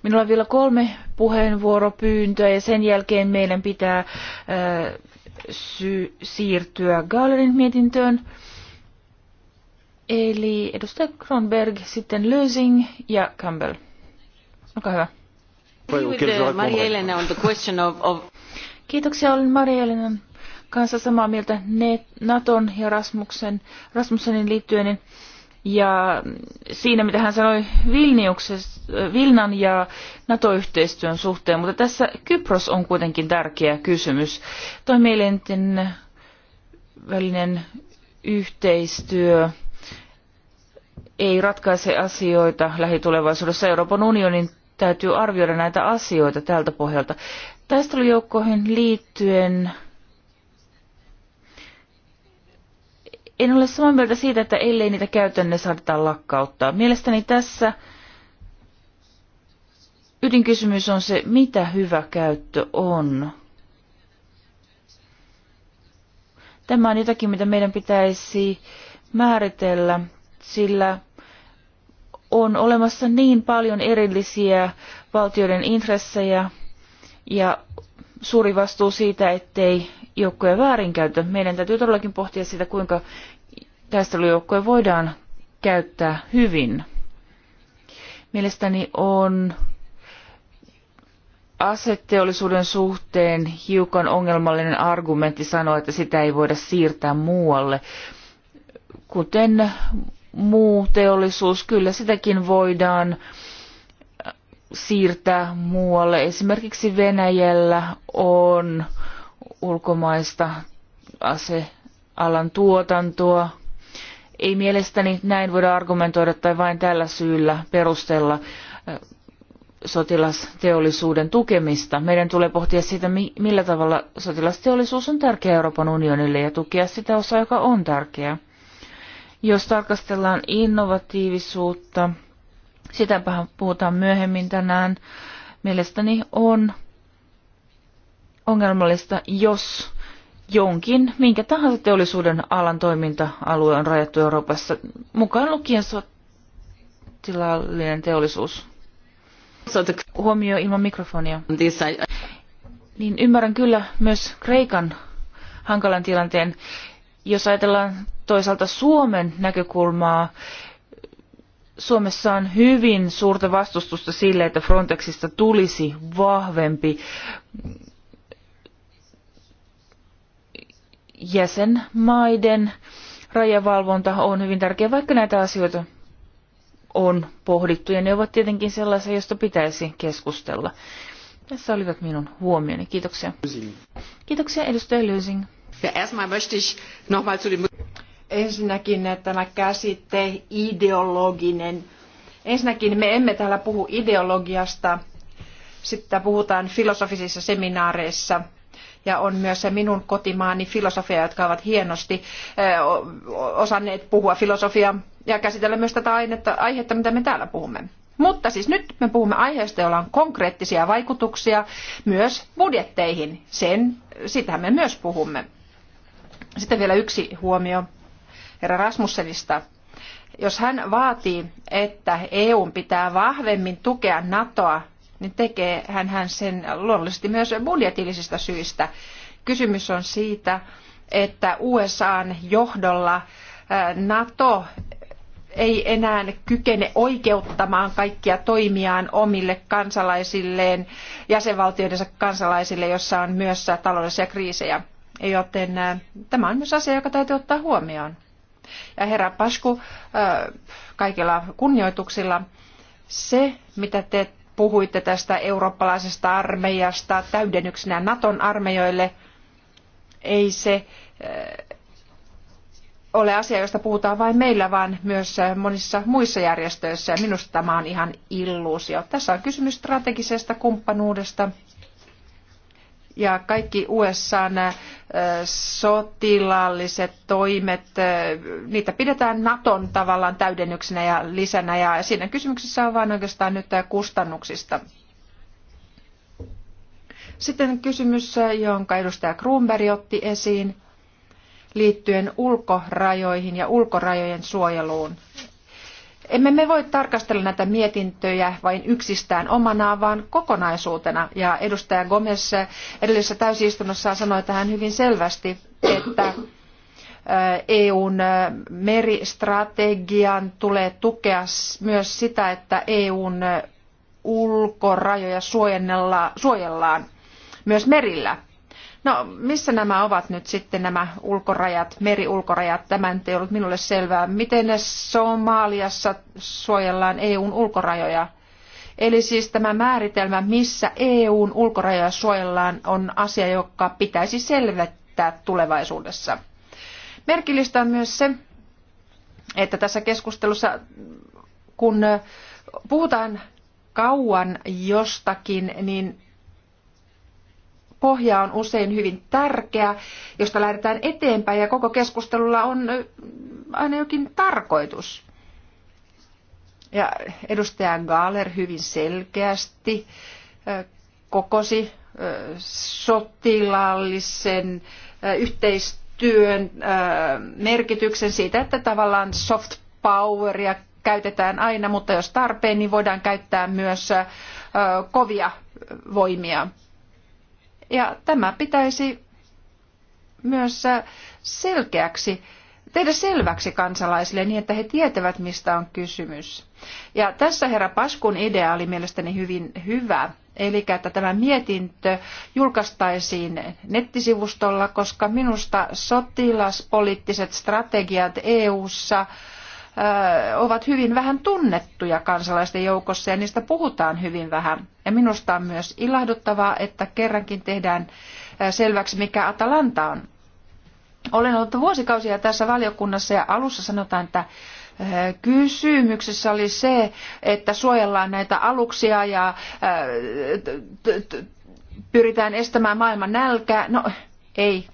Minulla on vielä kolme puheenvuoropyyntöä ja sen jälkeen meidän pitää ää, sy- siirtyä Gallerin mietintöön. Eli edustaja Kronberg, sitten Lösing ja Campbell. Olkaa hyvä. Uh, Maria Elena on the question of, of Kiitoksia, olen Marielina kanssa samaa mieltä Naton ja Rasmuksen, Rasmussenin liittyen. Ja siinä, mitä hän sanoi Vilnan ja NATO-yhteistyön suhteen, mutta tässä Kypros on kuitenkin tärkeä kysymys. Toimielinten välinen yhteistyö ei ratkaise asioita lähitulevaisuudessa. Euroopan unionin täytyy arvioida näitä asioita tältä pohjalta. Taistelujoukkoihin liittyen en ole samaa mieltä siitä, että ellei niitä käytännön ne saattaa lakkauttaa. Mielestäni tässä ydinkysymys on se, mitä hyvä käyttö on. Tämä on jotakin, mitä meidän pitäisi määritellä, sillä on olemassa niin paljon erillisiä valtioiden intressejä ja suuri vastuu siitä, ettei joukkoja väärinkäytö. Meidän täytyy todellakin pohtia sitä, kuinka taistelujoukkoja voidaan käyttää hyvin. Mielestäni on aseteollisuuden suhteen hiukan ongelmallinen argumentti sanoa, että sitä ei voida siirtää muualle. Kuten muu teollisuus, kyllä sitäkin voidaan äh, siirtää muualle. Esimerkiksi Venäjällä on ulkomaista asealan tuotantoa. Ei mielestäni näin voida argumentoida tai vain tällä syyllä perustella äh, sotilasteollisuuden tukemista. Meidän tulee pohtia sitä, millä tavalla sotilasteollisuus on tärkeä Euroopan unionille ja tukea sitä osaa, joka on tärkeä. Jos tarkastellaan innovatiivisuutta, sitäpähän puhutaan myöhemmin tänään, mielestäni on ongelmallista, jos jonkin, minkä tahansa teollisuuden alan toiminta-alue on rajattu Euroopassa, mukaan lukien sotilaallinen teollisuus. Huomio ilman mikrofonia. Niin ymmärrän kyllä myös Kreikan hankalan tilanteen. Jos ajatellaan toisaalta Suomen näkökulmaa, Suomessa on hyvin suurta vastustusta sille, että Frontexista tulisi vahvempi jäsenmaiden rajavalvonta on hyvin tärkeä, vaikka näitä asioita on pohdittu ja ne ovat tietenkin sellaisia, joista pitäisi keskustella. Tässä olivat minun huomioni. Kiitoksia. Kiitoksia edustaja Lysing. Ensinnäkin tämä käsite ideologinen. Ensinnäkin me emme täällä puhu ideologiasta, sitten puhutaan filosofisissa seminaareissa ja on myös minun kotimaani filosofia, jotka ovat hienosti osanneet puhua filosofiaa ja käsitellä myös tätä aihetta, mitä me täällä puhumme. Mutta siis nyt me puhumme aiheesta, jolla on konkreettisia vaikutuksia myös budjetteihin. Sen, sitähän me myös puhumme. Sitten vielä yksi huomio herra Rasmussenista. Jos hän vaatii, että EUn pitää vahvemmin tukea NATOa, niin tekee hän sen luonnollisesti myös budjetillisista syistä. Kysymys on siitä, että USAn johdolla NATO ei enää kykene oikeuttamaan kaikkia toimiaan omille kansalaisilleen, jäsenvaltioidensa kansalaisille, jossa on myös taloudellisia kriisejä. Joten äh, tämä on myös asia, joka täytyy ottaa huomioon. Ja herra Pasku, äh, kaikilla kunnioituksilla, se mitä te puhuitte tästä eurooppalaisesta armeijasta täydennyksenä Naton armeijoille, ei se äh, ole asia, josta puhutaan vain meillä, vaan myös monissa muissa järjestöissä. minusta tämä on ihan illuusio. Tässä on kysymys strategisesta kumppanuudesta ja kaikki USAn äh, sotilaalliset toimet, äh, niitä pidetään Naton tavallaan täydennyksenä ja lisänä ja siinä kysymyksessä on vain oikeastaan nyt äh, kustannuksista. Sitten kysymys, jonka edustaja Kruunberg otti esiin liittyen ulkorajoihin ja ulkorajojen suojeluun emme me voi tarkastella näitä mietintöjä vain yksistään omanaan, vaan kokonaisuutena. Ja edustaja Gomes edellisessä täysistunnossa sanoi tähän hyvin selvästi, että EUn meristrategian tulee tukea myös sitä, että EUn ulkorajoja suojellaan myös merillä – No missä nämä ovat nyt sitten nämä ulkorajat, meriulkorajat? Tämä nyt ei ollut minulle selvää. Miten ne Somaliassa suojellaan EUn ulkorajoja? Eli siis tämä määritelmä, missä EUn ulkorajoja suojellaan, on asia, joka pitäisi selvittää tulevaisuudessa. Merkillistä on myös se, että tässä keskustelussa, kun puhutaan kauan jostakin, niin pohja on usein hyvin tärkeä, josta lähdetään eteenpäin ja koko keskustelulla on aina jokin tarkoitus. Ja edustaja Gaaler hyvin selkeästi kokosi sotilaallisen yhteistyön merkityksen siitä, että tavallaan soft poweria käytetään aina, mutta jos tarpeen, niin voidaan käyttää myös kovia voimia ja tämä pitäisi myös selkeäksi tehdä selväksi kansalaisille niin, että he tietävät, mistä on kysymys. Ja tässä herra Paskun idea oli mielestäni hyvin hyvä, eli että tämä mietintö julkaistaisiin nettisivustolla, koska minusta sotilaspoliittiset strategiat EU:ssa ssa ovat hyvin vähän tunnettuja kansalaisten joukossa ja niistä puhutaan hyvin vähän. Ja minusta on myös ilahduttavaa, että kerrankin tehdään selväksi, mikä Atalanta on. Olen ollut vuosikausia tässä valiokunnassa ja alussa sanotaan, että kysymyksessä oli se, että suojellaan näitä aluksia ja pyritään estämään maailman nälkää. No ei,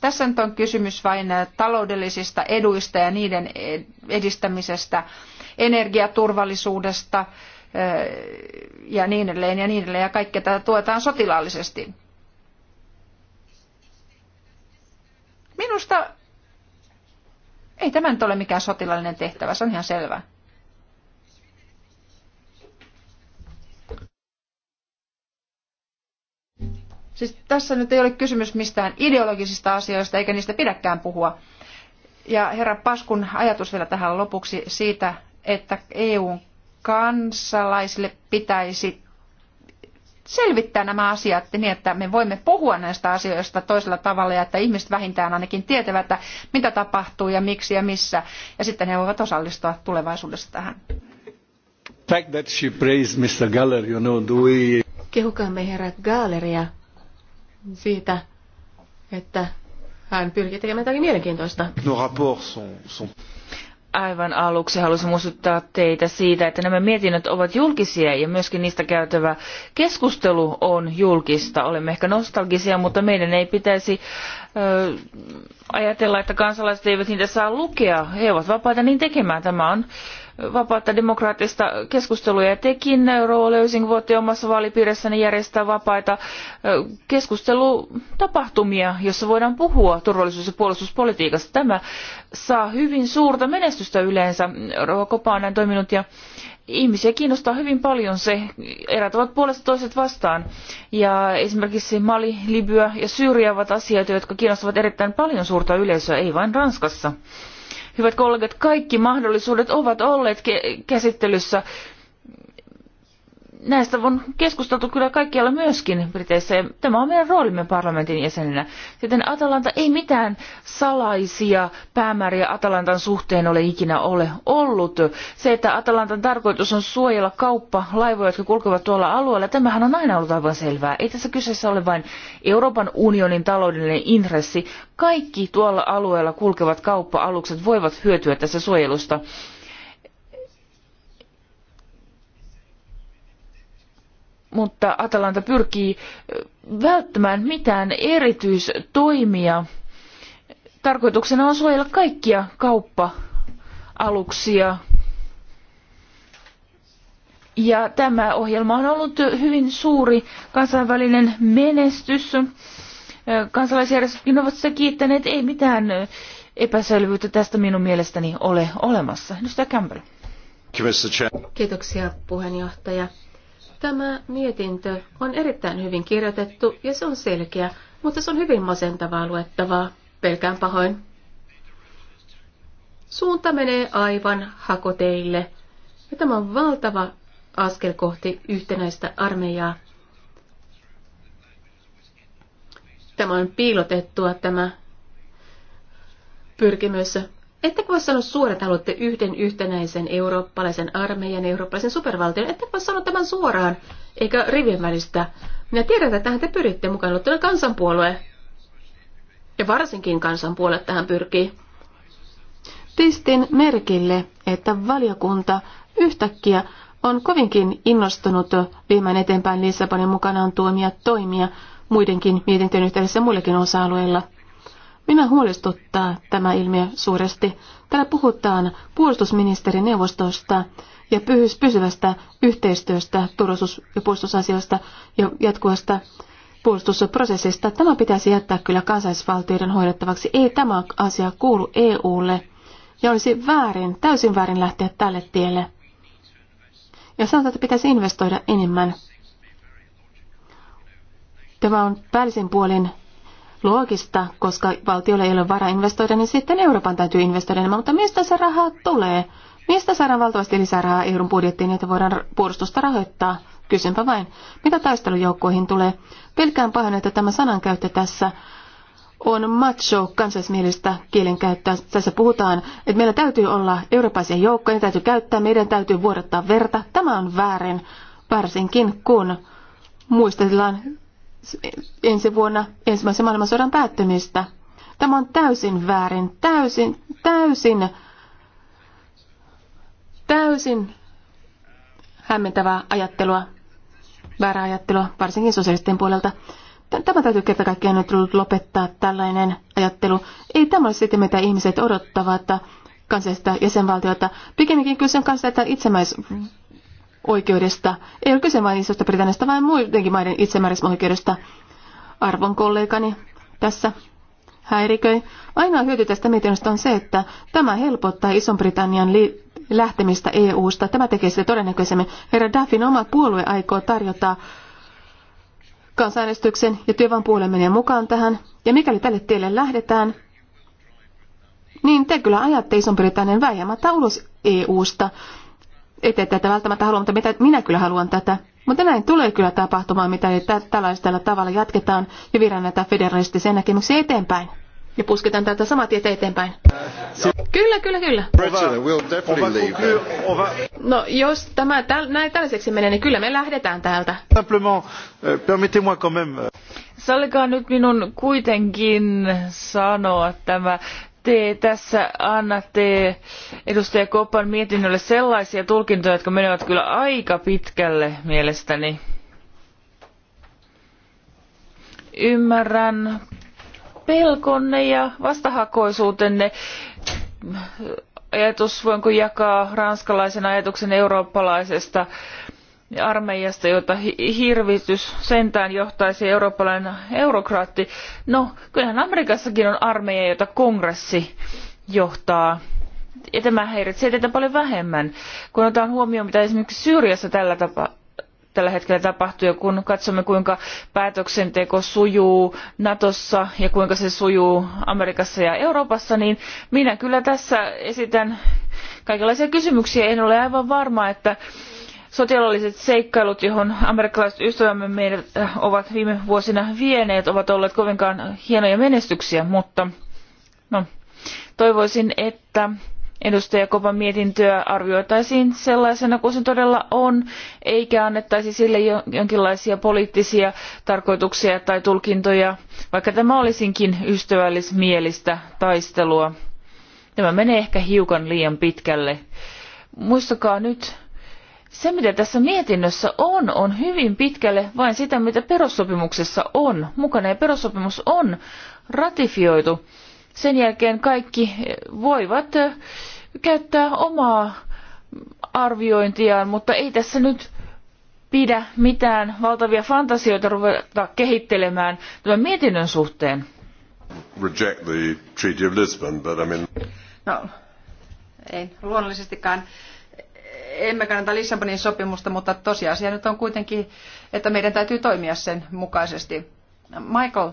tässä nyt on kysymys vain äh, taloudellisista eduista ja niiden e, edistämisestä, energiaturvallisuudesta äh, ja niin edelleen ja niin edelleen. Ja kaikkea tätä tuetaan sotilaallisesti. Minusta ei tämä nyt ole mikään sotilaallinen tehtävä, se on ihan selvä. Siis tässä nyt ei ole kysymys mistään ideologisista asioista, eikä niistä pidäkään puhua. Ja herra Paskun ajatus vielä tähän lopuksi siitä, että EUn kansalaisille pitäisi selvittää nämä asiat niin, että me voimme puhua näistä asioista toisella tavalla ja että ihmiset vähintään ainakin tietävät, että mitä tapahtuu ja miksi ja missä. Ja sitten he voivat osallistua tulevaisuudessa tähän. Galler, Kehukaamme herra Galleria siitä, että hän pyrkii tekemään jotakin mielenkiintoista. No, Aivan aluksi haluaisin muistuttaa teitä siitä, että nämä mietinnöt ovat julkisia ja myöskin niistä käytävä keskustelu on julkista. Olemme ehkä nostalgisia, mutta meidän ei pitäisi ö, ajatella, että kansalaiset eivät niitä saa lukea. He ovat vapaita niin tekemään. Tämä on vapaata demokraattista keskustelua ja tekin Rova Löysing voitte omassa vaalipiirissäni järjestää vapaita keskustelutapahtumia, jossa voidaan puhua turvallisuus- ja puolustuspolitiikasta. Tämä saa hyvin suurta menestystä yleensä. Rova Kopa on näin toiminut ja ihmisiä kiinnostaa hyvin paljon se, erät ovat puolesta toiset vastaan. Ja esimerkiksi Mali, Libya ja Syyria ovat asioita, jotka kiinnostavat erittäin paljon suurta yleisöä, ei vain Ranskassa. Hyvät kollegat, kaikki mahdollisuudet ovat olleet käsittelyssä näistä on keskusteltu kyllä kaikkialla myöskin Briteissä, ja tämä on meidän roolimme parlamentin jäsenenä. Joten Atalanta ei mitään salaisia päämääriä Atalantan suhteen ole ikinä ole ollut. Se, että Atalantan tarkoitus on suojella kauppa laivoja, jotka kulkevat tuolla alueella, tämähän on aina ollut aivan selvää. Ei tässä kyseessä ole vain Euroopan unionin taloudellinen intressi. Kaikki tuolla alueella kulkevat kauppa-alukset voivat hyötyä tässä suojelusta. mutta Atalanta pyrkii välttämään mitään erityistoimia. Tarkoituksena on suojella kaikkia kauppa-aluksia. Ja tämä ohjelma on ollut hyvin suuri kansainvälinen menestys. Kansalaisjärjestötkin ovat sitä kiittäneet. Ei mitään epäselvyyttä tästä minun mielestäni ole olemassa. Edustaja Campbell. Kiitoksia puheenjohtaja. Tämä mietintö on erittäin hyvin kirjoitettu ja se on selkeä, mutta se on hyvin masentavaa luettavaa, pelkään pahoin. Suunta menee aivan hakoteille, ja tämä on valtava askel kohti yhtenäistä armeijaa. Tämä on piilotettua tämä pyrkimys ette voi sanoa suoraan, että haluatte yhden yhtenäisen eurooppalaisen armeijan, eurooppalaisen supervaltion. Ette voi sanoa tämän suoraan, eikä rivien välistä. Minä tiedän, että tähän te pyritte mukaan luettuna kansanpuolue. Ja varsinkin kansanpuolue tähän pyrkii. Pistin merkille, että valiokunta yhtäkkiä on kovinkin innostunut viemään eteenpäin Lissabonin mukanaan tuomia toimia muidenkin mietintöjen yhteydessä muillekin osa-alueilla – minä huolestuttaa tämä ilmiö suuresti. Täällä puhutaan puolustusministerineuvostosta ja pysyvästä yhteistyöstä turvallisuus- ja puolustusasioista ja jatkuvasta puolustusprosessista. Tämä pitäisi jättää kyllä kansallisvaltioiden hoidettavaksi. Ei tämä asia kuulu EUlle. Ja olisi väärin, täysin väärin lähteä tälle tielle. Ja sanotaan, että pitäisi investoida enemmän. Tämä on päällisin puolin loogista, koska valtiolla ei ole varaa investoida, niin sitten Euroopan täytyy investoida enemmän. Mutta mistä se raha tulee? Mistä saadaan valtavasti lisää rahaa EUn budjettiin, että voidaan puolustusta rahoittaa? Kysynpä vain, mitä taistelujoukkoihin tulee? Pelkään pahoin, että tämä sanankäyttö tässä on macho kansallismielistä kielenkäyttöä. Tässä puhutaan, että meillä täytyy olla eurooppalaisia joukkoja, niitä täytyy käyttää, meidän täytyy vuodattaa verta. Tämä on väärin, varsinkin kun muistellaan ensi vuonna ensimmäisen maailmansodan päättymistä. Tämä on täysin väärin, täysin, täysin, täysin hämmentävää ajattelua, väärää ajattelua, varsinkin sosialistien puolelta. Tämä täytyy kerta kaikkiaan nyt lopettaa tällainen ajattelu. Ei tämä ole sitä, mitä ihmiset odottavat kansallista jäsenvaltiota. Pikemminkin kyse on kansallista itsemäisyyttä oikeudesta. Ei ole kyse vain isosta Britanniasta, vaan muidenkin maiden itsemääräämisoikeudesta. Arvon kollegani tässä häiriköi. Ainoa hyöty tästä mietinnöstä on se, että tämä helpottaa Ison-Britannian li- lähtemistä EU-sta. Tämä tekee sitä todennäköisemmin. Herra Duffin oma puolue aikoo tarjota kansanäänestyksen ja työvan puolen menee mukaan tähän. Ja mikäli tälle tielle lähdetään, niin te kyllä ajatte Ison-Britannian väijämättä ulos EU-sta ette tätä välttämättä halua, mutta mitä, minä kyllä haluan tätä. Mutta näin tulee kyllä tapahtumaan, mitä tällaisella tavalla jatketaan ja viran näitä federalistisia näkemyksiä eteenpäin. Ja pusketaan tätä samaa tietä eteenpäin. Kyllä, kyllä, kyllä. No, jos tämä täl, näin tällaiseksi menee, niin kyllä me lähdetään täältä. Euh, euh. Sallikaa nyt minun kuitenkin sanoa tämä te tässä annatte edustaja Koppan mietinnölle sellaisia tulkintoja, jotka menevät kyllä aika pitkälle mielestäni. Ymmärrän pelkonne ja vastahakoisuutenne. Ajatus, voinko jakaa ranskalaisen ajatuksen eurooppalaisesta armeijasta, jota hirvitys sentään johtaisi eurooppalainen eurokraatti. No, kyllähän Amerikassakin on armeija, jota kongressi johtaa. Ja tämä häiritsee tätä paljon vähemmän, kun otetaan huomioon, mitä esimerkiksi Syyriassa tällä tapaa tällä hetkellä tapahtuu ja kun katsomme kuinka päätöksenteko sujuu natossa ja kuinka se sujuu amerikassa ja euroopassa niin minä kyllä tässä esitän kaikenlaisia kysymyksiä en ole aivan varma että sotilaalliset seikkailut, johon amerikkalaiset ystävämme meidät äh, ovat viime vuosina vieneet, ovat olleet kovinkaan hienoja menestyksiä, mutta no, toivoisin, että edustaja Kopan mietintöä arvioitaisiin sellaisena kuin se todella on, eikä annettaisi sille jonkinlaisia poliittisia tarkoituksia tai tulkintoja, vaikka tämä olisinkin ystävällismielistä taistelua. Tämä menee ehkä hiukan liian pitkälle. Muistakaa nyt, se, mitä tässä mietinnössä on, on hyvin pitkälle vain sitä, mitä perussopimuksessa on mukana. Ja perussopimus on ratifioitu. Sen jälkeen kaikki voivat eh, käyttää omaa arviointiaan, mutta ei tässä nyt pidä mitään valtavia fantasioita ruveta kehittelemään tämän mietinnön suhteen. Reject the Treaty of Lisbon, but I mean... No, ei luonnollisestikaan emme kannata Lissabonin sopimusta, mutta tosiasia nyt on kuitenkin, että meidän täytyy toimia sen mukaisesti. Michael,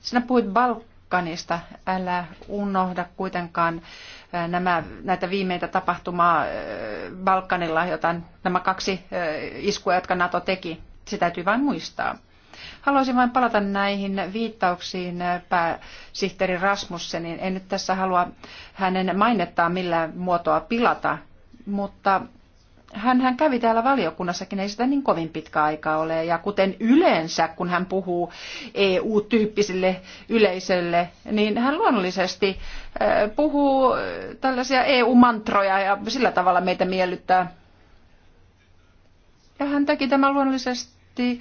sinä puhuit Balkanista. Älä unohda kuitenkaan äh, nämä, näitä viimeitä tapahtumaa äh, Balkanilla, jota nämä kaksi äh, iskua, jotka NATO teki. Se täytyy vain muistaa. Haluaisin vain palata näihin viittauksiin pääsihteeri Rasmussenin. En nyt tässä halua hänen mainettaan millään muotoa pilata, mutta hän, hän kävi täällä valiokunnassakin, ei sitä niin kovin pitkä aika ole. Ja kuten yleensä, kun hän puhuu EU-tyyppisille yleisölle, niin hän luonnollisesti äh, puhuu äh, tällaisia EU-mantroja ja sillä tavalla meitä miellyttää. Ja hän teki tämän luonnollisesti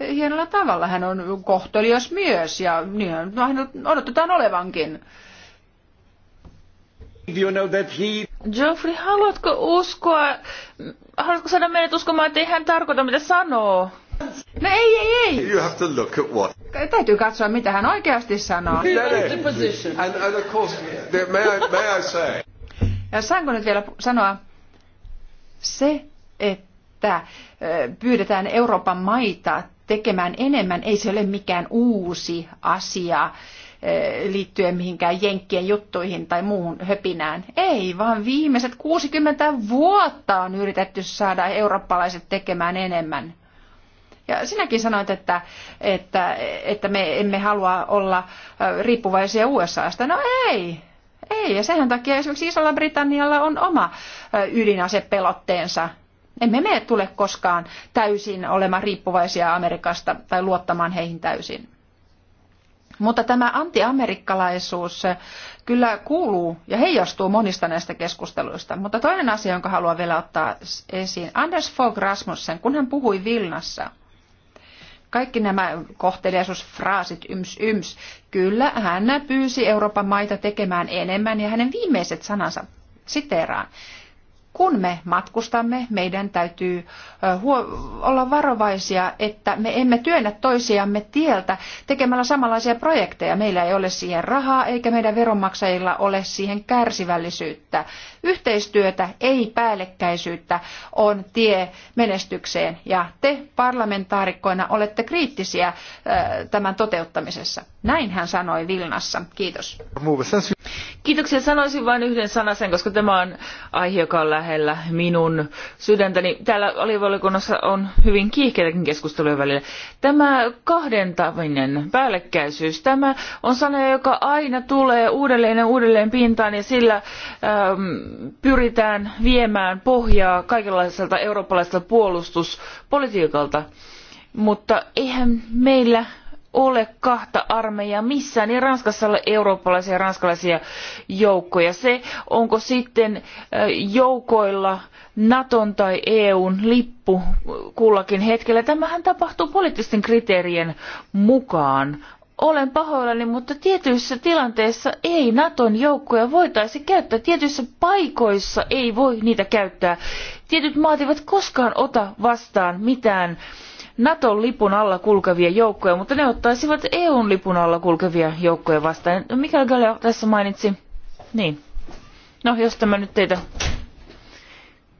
hienolla tavalla. Hän on kohtelias myös ja niin odotetaan olevankin. Geoffrey, haluatko uskoa, haluatko saada meidät uskomaan, että ei hän tarkoita mitä sanoo? No ei, ei, ei. You have to look at what. Täytyy katsoa, mitä hän oikeasti sanoo. Ja saanko nyt vielä sanoa se, että pyydetään Euroopan maita tekemään enemmän, ei se ole mikään uusi asia liittyen mihinkään jenkkien juttuihin tai muuhun höpinään. Ei, vaan viimeiset 60 vuotta on yritetty saada eurooppalaiset tekemään enemmän. Ja sinäkin sanoit, että, että, että me emme halua olla riippuvaisia USAsta. No ei, ei. Ja sehän takia esimerkiksi Isolla Britannialla on oma ydinasepelotteensa. Emme me tule koskaan täysin olemaan riippuvaisia Amerikasta tai luottamaan heihin täysin. Mutta tämä antiamerikkalaisuus kyllä kuuluu ja heijastuu monista näistä keskusteluista. Mutta toinen asia, jonka haluan vielä ottaa esiin. Anders Fogh Rasmussen, kun hän puhui Vilnassa, kaikki nämä kohteliaisuusfraasit yms yms, kyllä hän pyysi Euroopan maita tekemään enemmän ja hänen viimeiset sanansa siteeraan kun me matkustamme, meidän täytyy olla varovaisia, että me emme työnnä toisiamme tieltä tekemällä samanlaisia projekteja. Meillä ei ole siihen rahaa eikä meidän veronmaksajilla ole siihen kärsivällisyyttä. Yhteistyötä, ei päällekkäisyyttä, on tie menestykseen ja te parlamentaarikkoina olette kriittisiä tämän toteuttamisessa. Näin hän sanoi Vilnassa. Kiitos. Kiitoksia. Sanoisin vain yhden sanasen, koska tämä on aihe, joka on lähellä lähellä minun sydäntäni. Täällä alivaliokunnassa on hyvin kiihkeitäkin keskusteluja välillä. Tämä kahdentaminen, päällekkäisyys, tämä on sana, joka aina tulee uudelleen ja uudelleen pintaan ja sillä äm, pyritään viemään pohjaa kaikenlaiselta eurooppalaiselta puolustuspolitiikalta. Mutta eihän meillä ole kahta armeijaa missään, niin Ranskassa ole eurooppalaisia ja ranskalaisia joukkoja. Se, onko sitten joukoilla Naton tai EUn lippu kullakin hetkellä, tämähän tapahtuu poliittisten kriteerien mukaan. Olen pahoillani, mutta tietyissä tilanteissa ei Naton joukkoja voitaisi käyttää. Tietyissä paikoissa ei voi niitä käyttää. Tietyt maat eivät koskaan ota vastaan mitään äh, Naton lipun alla kulkevia joukkoja, mutta ne ottaisivat EUn lipun alla kulkevia joukkoja vastaan. Mikä Galea tässä mainitsi? Niin. No, jos tämä nyt teitä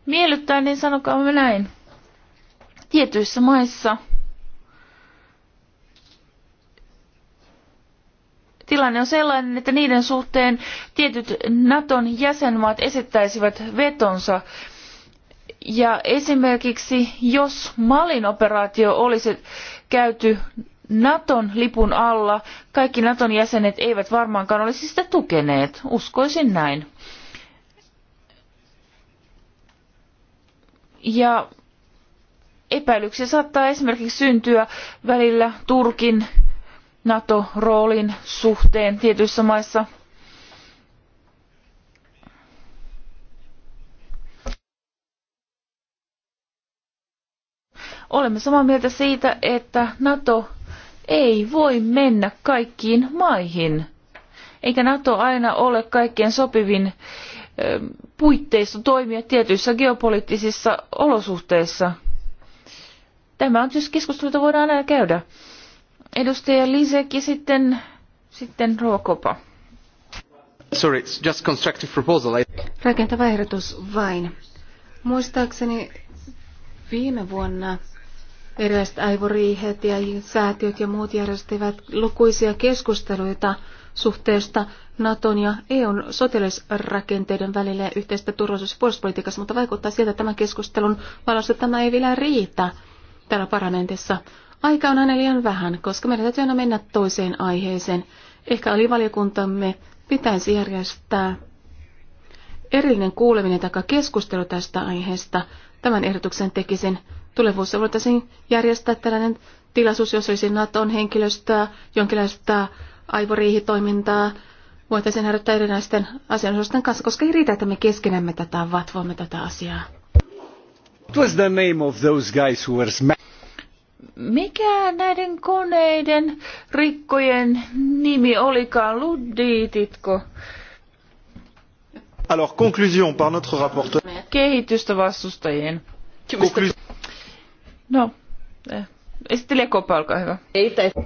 miellyttää, niin sanokaamme näin. Tietyissä maissa tilanne on sellainen, että niiden suhteen tietyt Naton jäsenmaat esittäisivät vetonsa ja esimerkiksi jos Malin operaatio olisi käyty Naton lipun alla, kaikki Naton jäsenet eivät varmaankaan olisi sitä tukeneet. Uskoisin näin. Ja epäilyksiä saattaa esimerkiksi syntyä välillä Turkin NATO-roolin suhteen tietyissä maissa – Olemme samaa mieltä siitä, että NATO ei voi mennä kaikkiin maihin. Eikä NATO aina ole kaikkien sopivin puitteissa toimia tietyissä geopoliittisissa olosuhteissa. Tämä on siis keskustelu, jota voidaan aina käydä. Edustaja Lisek ja sitten, sitten Ruokopa. Sorry, it's just constructive proposal. I... Rakentava ehdotus vain. Muistaakseni viime vuonna Erilaiset aivoriihet ja säätiöt ja muut järjestivät lukuisia keskusteluita suhteesta Naton ja EUn sotilasrakenteiden välillä ja yhteistä turvallisuus- ja puolustuspolitiikassa, mutta vaikuttaa siltä, että tämän keskustelun valossa tämä ei vielä riitä täällä parlamentissa. Aika on aina liian vähän, koska meidän täytyy aina mennä toiseen aiheeseen. Ehkä alivaliokuntamme pitäisi järjestää erillinen kuuleminen tai keskustelu tästä aiheesta. Tämän ehdotuksen tekisin. Tulevuudessa voitaisiin järjestää tällainen tilaisuus, jos olisi Naton henkilöstöä, jonkinlaista aivoriihitoimintaa, voitaisiin harjoittaa erinäisten asianosaisten kanssa, koska ei riitä, että me keskenämme tätä, vatvomme tätä asiaa. Mikä näiden koneiden rikkojen nimi olikaan? Luddiititko? Alors, conclusion par notre rapporteur. Kehitystä vastustajien. Conclusion. No, eh, esittelijä Koppa, olkaa hyvä.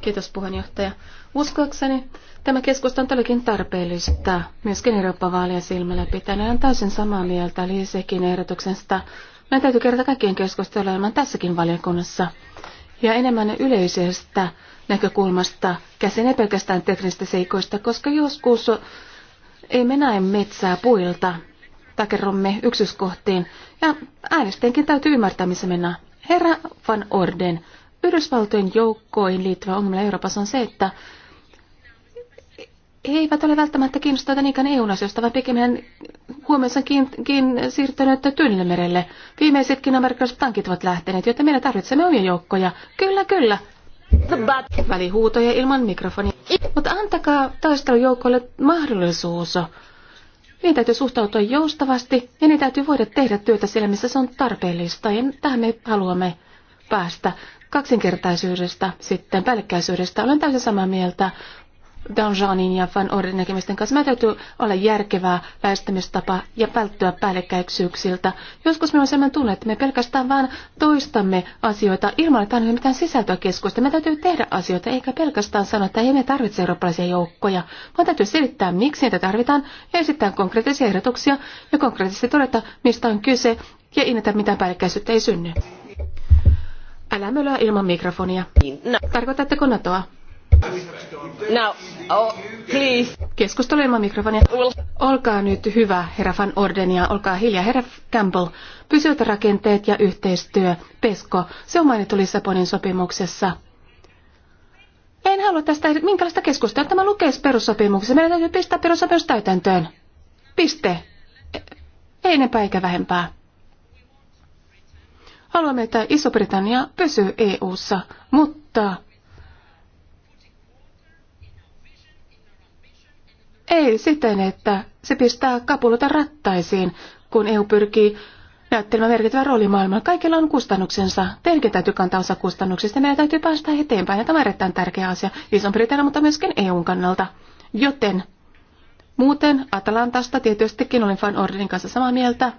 Kiitos puheenjohtaja. Uskoakseni tämä keskustelu on tälläkin tarpeellista. Myöskin Eurooppa-vaalia silmällä pitäneen on täysin samaa mieltä Liisekin ehdotuksesta. Meidän täytyy kerta kaikkien keskustelemaan tässäkin valiokunnassa. Ja enemmän yleisestä näkökulmasta, käsin ei pelkästään teknistä seikoista, koska joskus ei me näe metsää puilta. Takerromme yksyskohtiin ja äänestäjienkin täytyy ymmärtää, missä mennään. Herra Van Orden, Yhdysvaltojen joukkoihin liittyvä ongelma Euroopassa on se, että he eivät ole välttämättä kiinnostuneita niinkään EU-asioista, vaan pikemminkin huomioissa kiin, kiin, siirtyneet merelle. Viimeisetkin amerikkalaiset tankit ovat lähteneet, joten meidän tarvitsemme omia joukkoja. Kyllä, kyllä. But. Välihuutoja ilman mikrofonia. Mutta antakaa taistelujoukkoille mahdollisuus meidän täytyy suhtautua joustavasti ja niin täytyy voida tehdä työtä siellä, missä se on tarpeellista. Ja tähän me haluamme päästä kaksinkertaisuudesta, sitten päällekkäisyydestä. Olen täysin samaa mieltä Danjanin ja Van Orden näkemysten kanssa. Meidän täytyy olla järkevää lähestymistapa ja välttyä päällekkäyksyyksiltä. Joskus meillä on sellainen tunne, että me pelkästään vain toistamme asioita ilman, että on mitään sisältöä keskusta. Me täytyy tehdä asioita, eikä pelkästään sanoa, että ei me tarvitse eurooppalaisia joukkoja, vaan täytyy selittää, miksi niitä tarvitaan ja esittää konkreettisia ehdotuksia ja konkreettisesti todeta, mistä on kyse ja innetä mitään päällekkäisyyttä ei synny. Älä mölöä ilman mikrofonia. No. Tarkoitatteko NATOa? Now, oh, please. Keskustelu ilman mikrofonia. Olkaa nyt hyvä, herra Van Orden, ja olkaa hiljaa, herra Campbell. Pysyvät rakenteet ja yhteistyö, Pesko, se on mainittu Lissabonin sopimuksessa. En halua tästä minkälaista keskustelua. Tämä lukee perussopimuksessa. Meidän täytyy pistää perussopimus täytäntöön. Piste. E, ei enempää eikä vähempää. Haluamme, että Iso-Britannia pysyy EU-ssa, mutta Ei siten, että se pistää kapulota rattaisiin, kun EU pyrkii näyttelemään merkittävän rooli maailmaan. Kaikilla on kustannuksensa. Teidänkin täytyy kantaa osa kustannuksista. Meidän täytyy päästä eteenpäin. Ja tämä on erittäin tärkeä asia ison britannia mutta myöskin EUn kannalta. Joten muuten Atalantasta tietystikin olen Van Ordenin kanssa samaa mieltä.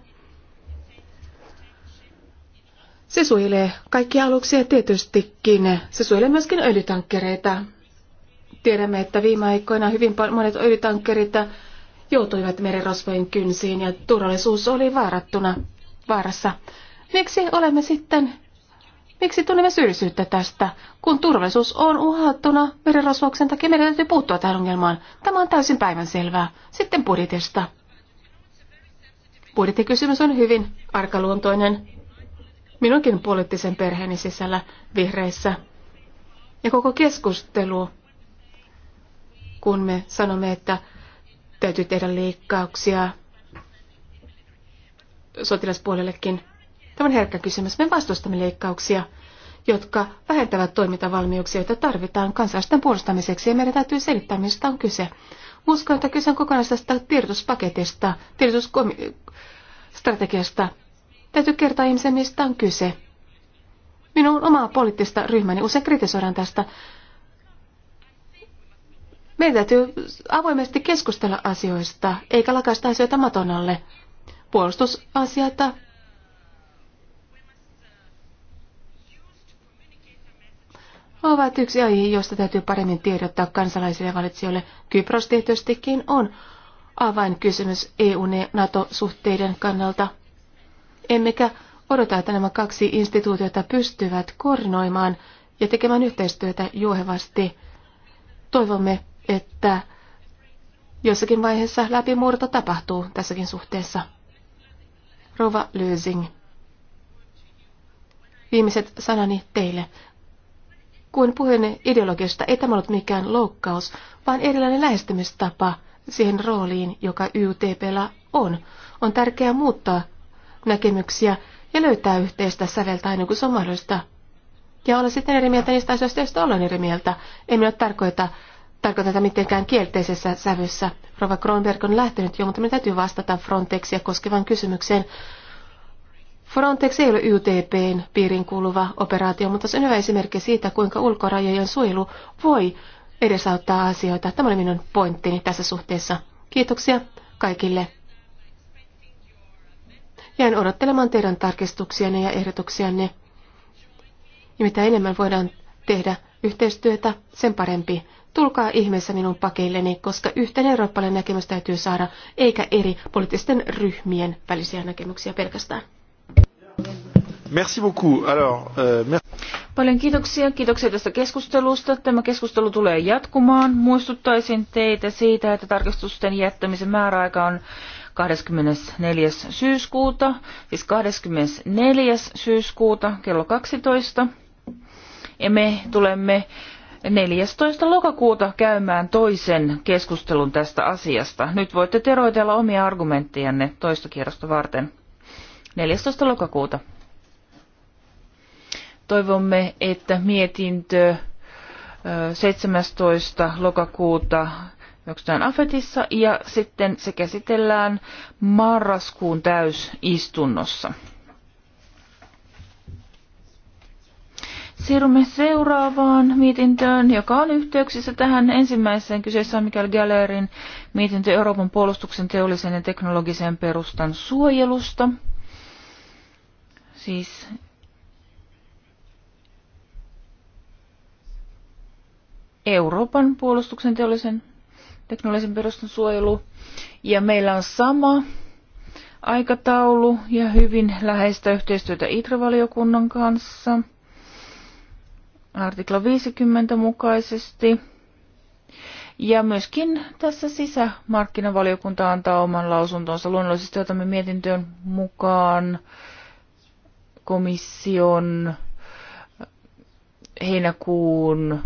Se suojelee kaikkia aluksia tietystikin. Se suojelee myöskin öljytankkereita. Tiedämme, että viime aikoina hyvin monet öljytankkerit joutuivat merirosvojen kynsiin ja turvallisuus oli vaarattuna vaarassa. Miksi olemme sitten, miksi tunnemme syyllisyyttä tästä, kun turvallisuus on uhattuna merirosvouksen takia meidän täytyy puuttua tähän ongelmaan? Tämä on täysin päivänselvää. Sitten budjetista. Budjettikysymys on hyvin arkaluontoinen minunkin poliittisen perheeni sisällä vihreissä. Ja koko keskustelu kun me sanomme, että täytyy tehdä leikkauksia sotilaspuolellekin. Tämä on herkkä kysymys. Me vastustamme leikkauksia, jotka vähentävät toimintavalmiuksia, joita tarvitaan kansalaisten puolustamiseksi, ja meidän täytyy selittää, mistä on kyse. Uskon, että kyse on kokonaisesta tiedotuspaketista, tiedotusstrategiasta. Täytyy kertoa ihmisen, mistä on kyse. Minun omaa poliittista ryhmäni usein kritisoidaan tästä. Meidän täytyy avoimesti keskustella asioista, eikä lakaista asioita matonalle. Puolustusasioita. ovat yksi aihe, josta täytyy paremmin tiedottaa kansalaisille ja valitsijoille. Kypros tietystikin on avainkysymys EU-NATO-suhteiden kannalta. Emmekä odota, että nämä kaksi instituutiota pystyvät koordinoimaan ja tekemään yhteistyötä juohevasti. Toivomme että jossakin vaiheessa läpimurto tapahtuu tässäkin suhteessa. Rova Lösing. Viimeiset sanani teille. Kun puheen ideologiasta, ei tämä ollut mikään loukkaus, vaan erilainen lähestymistapa siihen rooliin, joka YTPllä on. On tärkeää muuttaa näkemyksiä ja löytää yhteistä säveltä aina kun se on mahdollista. Ja olla sitten eri mieltä niistä asioista, joista ollaan eri mieltä. Ei minä tarkoita tarkoita tätä mitenkään kielteisessä sävyssä. Rova Kronberg on lähtenyt jo, mutta minun täytyy vastata Frontexia koskevan kysymykseen. Frontex ei ole YTPn piirin kuuluva operaatio, mutta se on hyvä esimerkki siitä, kuinka ulkorajojen suojelu voi edesauttaa asioita. Tämä oli minun pointtini tässä suhteessa. Kiitoksia kaikille. Jään odottelemaan teidän tarkistuksianne ja ehdotuksianne. Ja mitä enemmän voidaan tehdä yhteistyötä, sen parempi. Tulkaa ihmeessä minun pakeilleni, koska yhteinen eurooppalainen näkemys täytyy saada, eikä eri poliittisten ryhmien välisiä näkemyksiä pelkästään. Merci beaucoup. Alors, euh, merci. Paljon kiitoksia. Kiitoksia tästä keskustelusta. Tämä keskustelu tulee jatkumaan. Muistuttaisin teitä siitä, että tarkistusten jättämisen määräaika on 24. syyskuuta, siis 24. syyskuuta kello 12. Ja me tulemme 14. lokakuuta käymään toisen keskustelun tästä asiasta. Nyt voitte teroitella omia argumenttejanne toista kierrosta varten. 14. lokakuuta. Toivomme, että mietintö 17. lokakuuta hyväksytään Afetissa ja sitten se käsitellään marraskuun täysistunnossa. Siirrymme seuraavaan mietintöön, joka on yhteyksissä tähän ensimmäiseen. Kyseessä on Mikael Gallerin mietintö Euroopan puolustuksen teollisen ja teknologisen perustan suojelusta. Siis Euroopan puolustuksen teollisen teknologisen perustan suojelu. Ja meillä on sama aikataulu ja hyvin läheistä yhteistyötä ITRA-valiokunnan kanssa – artikla 50 mukaisesti. Ja myöskin tässä sisämarkkinavaliokunta antaa oman lausuntonsa. Luonnollisesti otamme mietintöön mukaan komission heinäkuun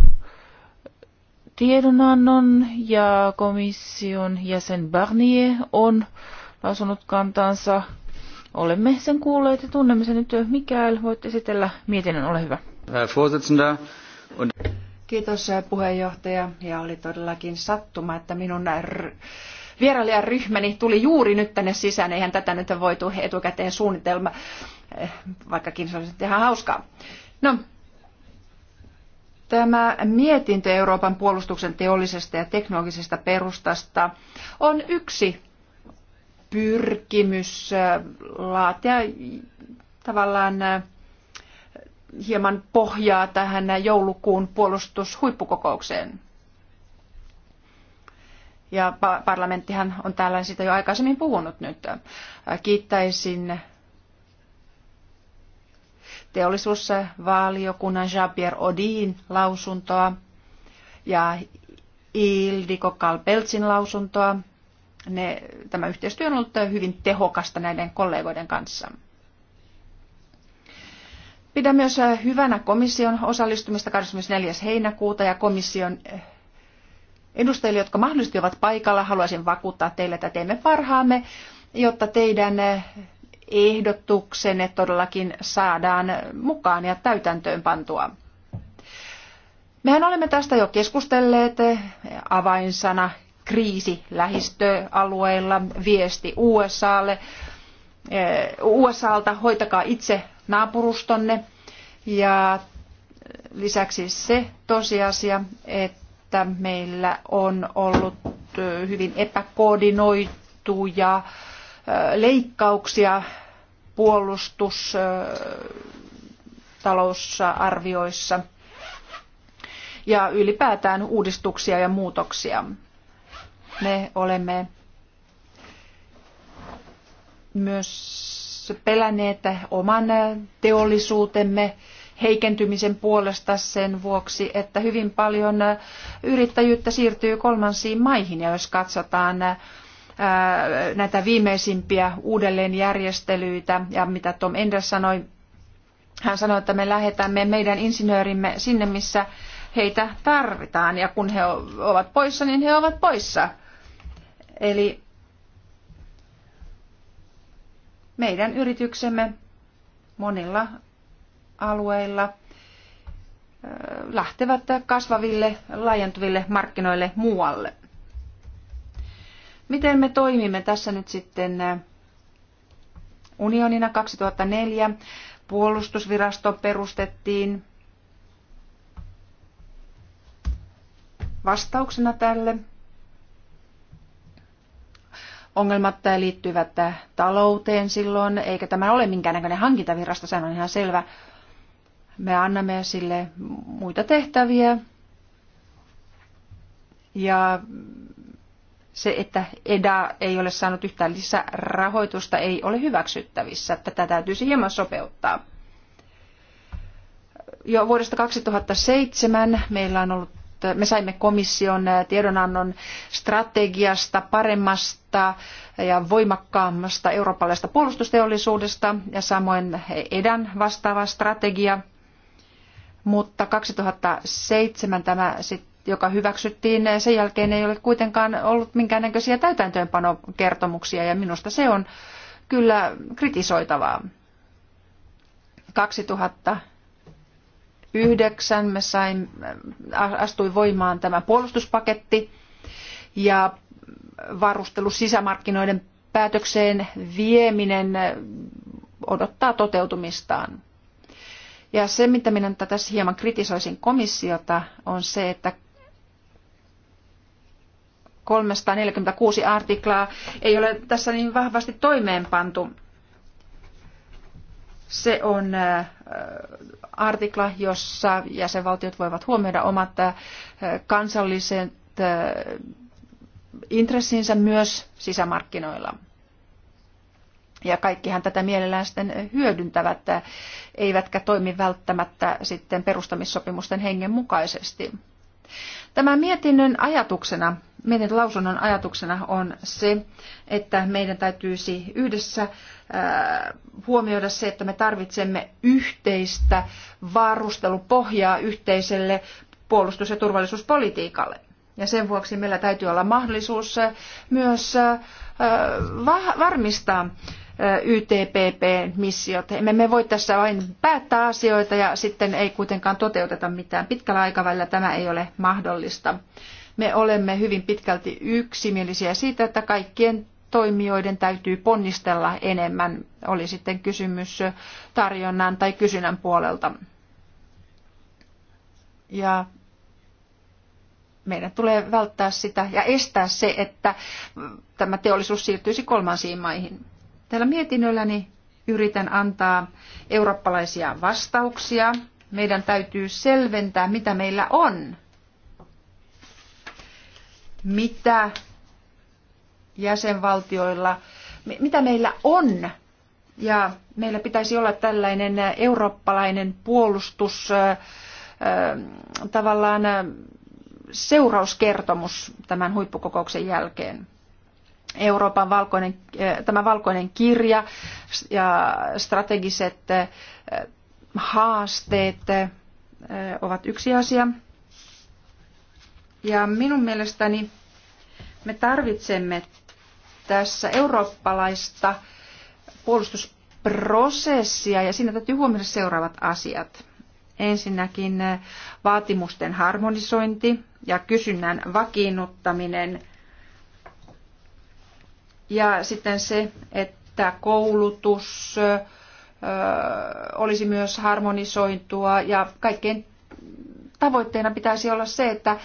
tiedonannon ja komission jäsen Barnier on lausunut kantansa. Olemme sen kuulleet ja tunnemme sen nyt. Mikael, voit esitellä mietinnön, ole hyvä. Kiitos eh, puheenjohtaja ja oli todellakin sattuma, että minun eh, vierailijaryhmäni tuli juuri nyt tänne sisään. Eihän tätä nyt voitu etukäteen suunnitelma, eh, vaikkakin se olisi ihan hauskaa. No, Tämä mietintö Euroopan puolustuksen teollisesta ja teknologisesta perustasta on yksi pyrkimys laatia tavallaan hieman pohjaa tähän joulukuun puolustushuippukokoukseen. Ja parlamenttihan on täällä sitä jo aikaisemmin puhunut nyt. Kiittäisin teollisuusvaliokunnan Javier Odin lausuntoa ja Ildiko Kalpeltsin lausuntoa. Ne, tämä yhteistyö on ollut hyvin tehokasta näiden kollegoiden kanssa. Pidän myös äh, hyvänä komission osallistumista 24. heinäkuuta ja komission äh, edustajille, jotka mahdollisesti ovat paikalla. Haluaisin vakuuttaa teille, että teemme parhaamme, jotta teidän äh, ehdotuksenne todellakin saadaan mukaan ja täytäntöön pantua. Mehän olemme tästä jo keskustelleet avainsana kriisi lähistöalueilla, viesti USAlle, USAlta hoitakaa itse naapurustonne ja lisäksi se tosiasia, että meillä on ollut hyvin epäkoordinoituja leikkauksia arvioissa ja ylipäätään uudistuksia ja muutoksia. Me olemme myös pelänneet oman teollisuutemme heikentymisen puolesta sen vuoksi, että hyvin paljon yrittäjyyttä siirtyy kolmansiin maihin. Ja jos katsotaan näitä viimeisimpiä uudelleenjärjestelyitä ja mitä Tom Enders sanoi, hän sanoi, että me lähetämme meidän insinöörimme sinne, missä heitä tarvitaan ja kun he ovat poissa, niin he ovat poissa. Eli meidän yrityksemme monilla alueilla lähtevät kasvaville, laajentuville markkinoille muualle. Miten me toimimme tässä nyt sitten unionina 2004? Puolustusvirasto perustettiin vastauksena tälle ongelmat liittyvät talouteen silloin, eikä tämä ole minkäännäköinen hankintavirasto, se on ihan selvä. Me annamme sille muita tehtäviä. Ja se, että EDA ei ole saanut yhtään lisärahoitusta, ei ole hyväksyttävissä. Tätä täytyisi hieman sopeuttaa. Jo vuodesta 2007 meillä on ollut me saimme komission tiedonannon strategiasta paremmasta ja voimakkaammasta eurooppalaisesta puolustusteollisuudesta ja samoin edan vastaava strategia. Mutta 2007 tämä joka hyväksyttiin. Sen jälkeen ei ole kuitenkaan ollut minkäännäköisiä täytäntöönpanokertomuksia ja minusta se on kyllä kritisoitavaa. 2000 2009 me sain, äh, astui voimaan tämä puolustuspaketti ja varustelu sisämarkkinoiden päätökseen vieminen äh, odottaa toteutumistaan. Ja se, mitä minä tässä hieman kritisoisin komissiota, on se, että 346 artiklaa ei ole tässä niin vahvasti toimeenpantu se on äh, artikla, jossa jäsenvaltiot voivat huomioida omat äh, kansalliset äh, intressinsä myös sisämarkkinoilla. Ja kaikkihan tätä mielellään sitten hyödyntävät, eivätkä toimi välttämättä sitten perustamissopimusten hengen mukaisesti. Tämän mietinnön ajatuksena meidän lausunnon ajatuksena on se, että meidän täytyisi yhdessä äh, huomioida se, että me tarvitsemme yhteistä varustelupohjaa yhteiselle puolustus- ja turvallisuuspolitiikalle. Ja sen vuoksi meillä täytyy olla mahdollisuus äh, myös äh, varmistaa YTPP-missiot. Emme me voi tässä vain päättää asioita ja sitten ei kuitenkaan toteuteta mitään. Pitkällä aikavälillä tämä ei ole mahdollista. Me olemme hyvin pitkälti yksimielisiä siitä, että kaikkien toimijoiden täytyy ponnistella enemmän, oli sitten kysymys tarjonnan tai kysynnän puolelta. Ja meidän tulee välttää sitä ja estää se, että tämä teollisuus siirtyisi kolmansiin maihin. Tällä mietinnölläni yritän antaa eurooppalaisia vastauksia. Meidän täytyy selventää, mitä meillä on mitä jäsenvaltioilla, mitä meillä on. Ja meillä pitäisi olla tällainen eurooppalainen puolustus tavallaan seurauskertomus tämän huippukokouksen jälkeen. Euroopan valkoinen, tämä valkoinen kirja ja strategiset haasteet ovat yksi asia. Ja minun mielestäni me tarvitsemme tässä eurooppalaista puolustusprosessia ja siinä täytyy huomioida seuraavat asiat. Ensinnäkin eh, vaatimusten harmonisointi ja kysynnän vakiinnuttaminen. Ja sitten se, että koulutus eh, olisi myös harmonisointua ja kaikkein tavoitteena pitäisi olla se, että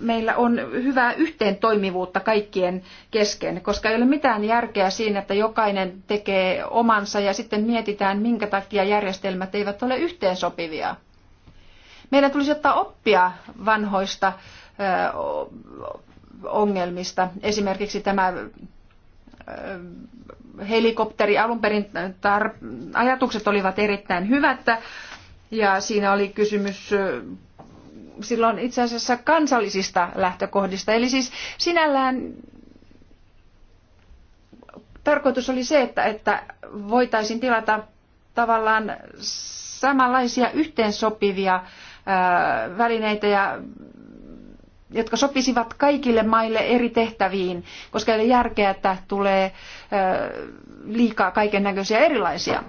meillä on hyvää yhteen toimivuutta kaikkien kesken, koska ei ole mitään järkeä siinä, että jokainen tekee omansa ja sitten mietitään, minkä takia järjestelmät eivät ole yhteensopivia. Meidän tulisi ottaa oppia vanhoista ongelmista. Esimerkiksi tämä helikopteri alun perin ajatukset olivat erittäin hyvät, ja siinä oli kysymys silloin itse asiassa kansallisista lähtökohdista. Eli siis sinällään tarkoitus oli se, että, että voitaisiin tilata tavallaan samanlaisia yhteensopivia ää, välineitä ja jotka sopisivat kaikille maille eri tehtäviin, koska ei ole järkeä, että tulee liikaa kaiken näköisiä erilaisia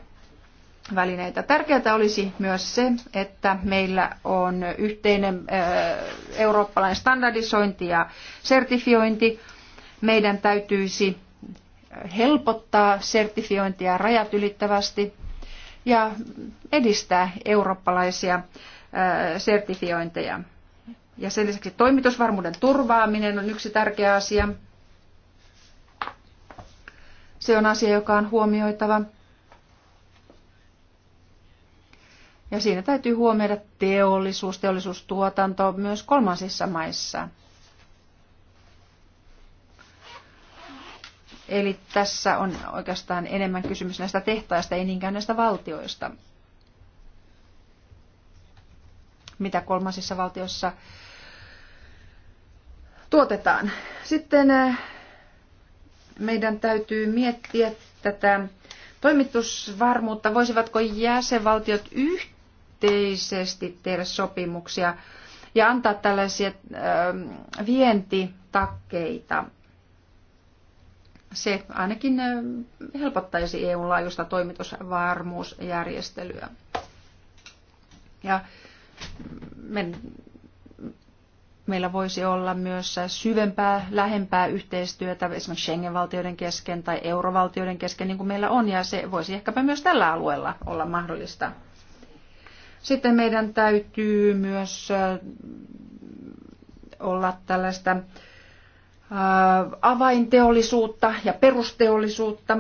välineitä. Tärkeää olisi myös se, että meillä on yhteinen eurooppalainen standardisointi ja sertifiointi. Meidän täytyisi helpottaa sertifiointia rajat ylittävästi ja edistää eurooppalaisia sertifiointeja. Ja sen lisäksi toimitusvarmuuden turvaaminen on yksi tärkeä asia. Se on asia, joka on huomioitava Ja siinä täytyy huomioida teollisuus, teollisuustuotanto myös kolmansissa maissa. Eli tässä on oikeastaan enemmän kysymys näistä tehtaista, ei niinkään näistä valtioista. Mitä kolmansissa valtioissa tuotetaan. Sitten äh, meidän täytyy miettiä tätä toimitusvarmuutta. Voisivatko jäsenvaltiot yhteydessä? yhteisesti tehdä sopimuksia ja antaa tällaisia ähm, vientitakkeita. Se ainakin äh, helpottaisi EUn laajuista toimitusvarmuusjärjestelyä. Ja me, meillä voisi olla myös syvempää, lähempää yhteistyötä esimerkiksi Schengen-valtioiden kesken tai eurovaltioiden kesken, niin kuin meillä on, ja se voisi ehkäpä myös tällä alueella olla mahdollista. Sitten meidän täytyy myös olla tällaista avainteollisuutta ja perusteollisuutta.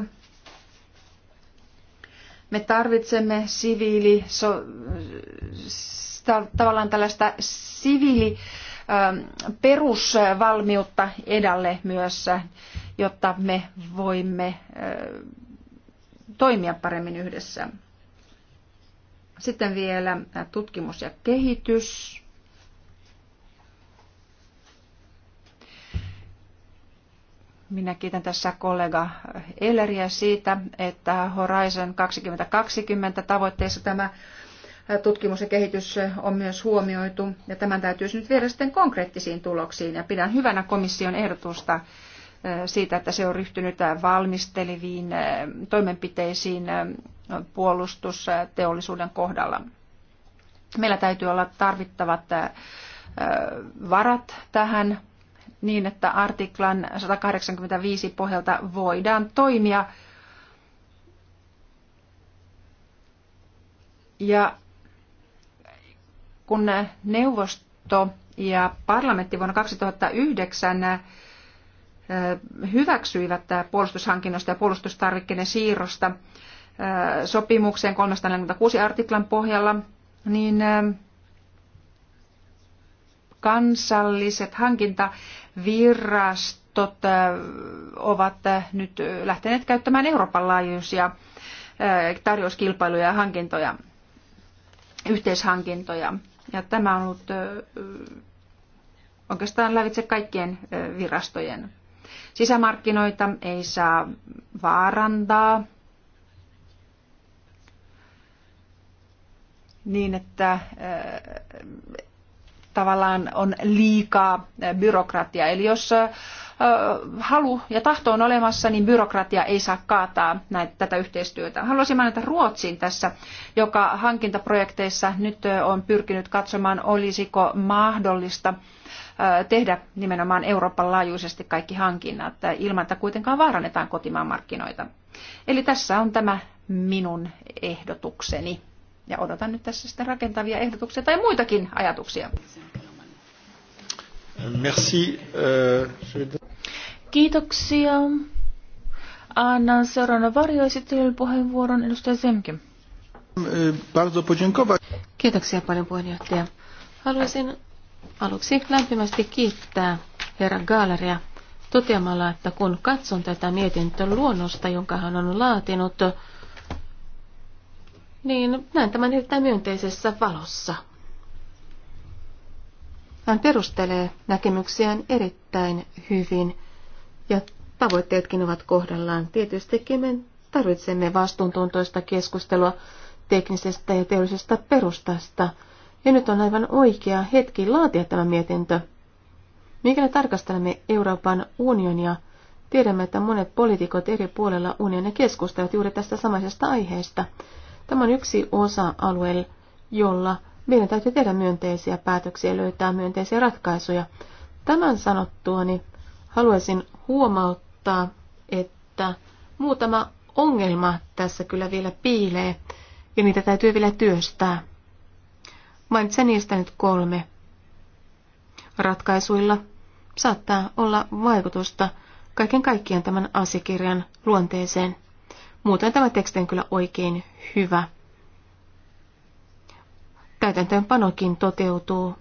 Me tarvitsemme siviili, so, tavallaan tällaista siviili perusvalmiutta edalle myös, jotta me voimme toimia paremmin yhdessä. Sitten vielä tutkimus ja kehitys. Minä kiitän tässä kollega Elleriä siitä, että Horizon 2020 tavoitteessa tämä tutkimus ja kehitys on myös huomioitu. Ja tämän täytyisi nyt viedä sitten konkreettisiin tuloksiin. Ja pidän hyvänä komission ehdotusta siitä, että se on ryhtynyt valmisteleviin eh, toimenpiteisiin eh, puolustusteollisuuden kohdalla. Meillä täytyy olla tarvittavat eh, varat tähän niin, että artiklan 185 pohjalta voidaan toimia Ja kun neuvosto ja parlamentti vuonna 2009 hyväksyivät puolustushankinnosta ja puolustustarvikkeiden siirrosta äh, sopimukseen 346 artiklan pohjalla, niin äh, kansalliset hankintavirastot äh, ovat nyt lähteneet käyttämään Euroopan laajuisia tarjouskilpailuja ja hankintoja, yhteishankintoja. Ja tämä on ollut oikeastaan lävitse kaikkien virastojen Sisämarkkinoita ei saa vaarantaa niin, että tavallaan on liikaa eh, byrokratiaa. Eli jos eh, halu ja tahto on olemassa, niin byrokratia ei saa kaataa näitä, tätä yhteistyötä. Haluaisin mainita Ruotsin tässä, joka hankintaprojekteissa nyt eh, on pyrkinyt katsomaan, olisiko mahdollista tehdä nimenomaan Euroopan laajuisesti kaikki hankinnat ilman, että kuitenkaan vaarannetaan kotimaan markkinoita. Eli tässä on tämä minun ehdotukseni. Ja odotan nyt tässä sitten rakentavia ehdotuksia tai muitakin ajatuksia. Merci. Euh, Kiitoksia. Annan seuraavana varjoesittelyyn puheenvuoron edustaja Semki. Euh, Kiitoksia paljon puheenjohtaja. Haluaisin aluksi lämpimästi kiittää herra Gaaleria toteamalla, että kun katson tätä mietintöluonnosta, jonka hän on laatinut, niin näen tämän erittäin myönteisessä valossa. Hän perustelee näkemyksiään erittäin hyvin ja tavoitteetkin ovat kohdallaan. Tietystikin me tarvitsemme vastuuntuntoista keskustelua teknisestä ja teollisesta perustasta. Ja nyt on aivan oikea hetki laatia tämä mietintö. Mikäli tarkastelemme Euroopan unionia, tiedämme, että monet poliitikot eri puolella unionia keskustelevat juuri tästä samaisesta aiheesta. Tämä on yksi osa-alue, jolla meidän täytyy tehdä myönteisiä päätöksiä ja löytää myönteisiä ratkaisuja. Tämän sanottuani haluaisin huomauttaa, että muutama ongelma tässä kyllä vielä piilee ja niitä täytyy vielä työstää. Mainitsen niistä nyt kolme. Ratkaisuilla saattaa olla vaikutusta kaiken kaikkiaan tämän asiakirjan luonteeseen. Muuten tämä teksti on kyllä oikein hyvä. Täytäntöönpanokin toteutuu.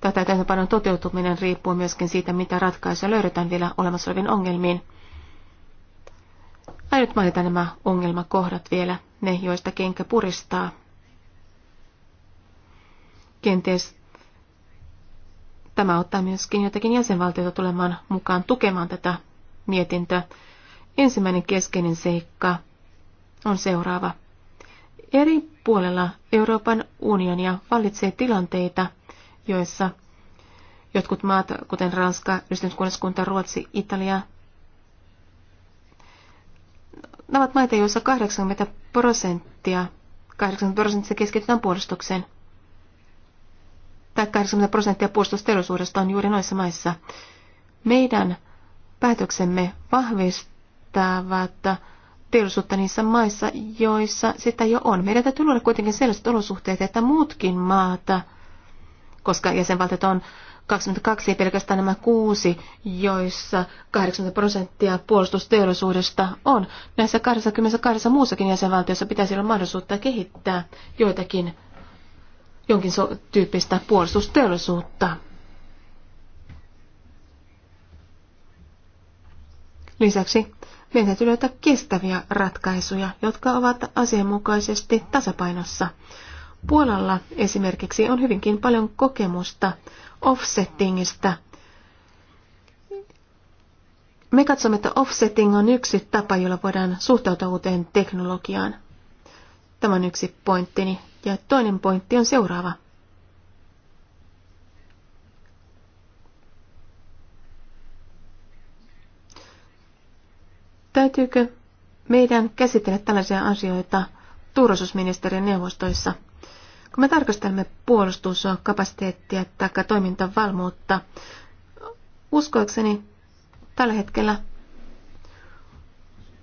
Tämä täytäntöönpanon toteutuminen riippuu myöskin siitä, mitä ratkaisuja löydetään vielä olemassa oleviin ongelmiin. Aion nyt mainita nämä ongelmakohdat vielä, ne joista kenkä puristaa. Kenties tämä ottaa myöskin jotakin jäsenvaltiota tulemaan mukaan tukemaan tätä mietintöä. Ensimmäinen keskeinen seikka on seuraava. Eri puolella Euroopan unionia vallitsee tilanteita, joissa jotkut maat, kuten Ranska, Yhdistyskunnaskunta, Ruotsi, Italia, nämä ovat maita, joissa 80 prosenttia, 80 prosenttia keskitytään puolustukseen. Tai 80 prosenttia puolustusteollisuudesta on juuri noissa maissa. Meidän päätöksemme vahvistaa vastaavat teollisuutta niissä maissa, joissa sitä jo on. Meidän täytyy luoda kuitenkin sellaiset olosuhteet, että muutkin maata, koska jäsenvaltiot on 22 pelkästään nämä kuusi, joissa 80 prosenttia puolustusteollisuudesta on. Näissä 22 muussakin jäsenvaltiossa pitäisi olla mahdollisuutta kehittää joitakin jonkin so- tyyppistä puolustusteollisuutta. Lisäksi meidän täytyy löytää kestäviä ratkaisuja, jotka ovat asianmukaisesti tasapainossa. Puolalla esimerkiksi on hyvinkin paljon kokemusta offsettingistä. Me katsomme, että offsetting on yksi tapa, jolla voidaan suhtautua uuteen teknologiaan. Tämä on yksi pointtini. Ja toinen pointti on seuraava. Täytyykö meidän käsitellä tällaisia asioita turvallisuusministeriön neuvostoissa? Kun me tarkastelemme puolustuskapasiteettia tai toimintavalmuutta, uskoakseni tällä hetkellä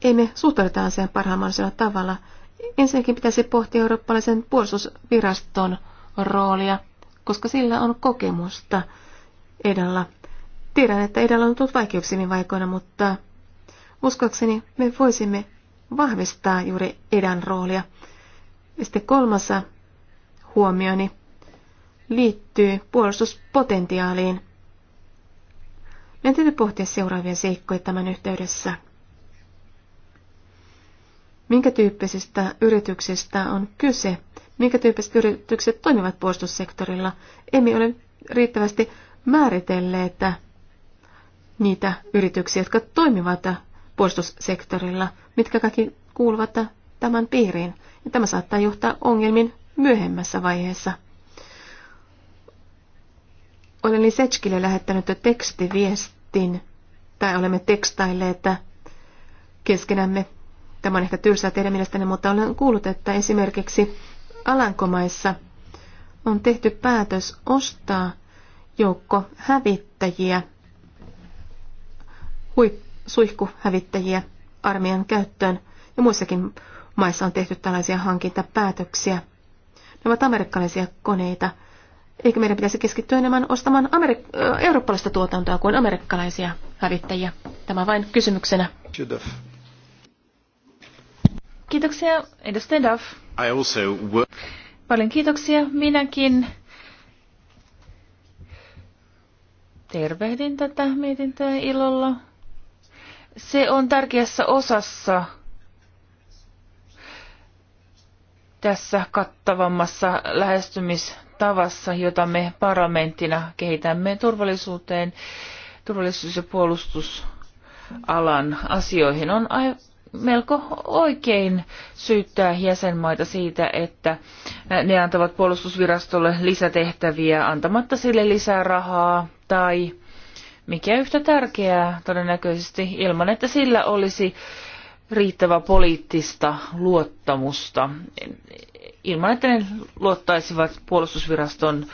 ei me suhtauduta asiaan parhaan tavalla. Ensinnäkin pitäisi pohtia eurooppalaisen puolustusviraston roolia, koska sillä on kokemusta edellä. Tiedän, että edellä on tullut vaikeuksia niin vaikoina, mutta Uskokseni, me voisimme vahvistaa juuri edän roolia. Ja sitten kolmas huomioni liittyy puolustuspotentiaaliin. Meidän täytyy pohtia seuraavia seikkoja tämän yhteydessä. Minkä tyyppisistä yrityksistä on kyse? Minkä tyyppiset yritykset toimivat puolustussektorilla? Emme ole riittävästi määritelleet niitä yrityksiä, jotka toimivat puolustussektorilla, mitkä kaikki kuuluvat tämän piiriin. Ja tämä saattaa johtaa ongelmiin myöhemmässä vaiheessa. Olen Lisetskille lähettänyt tekstiviestin, tai olemme tekstailleet keskenämme. Tämä on ehkä tylsää teidän mielestäni, mutta olen kuullut, että esimerkiksi Alankomaissa on tehty päätös ostaa joukko hävittäjiä huippu suihkuhävittäjiä armeijan käyttöön ja muissakin maissa on tehty tällaisia hankintapäätöksiä. Ne ovat amerikkalaisia koneita. Eikö meidän pitäisi keskittyä enemmän ostamaan amerik- eurooppalaista tuotantoa kuin amerikkalaisia hävittäjiä? Tämä vain kysymyksenä. Kiitos. Kiitoksia, edustaja Duff. I also work... Paljon kiitoksia. Minäkin tervehdin tätä mietintöä ilolla. Se on tärkeässä osassa tässä kattavammassa lähestymistavassa, jota me parlamenttina kehitämme turvallisuuteen, turvallisuus- ja puolustusalan asioihin. On melko oikein syyttää jäsenmaita siitä, että ne antavat puolustusvirastolle lisätehtäviä antamatta sille lisää rahaa tai mikä yhtä tärkeää todennäköisesti ilman, että sillä olisi riittävä poliittista luottamusta, ilman että ne luottaisivat puolustusviraston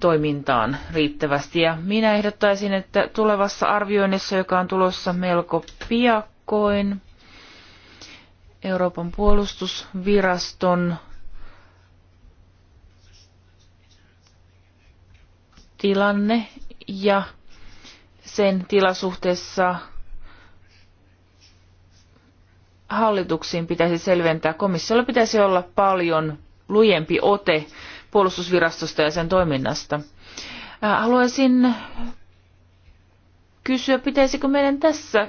toimintaan riittävästi. Ja minä ehdottaisin, että tulevassa arvioinnissa, joka on tulossa melko piakkoin, Euroopan puolustusviraston tilanne ja sen tilasuhteessa hallituksiin pitäisi selventää. Komissiolla pitäisi olla paljon lujempi ote puolustusvirastosta ja sen toiminnasta. Äh, haluaisin kysyä, pitäisikö meidän tässä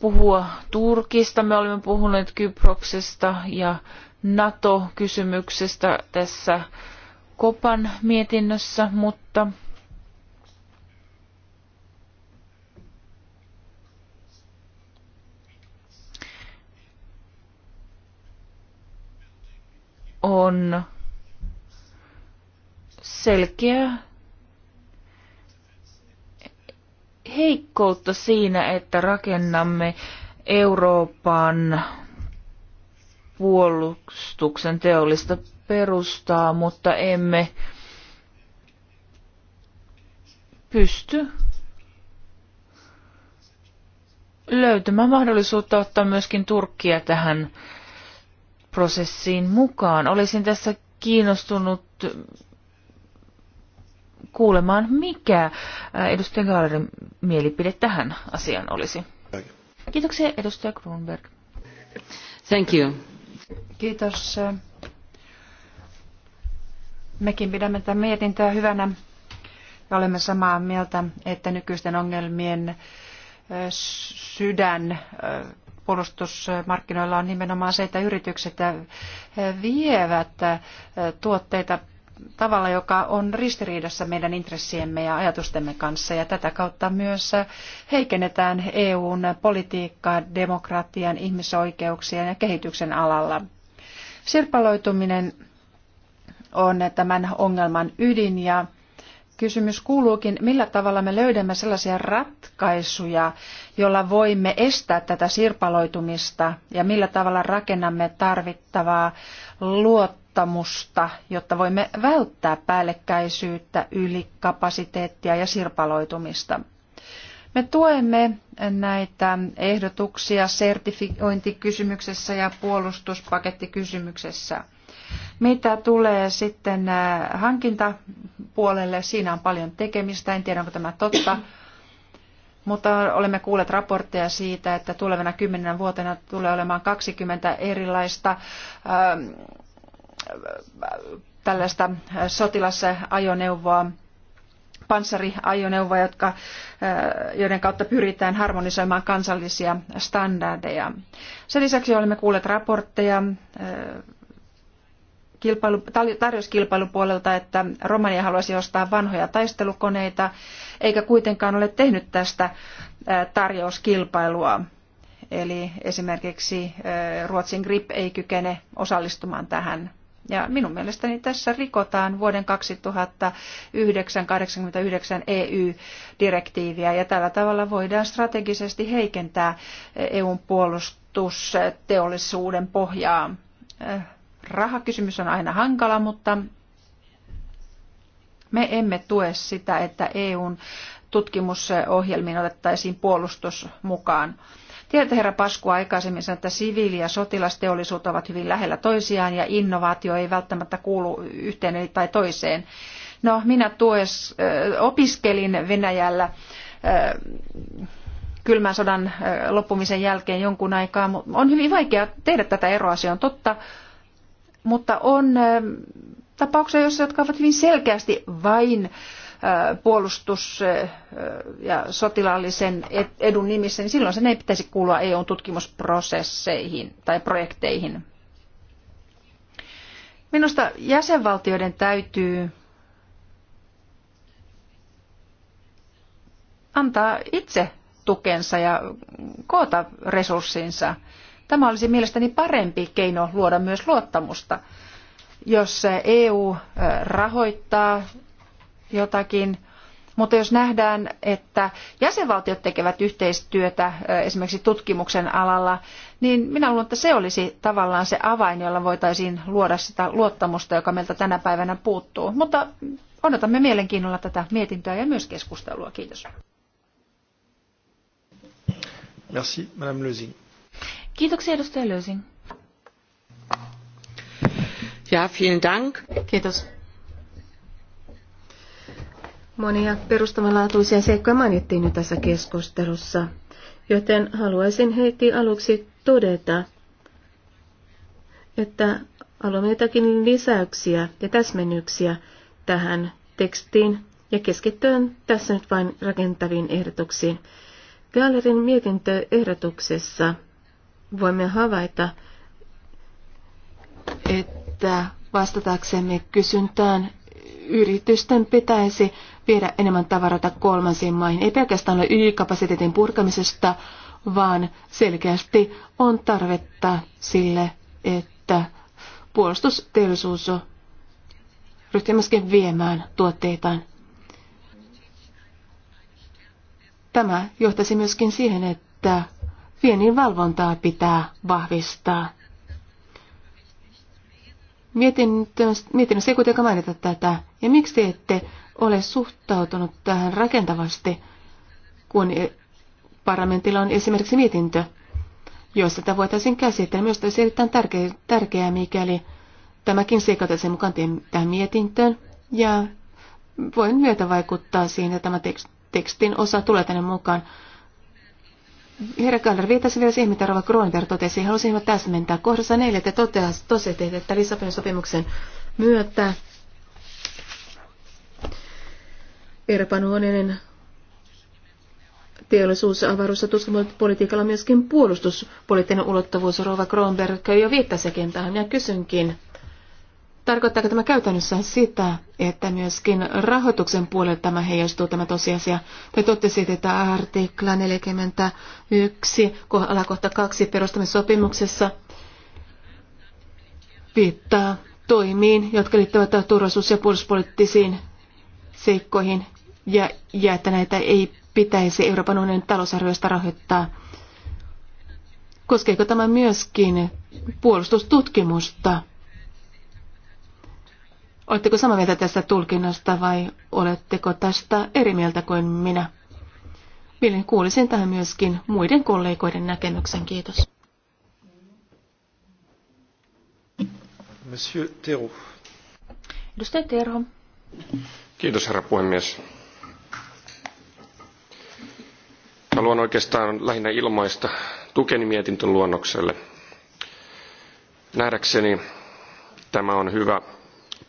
puhua Turkista. Me olemme puhuneet Kyproksesta ja NATO-kysymyksestä tässä Kopan mietinnössä, mutta on selkeä heikkoutta siinä, että rakennamme Euroopan puolustuksen teollista perustaa, mutta emme pysty löytämään mahdollisuutta ottaa myöskin Turkkia tähän prosessiin mukaan. Olisin tässä kiinnostunut kuulemaan, mikä edustaja Gallerin mielipide tähän asiaan olisi. Kiitoksia edustaja Kronberg. Thank you. Kiitos. Mekin pidämme tätä mietintöä hyvänä ja olemme samaa mieltä, että nykyisten ongelmien sydän puolustusmarkkinoilla on nimenomaan se, että yritykset vievät tuotteita tavalla, joka on ristiriidassa meidän intressiemme ja ajatustemme kanssa. Ja tätä kautta myös heikennetään EUn politiikkaa, demokratian, ihmisoikeuksien ja kehityksen alalla. Sirpaloituminen on tämän ongelman ydin ja kysymys kuuluukin, millä tavalla me löydämme sellaisia ratkaisuja, joilla voimme estää tätä sirpaloitumista ja millä tavalla rakennamme tarvittavaa luottamusta, jotta voimme välttää päällekkäisyyttä, ylikapasiteettia ja sirpaloitumista. Me tuemme näitä ehdotuksia sertifiointikysymyksessä ja puolustuspakettikysymyksessä. kysymyksessä mitä tulee sitten äh, hankintapuolelle, siinä on paljon tekemistä, en tiedä onko tämä totta, <clears throat> mutta olemme kuulleet raportteja siitä, että tulevana kymmenen vuotena tulee olemaan 20 erilaista ähm, tällaista äh, sotilasajoneuvoa, panssariajoneuvoja, jotka, äh, joiden kautta pyritään harmonisoimaan kansallisia standardeja. Sen lisäksi olemme kuulleet raportteja tarjouskilpailun puolelta, että Romania haluaisi ostaa vanhoja taistelukoneita, eikä kuitenkaan ole tehnyt tästä tarjouskilpailua. Eli esimerkiksi Ruotsin GRIP ei kykene osallistumaan tähän. Ja minun mielestäni tässä rikotaan vuoden 2009-89 EU-direktiiviä ja tällä tavalla voidaan strategisesti heikentää EUn puolustusteollisuuden pohjaa. Rahakysymys on aina hankala, mutta me emme tue sitä, että EUn tutkimusohjelmiin otettaisiin puolustus mukaan. Tiedätte, herra Pasku aikaisemmin sanoi, että siviili- ja sotilasteollisuus ovat hyvin lähellä toisiaan ja innovaatio ei välttämättä kuulu yhteen tai toiseen. No, minä tues, opiskelin Venäjällä kylmän sodan loppumisen jälkeen jonkun aikaa, mutta on hyvin vaikea tehdä tätä eroa, se on totta mutta on tapauksia, joissa, jotka ovat hyvin selkeästi vain puolustus- ja sotilaallisen edun nimissä, niin silloin sen ei pitäisi kuulua eu tutkimusprosesseihin tai projekteihin. Minusta jäsenvaltioiden täytyy antaa itse tukensa ja koota resurssinsa Tämä olisi mielestäni parempi keino luoda myös luottamusta. Jos EU rahoittaa jotakin, mutta jos nähdään, että jäsenvaltiot tekevät yhteistyötä esimerkiksi tutkimuksen alalla, niin minä luulen, että se olisi tavallaan se avain, jolla voitaisiin luoda sitä luottamusta, joka meiltä tänä päivänä puuttuu. Mutta odotamme mielenkiinnolla tätä mietintöä ja myös keskustelua. Kiitos. Merci, Madame Lösing. Kiitoksia edustaja Löysin. Ja, vielen dank. Kiitos. Monia perustavanlaatuisia seikkoja mainittiin jo tässä keskustelussa, joten haluaisin heti aluksi todeta, että haluamme jotakin lisäyksiä ja täsmennyksiä tähän tekstiin ja keskittyen tässä nyt vain rakentaviin ehdotuksiin. Gallerin mietintöehdotuksessa voimme havaita, että vastataksemme kysyntään yritysten pitäisi viedä enemmän tavaroita kolmansiin maihin. Ei pelkästään ole ylikapasiteetin purkamisesta, vaan selkeästi on tarvetta sille, että puolustusteollisuus ryhtyy myöskin viemään tuotteitaan. Tämä johtaisi myöskin siihen, että viennin valvontaa pitää vahvistaa. Mietin, se ei kuitenkaan mainita tätä. Ja miksi ette ole suhtautunut tähän rakentavasti, kun parlamentilla on esimerkiksi mietintö, jossa tätä voitaisiin käsitellä. Myös olisi erittäin tärkeä, tärkeää, mikäli tämäkin seikataan mukaan tähän mietintöön. Ja voin myötä vaikuttaa siihen, että tämä tekstin osa tulee tänne mukaan. Herra Kallar viittasin vielä siihen, mitä Rova Kroonberg totesi. hieman täsmentää. Kohdassa neljä te toteatte, että Lissabonin sopimuksen myötä Euroopan unionin teollisuus, avaruus ja tutkimuspolitiikalla myöskin puolustuspoliittinen ulottuvuus. Rova Kronberg jo viittasikin tähän ja kysynkin, Tarkoittaako tämä käytännössä sitä, että myöskin rahoituksen puolelle tämä heijastuu tämä tosiasia? Te totesit, että artikla 41, alakohta 2 perustamissopimuksessa viittaa toimiin, jotka liittyvät turvallisuus- ja puolustuspoliittisiin seikkoihin, ja, ja että näitä ei pitäisi Euroopan unionin talousarviosta rahoittaa. Koskeeko tämä myöskin puolustustutkimusta? Oletteko samaa mieltä tästä tulkinnasta vai oletteko tästä eri mieltä kuin minä? Mielin kuulisin tähän myöskin muiden kollegoiden näkemyksen. Kiitos. Monsieur Tero. Edustaja Terho. Kiitos herra puhemies. Haluan oikeastaan lähinnä ilmaista tukeni mietintöluonnokselle. Nähdäkseni tämä on hyvä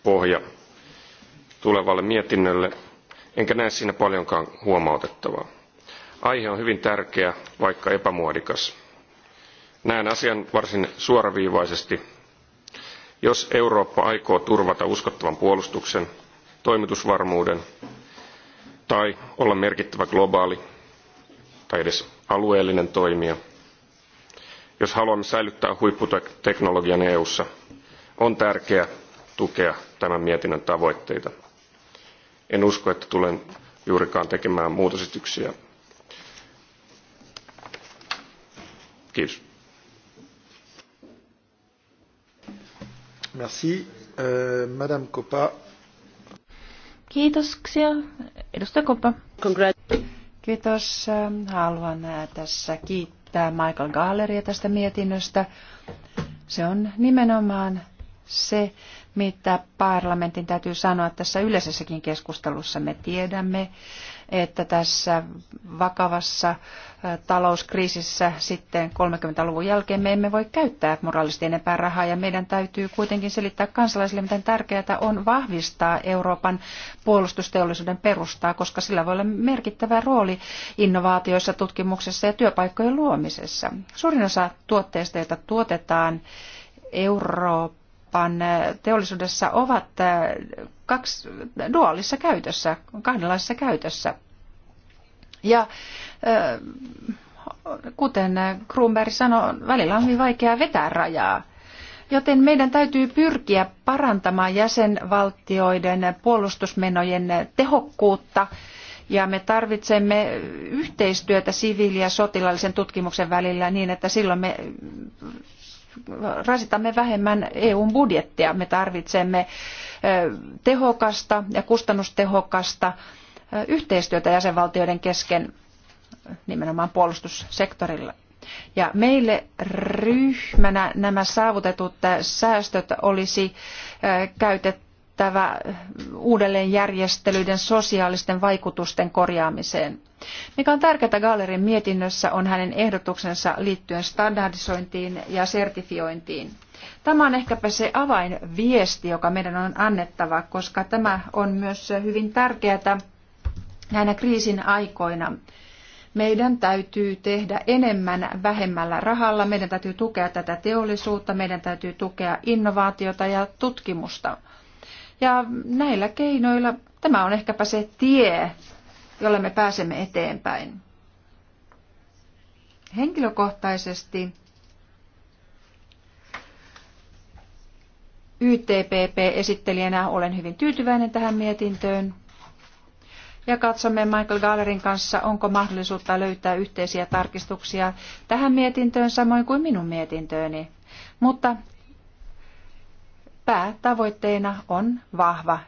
pohja tulevalle mietinnölle, enkä näe siinä paljonkaan huomautettavaa. Aihe on hyvin tärkeä, vaikka epämuodikas. Näen asian varsin suoraviivaisesti. Jos Eurooppa aikoo turvata uskottavan puolustuksen, toimitusvarmuuden tai olla merkittävä globaali tai edes alueellinen toimija, jos haluamme säilyttää huipputeknologian EU:ssa, on tärkeää tukea tämän mietinnön tavoitteita. En usko, että tulen juurikaan tekemään muutosesityksiä. Kiitos. Merci. Euh, Madame Coppa. Kiitoksia. Edustaja Coppa. Kiitos. Haluan äh, tässä kiittää Michael Galleria tästä mietinnöstä. Se on nimenomaan se, mitä parlamentin täytyy sanoa tässä yleisessäkin keskustelussa. Me tiedämme, että tässä vakavassa talouskriisissä sitten 30-luvun jälkeen me emme voi käyttää moraalisesti enempää rahaa ja meidän täytyy kuitenkin selittää kansalaisille, miten tärkeää on vahvistaa Euroopan puolustusteollisuuden perustaa, koska sillä voi olla merkittävä rooli innovaatioissa, tutkimuksessa ja työpaikkojen luomisessa. Suurin osa tuotteista, joita tuotetaan Euroopan Euroopan eh, teollisuudessa ovat eh, kaksi, duaalissa käytössä, kahdenlaisessa käytössä. Ja eh, kuten Kruunberg sanoi, välillä on hyvin vaikea vetää rajaa. Joten meidän täytyy pyrkiä parantamaan jäsenvaltioiden puolustusmenojen tehokkuutta ja me tarvitsemme yhteistyötä siviili- ja sotilaallisen tutkimuksen välillä niin, että silloin me rasitamme vähemmän EUn budjettia. Me tarvitsemme tehokasta ja kustannustehokasta yhteistyötä jäsenvaltioiden kesken nimenomaan puolustussektorilla. Ja meille ryhmänä nämä saavutetut säästöt olisi käytetty pyrittävä eh, uudelleenjärjestelyiden sosiaalisten vaikutusten korjaamiseen. Mikä on tärkeää Gallerin mietinnössä on hänen ehdotuksensa liittyen standardisointiin ja sertifiointiin. Tämä on ehkäpä se avainviesti, joka meidän on annettava, koska tämä on myös hyvin tärkeää näinä kriisin aikoina. Meidän täytyy tehdä enemmän vähemmällä rahalla, meidän täytyy tukea tätä teollisuutta, meidän täytyy tukea innovaatiota ja tutkimusta. Ja näillä keinoilla tämä on ehkäpä se tie, jolle me pääsemme eteenpäin. Henkilökohtaisesti YTPP-esittelijänä olen hyvin tyytyväinen tähän mietintöön. Ja katsomme Michael Gallerin kanssa, onko mahdollisuutta löytää yhteisiä tarkistuksia tähän mietintöön samoin kuin minun mietintööni. Mutta päätavoitteena on vahva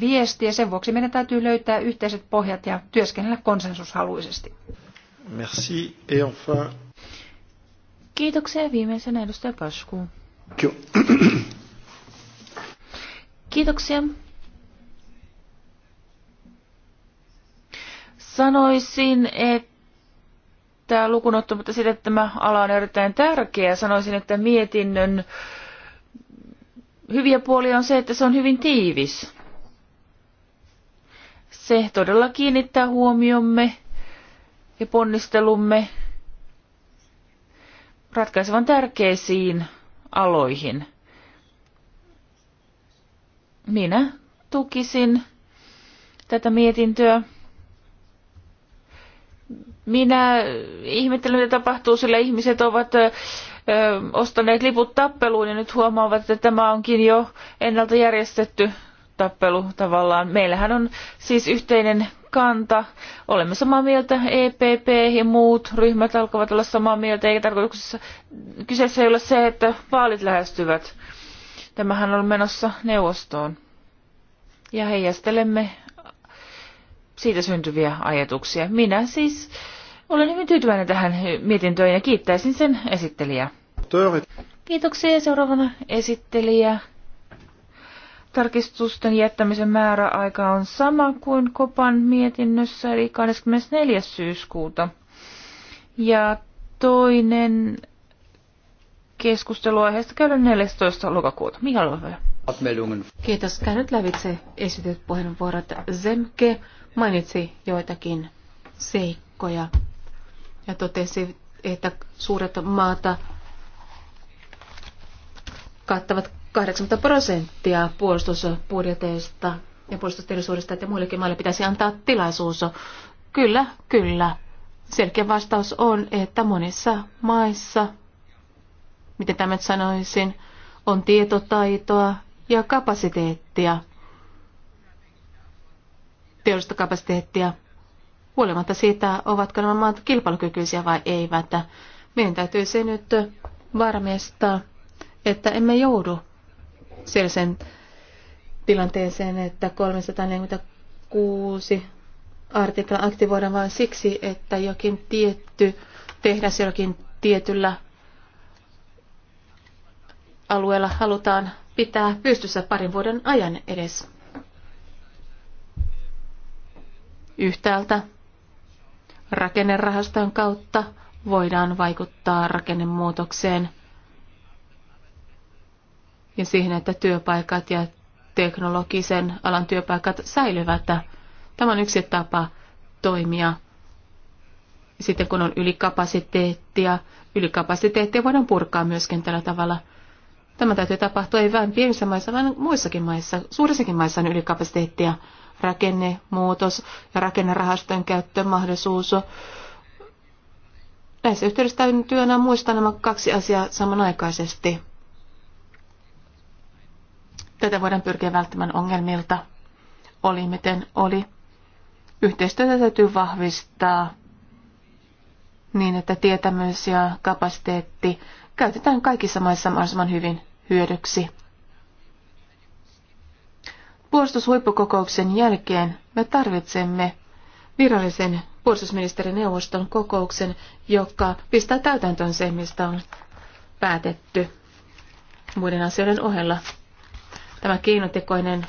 viesti ja sen vuoksi meidän täytyy löytää yhteiset pohjat ja työskennellä konsensushaluisesti. Merci. Et enfin... Kiitoksia viimeisenä edustaja Pasku. Kiitoksia. Sanoisin, että lukunottamatta sitä, että tämä ala on erittäin tärkeä, sanoisin, että mietinnön äh, hyviä puolia on se, että se on hyvin tiivis. Se todella kiinnittää huomiomme ja ponnistelumme ratkaisevan tärkeisiin aloihin. Minä tukisin tätä mietintöä. Minä ihmettelen, mitä tapahtuu, sillä ihmiset ovat ostaneet liput tappeluun ja nyt huomaavat, että tämä onkin jo ennalta järjestetty tappelu tavallaan. Meillähän on siis yhteinen kanta. Olemme samaa mieltä, EPP ja muut ryhmät alkavat olla samaa mieltä, eikä tarkoituksessa kyseessä ei ole se, että vaalit lähestyvät. Tämähän on menossa neuvostoon. Ja heijastelemme siitä syntyviä ajatuksia. Minä siis olen hyvin tyytyväinen tähän mietintöön ja kiittäisin sen esittelijää. Kiitoksia seuraavana esittelijä. Tarkistusten jättämisen määräaika on sama kuin Kopan mietinnössä, eli 24. syyskuuta. Ja toinen keskustelu aiheesta käydään 14. lokakuuta. Mikä on hyvä? Kiitos. Käyn nyt lävitse esityt puheenvuorot. Zemke mainitsi joitakin seikkoja ja totesi, että suuret maata kattavat 80 prosenttia puolustusbudjeteista ja puolustusteollisuudesta, että muillekin maille pitäisi antaa tilaisuus. Kyllä, kyllä. Selkeä vastaus on, että monissa maissa, miten tämä sanoisin, on tietotaitoa ja kapasiteettia, teollista kapasiteettia huolimatta siitä, ovatko nämä maat kilpailukykyisiä vai eivät. Meidän täytyy se nyt varmistaa, että emme joudu sellaisen tilanteeseen, että 346 artikla aktivoidaan vain siksi, että jokin tietty tehdas jollakin tietyllä alueella halutaan pitää pystyssä parin vuoden ajan edes. Yhtäältä rakennerahaston kautta voidaan vaikuttaa rakennemuutokseen ja siihen, että työpaikat ja teknologisen alan työpaikat säilyvät. Tämä on yksi tapa toimia. Sitten kun on ylikapasiteettia, ylikapasiteettia voidaan purkaa myöskin tällä tavalla. Tämä täytyy tapahtua ei vain pienissä maissa, vaan muissakin maissa. Suurissakin maissa on ylikapasiteettia rakennemuutos ja rakennerahastojen käyttömahdollisuus. Näissä yhteydessä täytyy aina muistaa nämä kaksi asiaa samanaikaisesti. Tätä voidaan pyrkiä välttämään ongelmilta. Oli miten oli. Yhteistyötä täytyy vahvistaa niin, että tietämys ja kapasiteetti käytetään kaikissa maissa mahdollisimman hyvin hyödyksi. Puolustushuippukokouksen jälkeen me tarvitsemme virallisen puolustusministerineuvoston kokouksen, joka pistää täytäntöön se, mistä on päätetty muiden asioiden ohella. Tämä keinotekoinen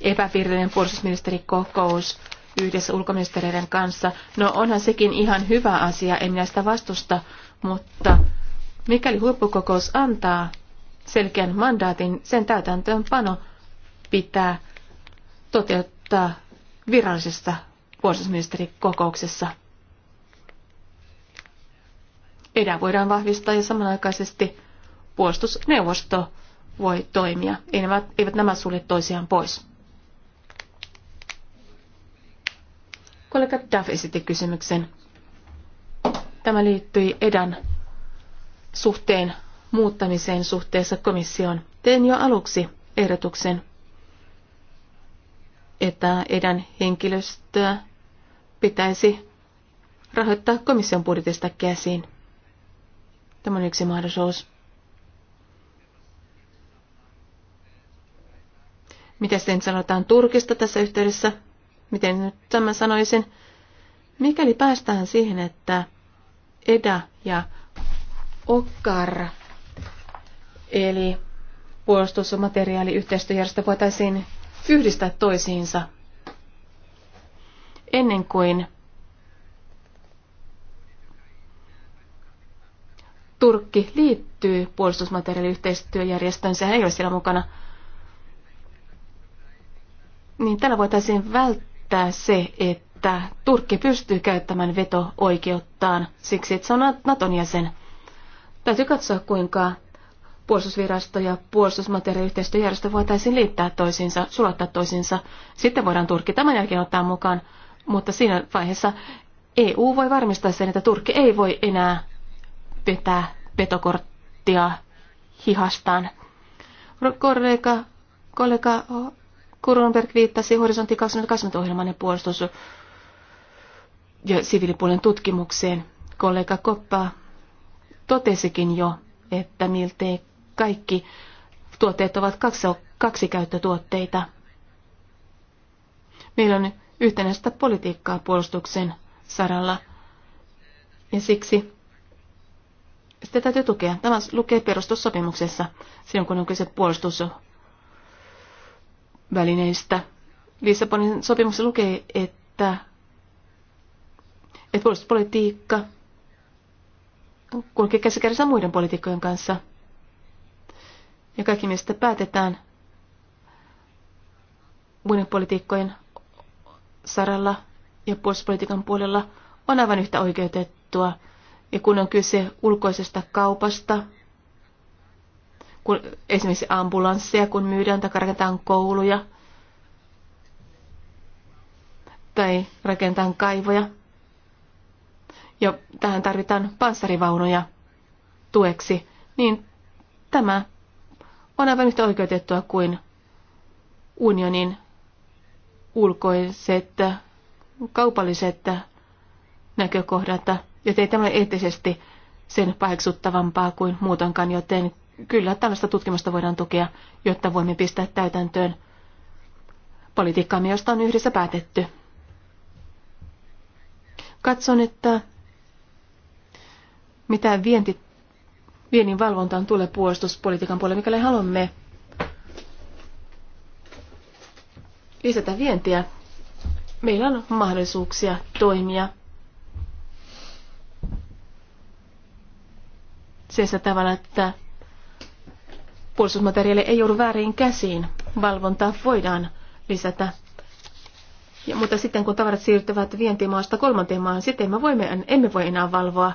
epävirallinen puolustusministerikokous yhdessä ulkoministeriöiden kanssa. No onhan sekin ihan hyvä asia, en minä sitä vastusta, mutta mikäli huippukokous antaa selkeän mandaatin, sen täytäntöönpano pitää toteuttaa virallisessa puolustusministerikokouksessa. Edä voidaan vahvistaa ja samanaikaisesti puolustusneuvosto voi toimia. Ei nämä, eivät nämä sulje toisiaan pois. Kollega Duff esitti kysymyksen. Tämä liittyi EDAN suhteen muuttamiseen suhteessa komission. Tein jo aluksi ehdotuksen että heidän henkilöstöä pitäisi rahoittaa komission budjetista käsin. Tämä on yksi mahdollisuus. Mitä sitten sanotaan Turkista tässä yhteydessä? Miten nyt tämän sanoisin? Mikäli päästään siihen, että EDA ja OKAR, eli puolustusmateriaaliyhteistyöjärjestö, voitaisiin yhdistää toisiinsa ennen kuin Turkki liittyy puolustusmateriaaliyhteistyöjärjestöön, sehän ei ole siellä mukana, niin tällä voitaisiin välttää se, että Turkki pystyy käyttämään veto-oikeuttaan siksi, että se on Naton jäsen. Täytyy katsoa, kuinka puolustusvirasto ja puolustusmateriaaliyhteistyöjärjestö voitaisiin liittää toisiinsa, sulattaa toisiinsa. Sitten voidaan Turkki tämän jälkeen ottaa mukaan, mutta siinä vaiheessa EU voi varmistaa sen, että Turkki ei voi enää vetää petokorttia hihastaan. Kollega, kollega Kurunberg viittasi Horisontti 2020-ohjelman ja puolustus- ja siviilipuolen tutkimukseen. Kollega Koppa totesikin jo, että miltei kaikki tuotteet ovat kaksi, kaksikäyttötuotteita. Meillä on yhtenäistä politiikkaa puolustuksen saralla. Ja siksi sitä täytyy tukea. Tämä lukee perustussopimuksessa silloin, kun on kyse puolustusvälineistä. Lissabonin sopimuksessa lukee, että, että puolustuspolitiikka kulkee käsikädessä muiden politiikkojen kanssa – ja kaikki mistä päätetään muiden politiikkojen saralla ja puolustuspolitiikan puolella on aivan yhtä oikeutettua. Ja kun on kyse ulkoisesta kaupasta, kun esimerkiksi ambulansseja, kun myydään tai rakennetaan kouluja tai rakennetaan kaivoja. Ja tähän tarvitaan panssarivaunuja tueksi, niin tämä on aivan yhtä oikeutettua kuin unionin ulkoiset kaupalliset näkökohdat, joten ei tämä ole eettisesti sen paheksuttavampaa kuin muutonkaan, joten kyllä tällaista tutkimusta voidaan tukea, jotta voimme pistää täytäntöön politiikkaamme, josta on yhdessä päätetty. Katson, että mitä vienti viennin valvontaan tulee puolustuspolitiikan puolelle, mikäli haluamme lisätä vientiä. Meillä on mahdollisuuksia toimia Sen tavalla, että puolustusmateriaali ei joudu väärin käsiin. Valvontaa voidaan lisätä. Ja, mutta sitten kun tavarat siirtyvät vientimaasta kolmanteen maahan, sitten me voimme, emme voi enää valvoa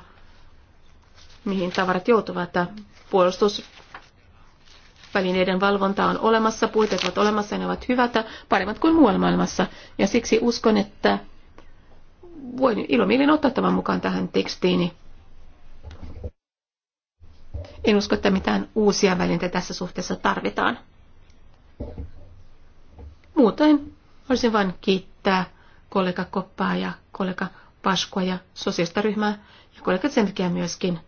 mihin tavarat joutuvat. Puolustusvälineiden valvonta on olemassa, puitteet ovat olemassa ja ne ovat hyvät, paremmat kuin muualla maailmassa. Ja siksi uskon, että voin ilomielin ottaa tämän mukaan tähän tekstiini. En usko, että mitään uusia välineitä tässä suhteessa tarvitaan. Muuten olisin vain kiittää kollega Koppaa ja kollega Paskua ja sosiaalista ryhmää ja kollega Tsemkiä myöskin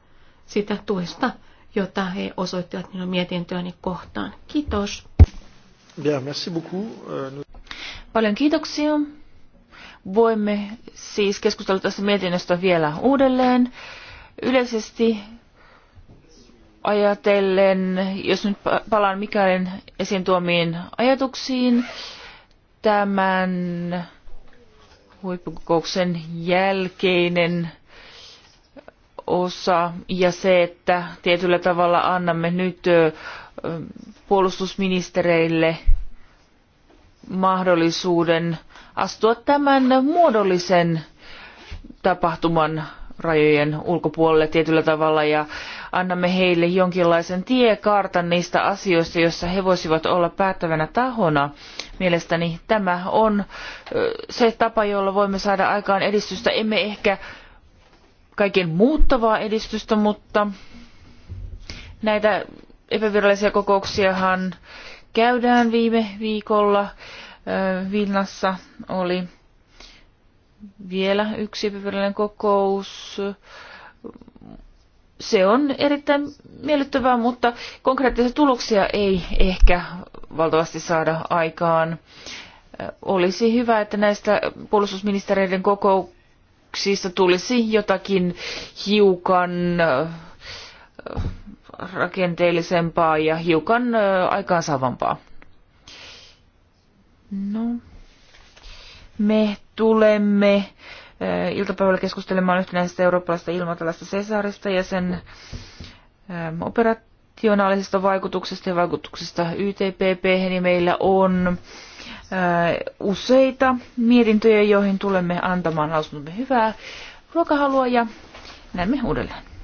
sitä tuesta, jota he osoittivat minun mietintöäni kohtaan. Kiitos. Bien, merci beaucoup. Euh, Paljon kiitoksia. Voimme siis keskustella tästä mietinnöstä vielä uudelleen. Yleisesti ajatellen, jos nyt palaan Mikaelin esiin tuomiin ajatuksiin, tämän huippukokouksen jälkeinen osa ja se, että tietyllä tavalla annamme nyt puolustusministereille mahdollisuuden astua tämän muodollisen tapahtuman rajojen ulkopuolelle tietyllä tavalla ja annamme heille jonkinlaisen tiekartan niistä asioista, joissa he voisivat olla päättävänä tahona. Mielestäni tämä on se tapa, jolla voimme saada aikaan edistystä. Emme ehkä kaiken muuttavaa edistystä, mutta näitä epävirallisia kokouksiahan käydään viime viikolla. Vilnassa oli vielä yksi epävirallinen kokous. Se on erittäin miellyttävää, mutta konkreettisia tuloksia ei ehkä valtavasti saada aikaan. Olisi hyvä, että näistä puolustusministereiden kokouksista sopimuksista tulisi jotakin hiukan rakenteellisempaa ja hiukan aikaansaavampaa. No. Me tulemme iltapäivällä keskustelemaan yhtenäisestä eurooppalaisesta ilmatalasta Cesarista ja sen operationaalisesta vaikutuksesta ja vaikutuksesta YTPP, niin meillä on useita mietintöjä, joihin tulemme antamaan lausuntomme hyvää ruokahalua ja näemme uudelleen.